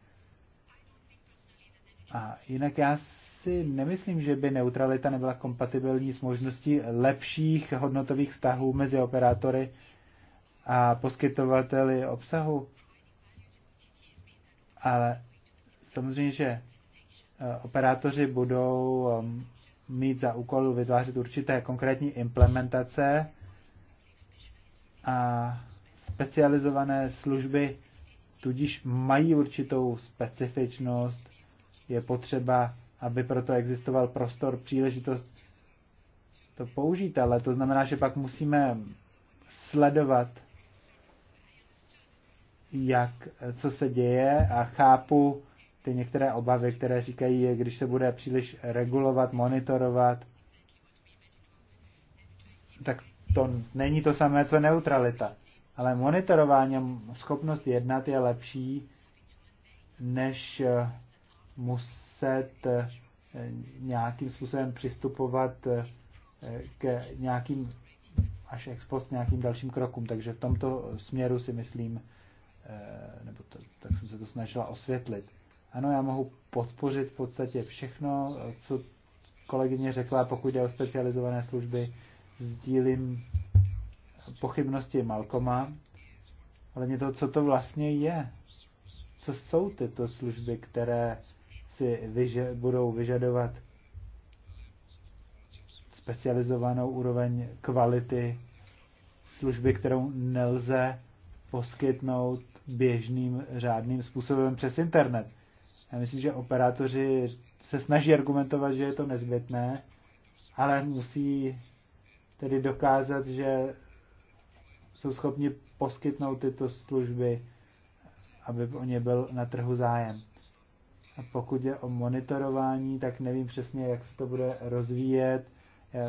A jinak já si nemyslím, že by neutralita nebyla kompatibilní s možností lepších hodnotových vztahů mezi operátory a poskytovateli obsahu. Ale Samozřejmě, že eh, operátoři budou eh, mít za úkol vytvářet určité konkrétní implementace a specializované služby tudíž mají určitou specifičnost. Je potřeba, aby proto existoval prostor, příležitost to použít, ale to znamená, že pak musíme sledovat, jak, co se děje a chápu, ty některé obavy, které říkají, když se bude příliš regulovat, monitorovat, tak to není to samé, co neutralita. Ale monitorování schopnost jednat je lepší, než eh, muset eh, nějakým způsobem přistupovat eh, k nějakým až ex post nějakým dalším krokům. Takže v tomto směru si myslím, nebo to, tak jsem se to snažila osvětlit. Ano, já mohu podpořit v podstatě všechno, co kolegyně řekla, pokud jde o specializované služby, sdílím pochybnosti Malkoma, ale to, co to vlastně je. Co jsou tyto služby, které si vyže, budou vyžadovat specializovanou úroveň kvality služby, kterou nelze poskytnout běžným řádným způsobem přes internet. Já myslím, že operátoři se snaží argumentovat, že je to nezbytné, ale musí tedy dokázat, že jsou schopni poskytnout tyto služby, aby o ně byl na trhu zájem. A pokud je o monitorování, tak nevím přesně, jak se to bude rozvíjet.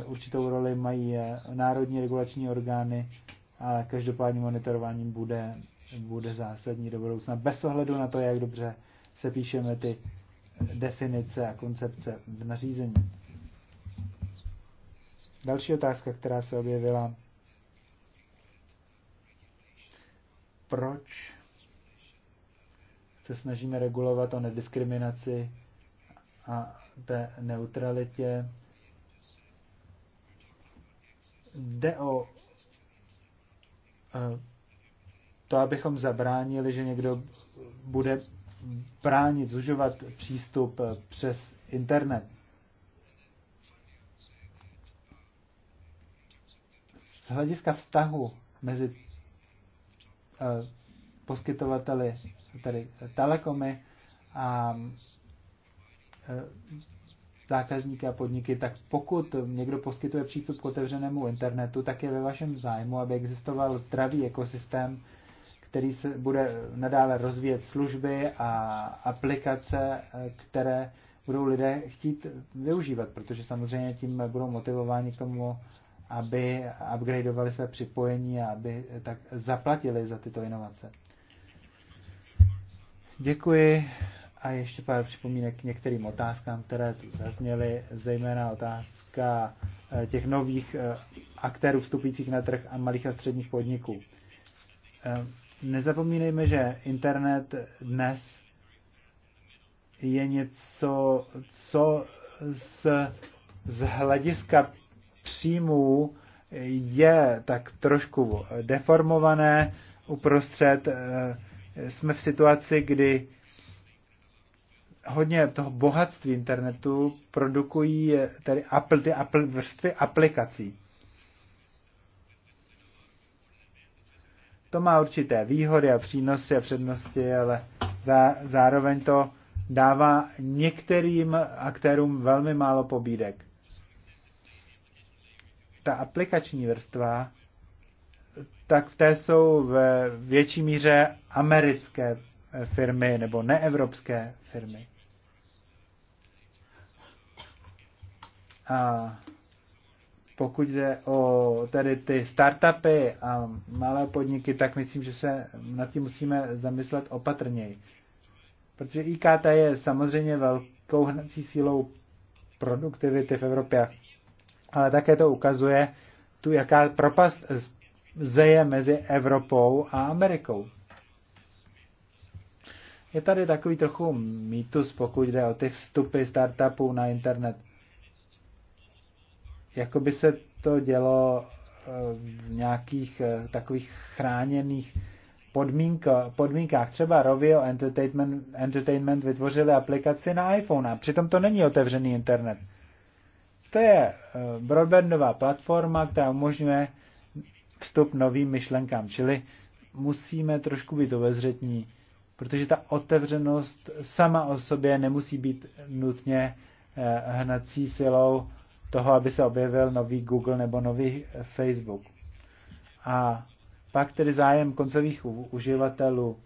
Určitou roli mají národní regulační orgány, ale každopádně monitorování bude, bude zásadní do budoucna, bez ohledu na to, jak dobře se píšeme ty definice a koncepce v nařízení. Další otázka, která se objevila. Proč se snažíme regulovat o nediskriminaci a té neutralitě? Jde o eh, to, abychom zabránili, že někdo bude bránit, zužovat přístup eh, přes internet. Z hlediska vztahu mezi eh, poskytovateli, tedy telekomy a eh, zákazníky a podniky, tak pokud někdo poskytuje přístup k otevřenému internetu, tak je ve vašem zájmu, aby existoval zdravý ekosystém, který se bude nadále rozvíjet služby a aplikace, které budou lidé chtít využívat, protože samozřejmě tím budou motivováni k tomu, aby upgradeovali své připojení a aby tak zaplatili za tyto inovace. Děkuji a ještě pár připomínek k některým otázkám, které tu zazněly, zejména otázka eh, těch nových eh, aktérů vstupujících na trh a malých a středních podniků eh, nezapomínejme, že internet dnes je něco, co z, z hlediska příjmů je tak trošku deformované. Uprostřed eh, jsme v situaci, kdy hodně toho bohatství internetu produkují eh, tedy apl, ty apl, vrstvy aplikací. To má určité výhody a přínosy a přednosti, ale zá, zároveň to dává některým aktérům velmi málo pobídek. Ta aplikační vrstva, tak v té jsou v větší míře americké firmy nebo neevropské firmy. A pokud jde o tady ty startupy a malé podniky, tak myslím, že se nad tím musíme zamyslet opatrněji. Protože IKT je samozřejmě velkou hnací sílou produktivity v Evropě, ale také to ukazuje tu, jaká propast zeje mezi Evropou a Amerikou. Je tady takový trochu mýtus, pokud jde o ty vstupy startupů na internet jako by se to dělo eh, v nějakých eh, takových chráněných podmínka, podmínkách. Třeba Rovio Entertainment, Entertainment vytvořili aplikaci na iPhone a přitom to není otevřený internet. To je eh, broadbandová platforma, která umožňuje vstup novým myšlenkám, čili musíme trošku být obezřetní, protože ta otevřenost sama o sobě nemusí být nutně hnací silou toho, aby se objevil nový Google nebo nový Facebook. A pak tedy zájem koncových uživatelů.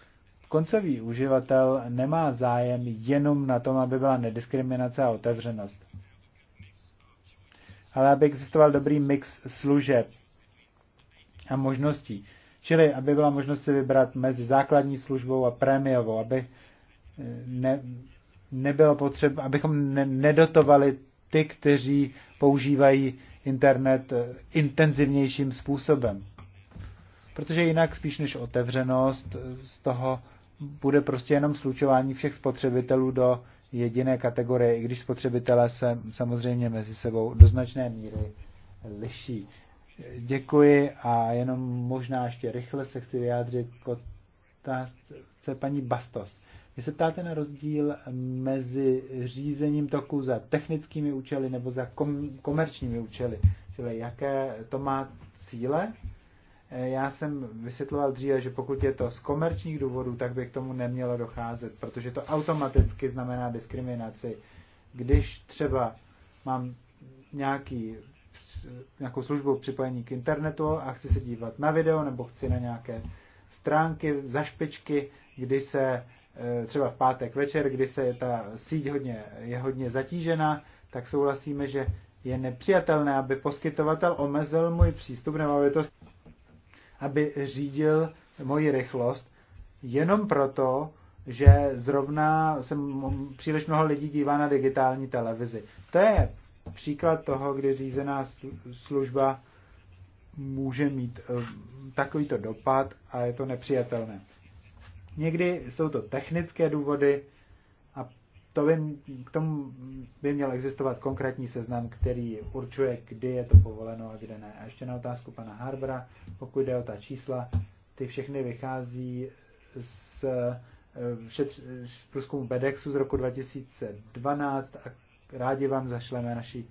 Koncový uživatel nemá zájem jenom na tom, aby byla nediskriminace a otevřenost, ale aby existoval dobrý mix služeb a možností. Čili, aby byla možnost si vybrat mezi základní službou a prémiovou, aby eh, ne, nebylo potřeba, abychom ne, nedotovali ty, kteří používají internet eh, intenzivnějším způsobem. Protože jinak spíš než otevřenost eh, z toho bude prostě jenom slučování všech spotřebitelů do jediné kategorie, i když spotřebitelé se samozřejmě mezi sebou do značné míry liší. Děkuji a jenom možná ještě rychle se chci vyjádřit k otázce paní Bastos. Vy se ptáte na rozdíl mezi řízením toku za technickými účely nebo za kom- komerčními účely. Čili jaké to má cíle? Eh, já jsem vysvětloval dříve, že pokud je to z komerčních důvodů, tak by k tomu nemělo docházet, protože to automaticky znamená diskriminaci. Když třeba mám nějaký, nějakou službu připojení k internetu a chci se dívat na video nebo chci na nějaké stránky, za špičky, kdy se Eh, třeba v pátek večer, kdy se ta síť hodně, je hodně zatížena, tak souhlasíme, že je nepřijatelné, aby poskytovatel omezil můj přístup, nebo aby, to, aby řídil moji rychlost, jenom proto, že zrovna se příliš mnoho lidí dívá na digitální televizi. To je příklad toho, kdy řízená služba může mít eh, takovýto dopad a je to nepřijatelné. Někdy jsou to technické důvody a to by, k tomu by měl existovat konkrétní seznam, který určuje, kdy je to povoleno a kde ne. A ještě na otázku pana Harbra, pokud jde o ta čísla, ty všechny vychází z, eh, z průzkumu BEDEXu z roku 2012 a rádi vám zašleme naši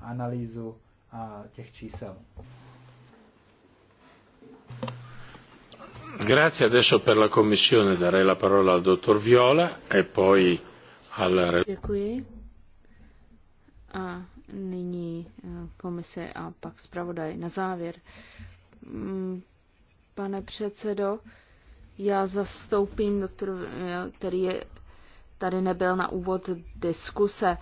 analýzu a těch čísel. Grazie, adesso per la Commissione darei la parola al dottor Viola e poi al... Děkuji. A nyní eh, komise a pak zpravodaj na závěr. Mm, pane předsedo, já zastoupím doktor, eh, který je, tady nebyl na úvod diskuse.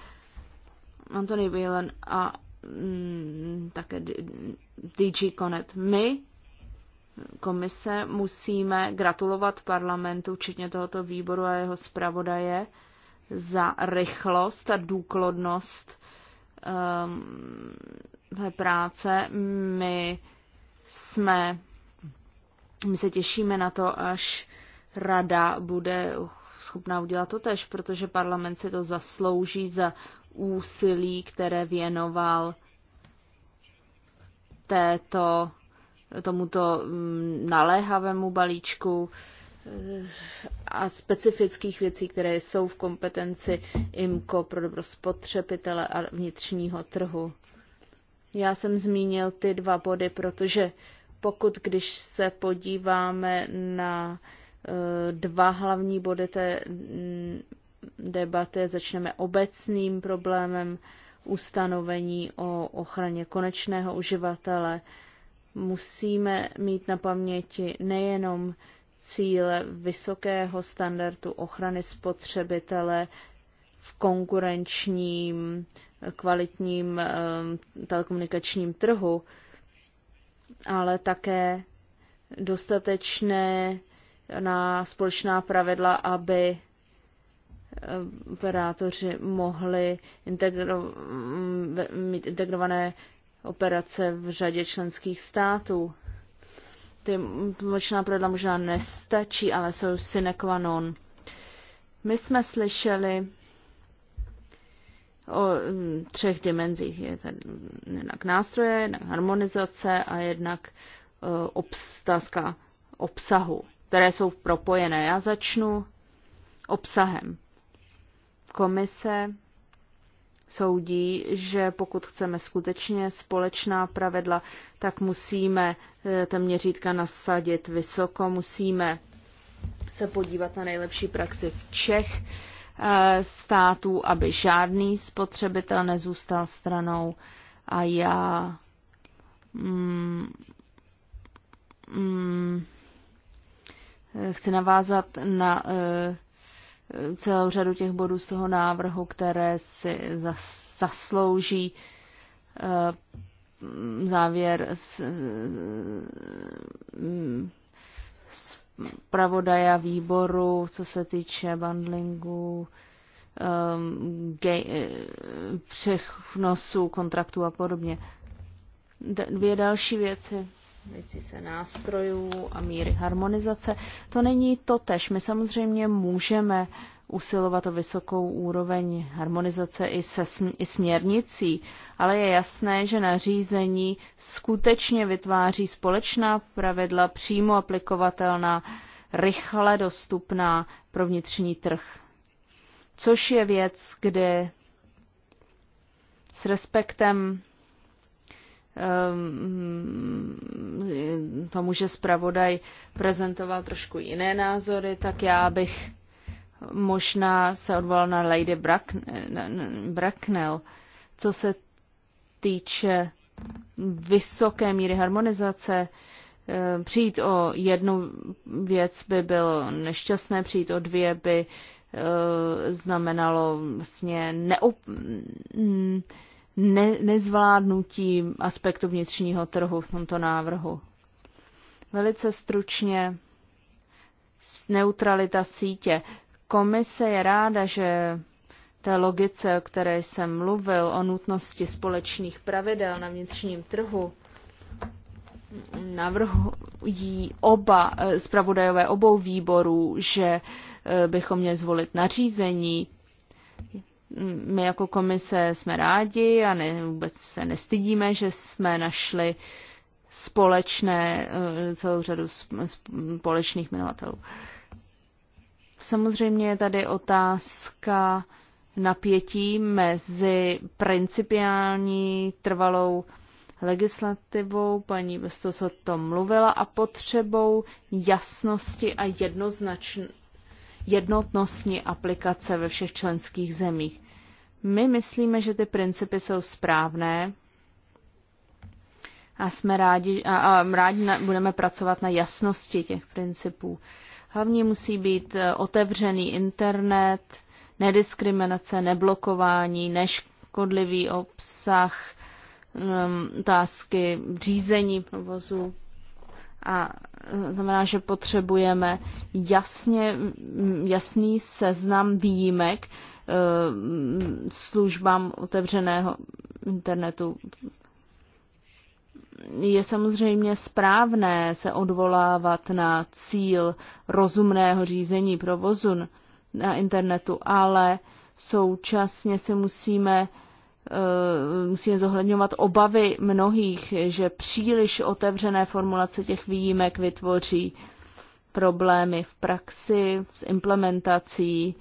Anthony Whelan a mm, také DG Connect. My komise. Musíme gratulovat parlamentu, včetně tohoto výboru a jeho zpravodaje, za rychlost a důklodnost um, práce. My jsme, my se těšíme na to, až rada bude schopná udělat to tež, protože parlament si to zaslouží za úsilí, které věnoval této tomuto mm, naléhavému balíčku eh, a specifických věcí, které jsou v kompetenci IMCO pro dobro spotřebitele a vnitřního trhu. Já jsem zmínil ty dva body, protože pokud když se podíváme na eh, dva hlavní body té mm, debaty, začneme obecným problémem ustanovení o ochraně konečného uživatele, musíme mít na paměti nejenom cíle vysokého standardu ochrany spotřebitele v konkurenčním kvalitním telekomunikačním trhu, ale také dostatečné na společná pravidla, aby operátoři mohli integro, mít integrované operace v řadě členských států. Ty tlumočná pravidla možná nestačí, ale jsou sine qua non. My jsme slyšeli o mm, třech dimenzích. Je tady jednak nástroje, jednak harmonizace a jednak e, obstázka obsahu, které jsou propojené. Já začnu obsahem. Komise soudí, že pokud chceme skutečně společná pravidla, tak musíme e, ta měřítka nasadit vysoko, musíme se podívat na nejlepší praxi v Čech e, států, aby žádný spotřebitel nezůstal stranou. A já mm, mm, e, chci navázat na celou řadu těch bodů z toho návrhu, které si zaslouží eh, závěr z, z eh, pravodaja výboru, co se týče bundlingu, eh, přechnosů, kontraktů a podobně. Dvě další věci věci se nástrojů a míry harmonizace. To není to tež. My samozřejmě můžeme usilovat o vysokou úroveň harmonizace i, se, i směrnicí, ale je jasné, že nařízení skutečně vytváří společná pravidla, přímo aplikovatelná, rychle dostupná pro vnitřní trh. Což je věc, kde s respektem Ehm, to může zpravodaj prezentoval trošku jiné názory, tak já bych možná se odvolal na Lady Bracknell, co se týče vysoké míry harmonizace, ehm, přijít o jednu věc by bylo nešťastné, přijít o dvě by ehm, znamenalo vlastně neop- ne, nezvládnutím aspektu vnitřního trhu v tomto návrhu. Velice stručně, neutralita sítě. Komise je ráda, že té logice, o které jsem mluvil, o nutnosti společných pravidel na vnitřním trhu, navrhují oba eh, zpravodajové obou výborů, že eh, bychom měli zvolit nařízení. My jako komise jsme rádi a ne, vůbec se nestydíme, že jsme našli společné, eh, celou řadu společných jmenovatelů. Samozřejmě je tady otázka napětí mezi principiální trvalou legislativou, paní Vestos o tom mluvila, a potřebou jasnosti a jednoznačnosti jednotnostní aplikace ve všech členských zemích. My myslíme, že ty principy jsou správné a jsme rádi, a, a rádi na, budeme pracovat na jasnosti těch principů. Hlavně musí být e, otevřený internet, nediskriminace, neblokování, neškodlivý obsah, um, otázky řízení provozu, a e, znamená, že potřebujeme jasně, jasný seznam výjimek e, službám otevřeného internetu. Je samozřejmě správné se odvolávat na cíl rozumného řízení provozu na internetu, ale současně si musíme Eh, musíme zohledňovat obavy mnohých, že příliš otevřené formulace těch výjimek vytvoří problémy v praxi, s implementací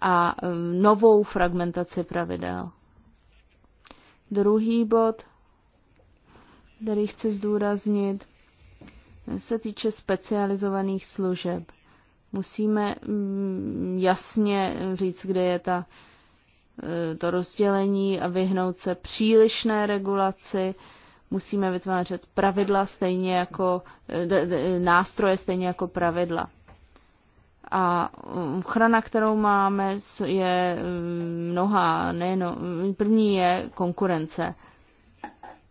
a eh, novou fragmentaci pravidel. Druhý bod, který chci zdůraznit, se týče specializovaných služeb. Musíme mm, jasně říct, kde je ta Eh, to rozdělení a vyhnout se přílišné regulaci. Musíme vytvářet pravidla stejně jako eh, nástroje stejně jako pravidla. A ochrana, kterou máme, je mm, mnoha. Nejen, mm, první je konkurence.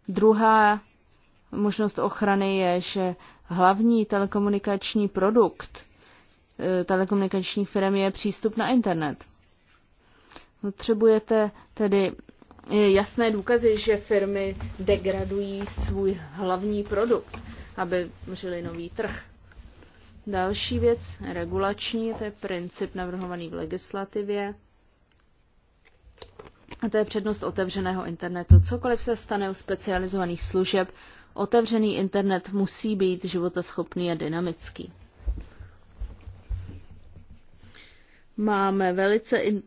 Druhá možnost ochrany je, že hlavní telekomunikační produkt eh, telekomunikačních firm je přístup na internet. Potřebujete tedy eh, jasné důkazy, že firmy degradují svůj hlavní produkt, aby žili nový trh. Další věc, regulační, to je princip navrhovaný v legislativě. A to je přednost otevřeného internetu. Cokoliv se stane u specializovaných služeb, otevřený internet musí být životoschopný a dynamický. Máme velice in-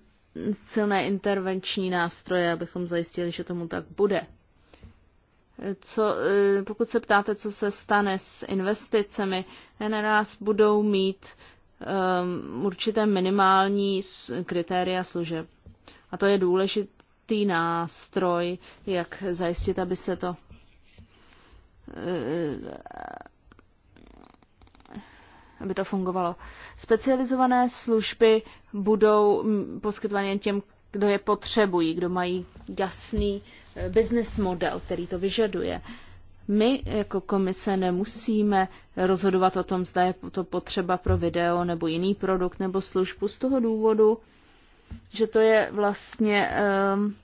silné intervenční nástroje, abychom zajistili, že tomu tak bude. Co, eh, pokud se ptáte, co se stane s investicemi, nás budou mít um, určité minimální kritéria služeb. A to je důležitý nástroj, jak zajistit, aby se to eh, aby to fungovalo. Specializované služby budou poskytovány jen těm, kdo je potřebují, kdo mají jasný eh, business model, který to vyžaduje. My jako komise nemusíme rozhodovat o tom, zda je to potřeba pro video nebo jiný produkt nebo službu z toho důvodu, že to je vlastně, um,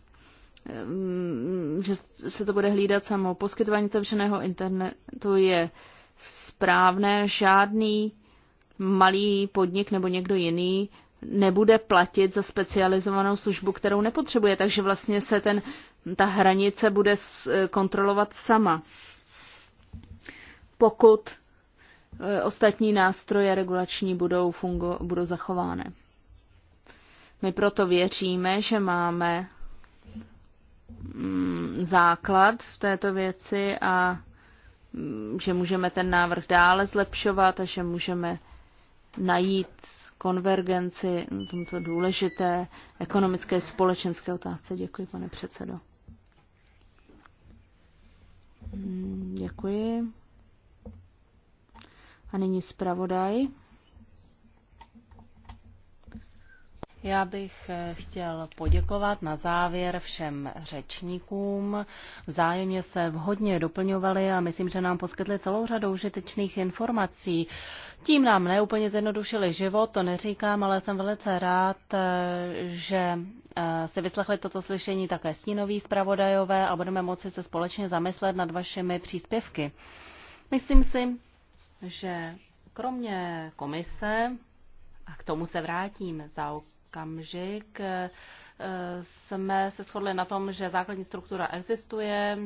um, že se to bude hlídat samo. Poskytování otevřeného internetu je správné, žádný malý podnik nebo někdo jiný nebude platit za specializovanou službu, kterou nepotřebuje, takže vlastně se ten, ta hranice bude eh, kontrolovat sama. Pokud eh, ostatní nástroje regulační budou, fungo, budou zachovány. My proto věříme, že máme mm, základ v této věci a mm, že můžeme ten návrh dále zlepšovat a že můžeme najít konvergenci tomto důležité ekonomické společenské otázce. Děkuji, pane předsedo. Hmm, děkuji. A nyní zpravodaj. Já bych eh, chtěl poděkovat na závěr všem řečníkům. Vzájemně se vhodně doplňovali a myslím, že nám poskytli celou řadu užitečných informací. Tím nám neúplně zjednodušili život, to neříkám, ale jsem velice rád, eh, že eh, si vyslechli toto slyšení také stínoví zpravodajové a budeme moci se společně zamyslet nad vašimi příspěvky. Myslím si, že kromě komise, a k tomu se vrátím za okamžik, eh, jsme se shodli na tom, že základní struktura existuje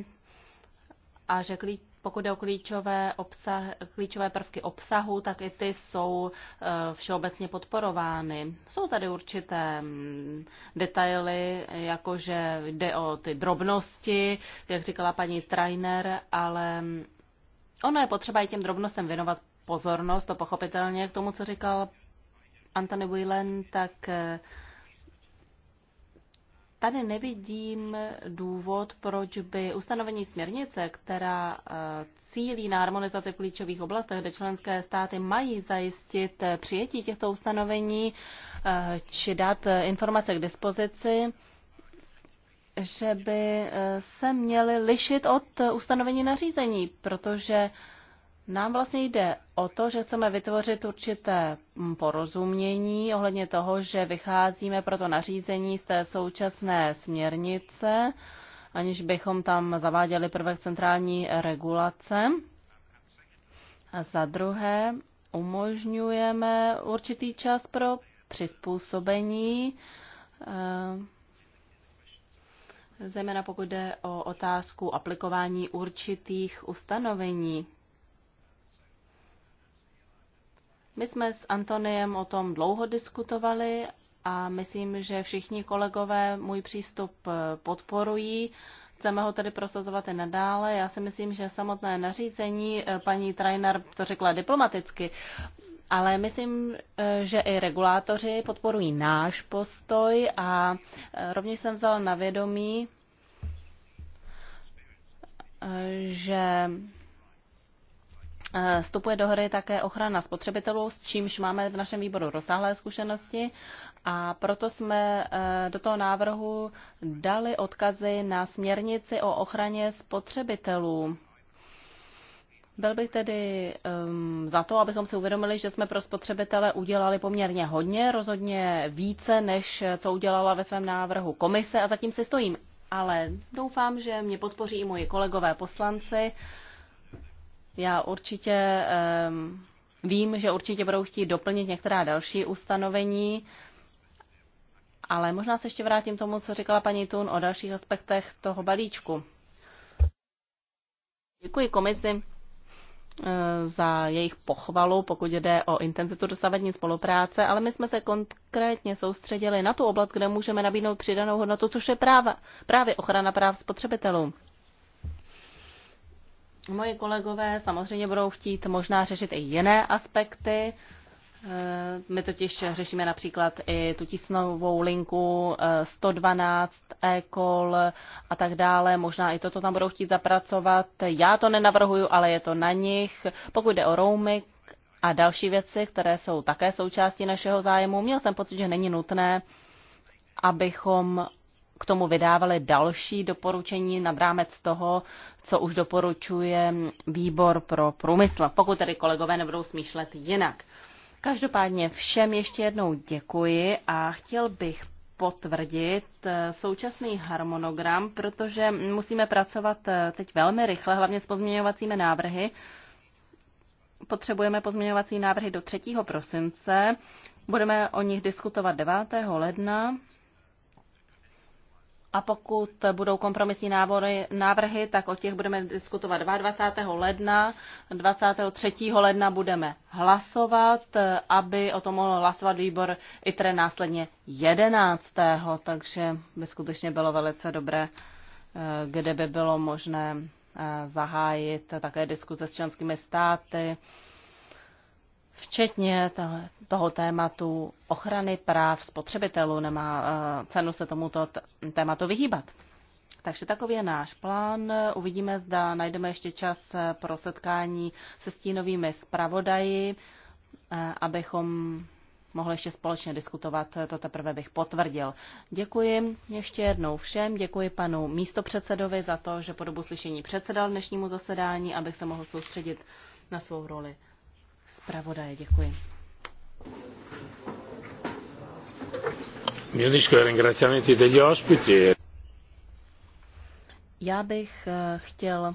a že klíč pokud jde o klíčové, obsah, klíčové prvky obsahu, tak i ty jsou eh, všeobecně podporovány. Jsou tady určité mm, detaily, jakože jde o ty drobnosti, jak říkala paní Trainer, ale mm, ono je potřeba i těm drobnostem věnovat pozornost, to pochopitelně k tomu, co říkal Anthony Whelan, tak eh, tady nevidím důvod, proč by ustanovení směrnice, která eh, cílí na harmonizaci v klíčových oblastech, kde členské státy mají zajistit eh, přijetí těchto ustanovení eh, či dát informace k dispozici, že by se měly lišit od ustanovení nařízení, protože nám vlastně jde o to, že chceme vytvořit určité mm, porozumění ohledně toho, že vycházíme pro to nařízení z té současné směrnice, aniž bychom tam zaváděli prvek centrální regulace. A za druhé, umožňujeme určitý čas pro přizpůsobení, eh, zejména pokud jde o otázku aplikování určitých ustanovení. My jsme s Antoniem o tom dlouho diskutovali a myslím, že všichni kolegové můj přístup eh, podporují. Chceme ho tedy prosazovat i nadále. Já si myslím, že samotné nařízení, eh, paní Trajnar to řekla diplomaticky, ale myslím, eh, že i regulátoři podporují náš postoj a rovněž jsem vzal na vědomí, že Eh, vstupuje do hry také ochrana spotřebitelů, s čímž máme v našem výboru rozsáhlé zkušenosti a proto jsme eh, do toho návrhu dali odkazy na směrnici o ochraně spotřebitelů. Byl bych tedy um, za to, abychom si uvědomili, že jsme pro spotřebitele udělali poměrně hodně, rozhodně více, než eh, co udělala ve svém návrhu komise a zatím si stojím. Ale doufám, že mě podpoří i moji kolegové poslanci. Uh, já určitě ehm, vím, že určitě budou chtít doplnit některá další ustanovení, ale možná se ještě vrátím tomu, co říkala paní Tun o dalších aspektech toho balíčku. Děkuji komisi eh, za jejich pochvalu, pokud jde o intenzitu dosavadní spolupráce, ale my jsme se konkrétně soustředili na tu oblast, kde můžeme nabídnout přidanou hodnotu, což je práva, právě ochrana práv spotřebitelů. Moji kolegové samozřejmě budou chtít možná řešit i jiné aspekty. E, my totiž řešíme například i tu tisnovou linku 112, e, e-call a tak dále. Možná i toto tam budou chtít zapracovat. Já to nenavrhuju, ale je to na nich. Pokud jde o roaming a další věci, které jsou také součástí našeho zájmu, měl jsem pocit, že není nutné, abychom k tomu vydávali další doporučení nad rámec toho, co už doporučuje výbor pro průmysl, pokud tedy kolegové nebudou smýšlet jinak. Každopádně všem ještě jednou děkuji a chtěl bych potvrdit eh, současný harmonogram, protože musíme pracovat eh, teď velmi rychle, hlavně s pozměňovacími návrhy. Potřebujeme pozměňovací návrhy do 3. prosince. Budeme o nich diskutovat 9. ledna a pokud budou kompromisní návory, návrhy, tak o těch budeme diskutovat 22. ledna. 23. ledna budeme hlasovat, aby o tom mohl hlasovat výbor ITRE následně 11. Takže by skutečně bylo velice dobré, eh, kde by bylo možné eh, zahájit také diskuze s členskými státy včetně toho tématu ochrany práv spotřebitelů. Nemá eh, cenu se tomuto tématu vyhýbat. Takže takový je náš plán. Uvidíme, zda najdeme ještě čas eh, pro setkání se stínovými zpravodaji, eh, abychom mohli ještě společně diskutovat. To teprve bych potvrdil. Děkuji ještě jednou všem. Děkuji panu místopředsedovi za to, že po dobu slyšení předsedal dnešnímu zasedání, abych se mohl soustředit na svou roli zpravodaje. Děkuji. Já bych eh, chtěl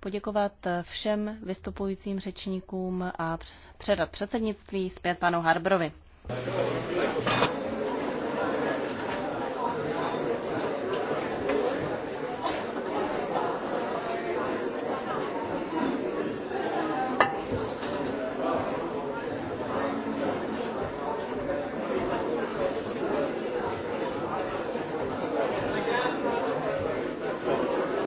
poděkovat eh, všem vystupujícím řečníkům a předat předsednictví zpět panu Harbrovi.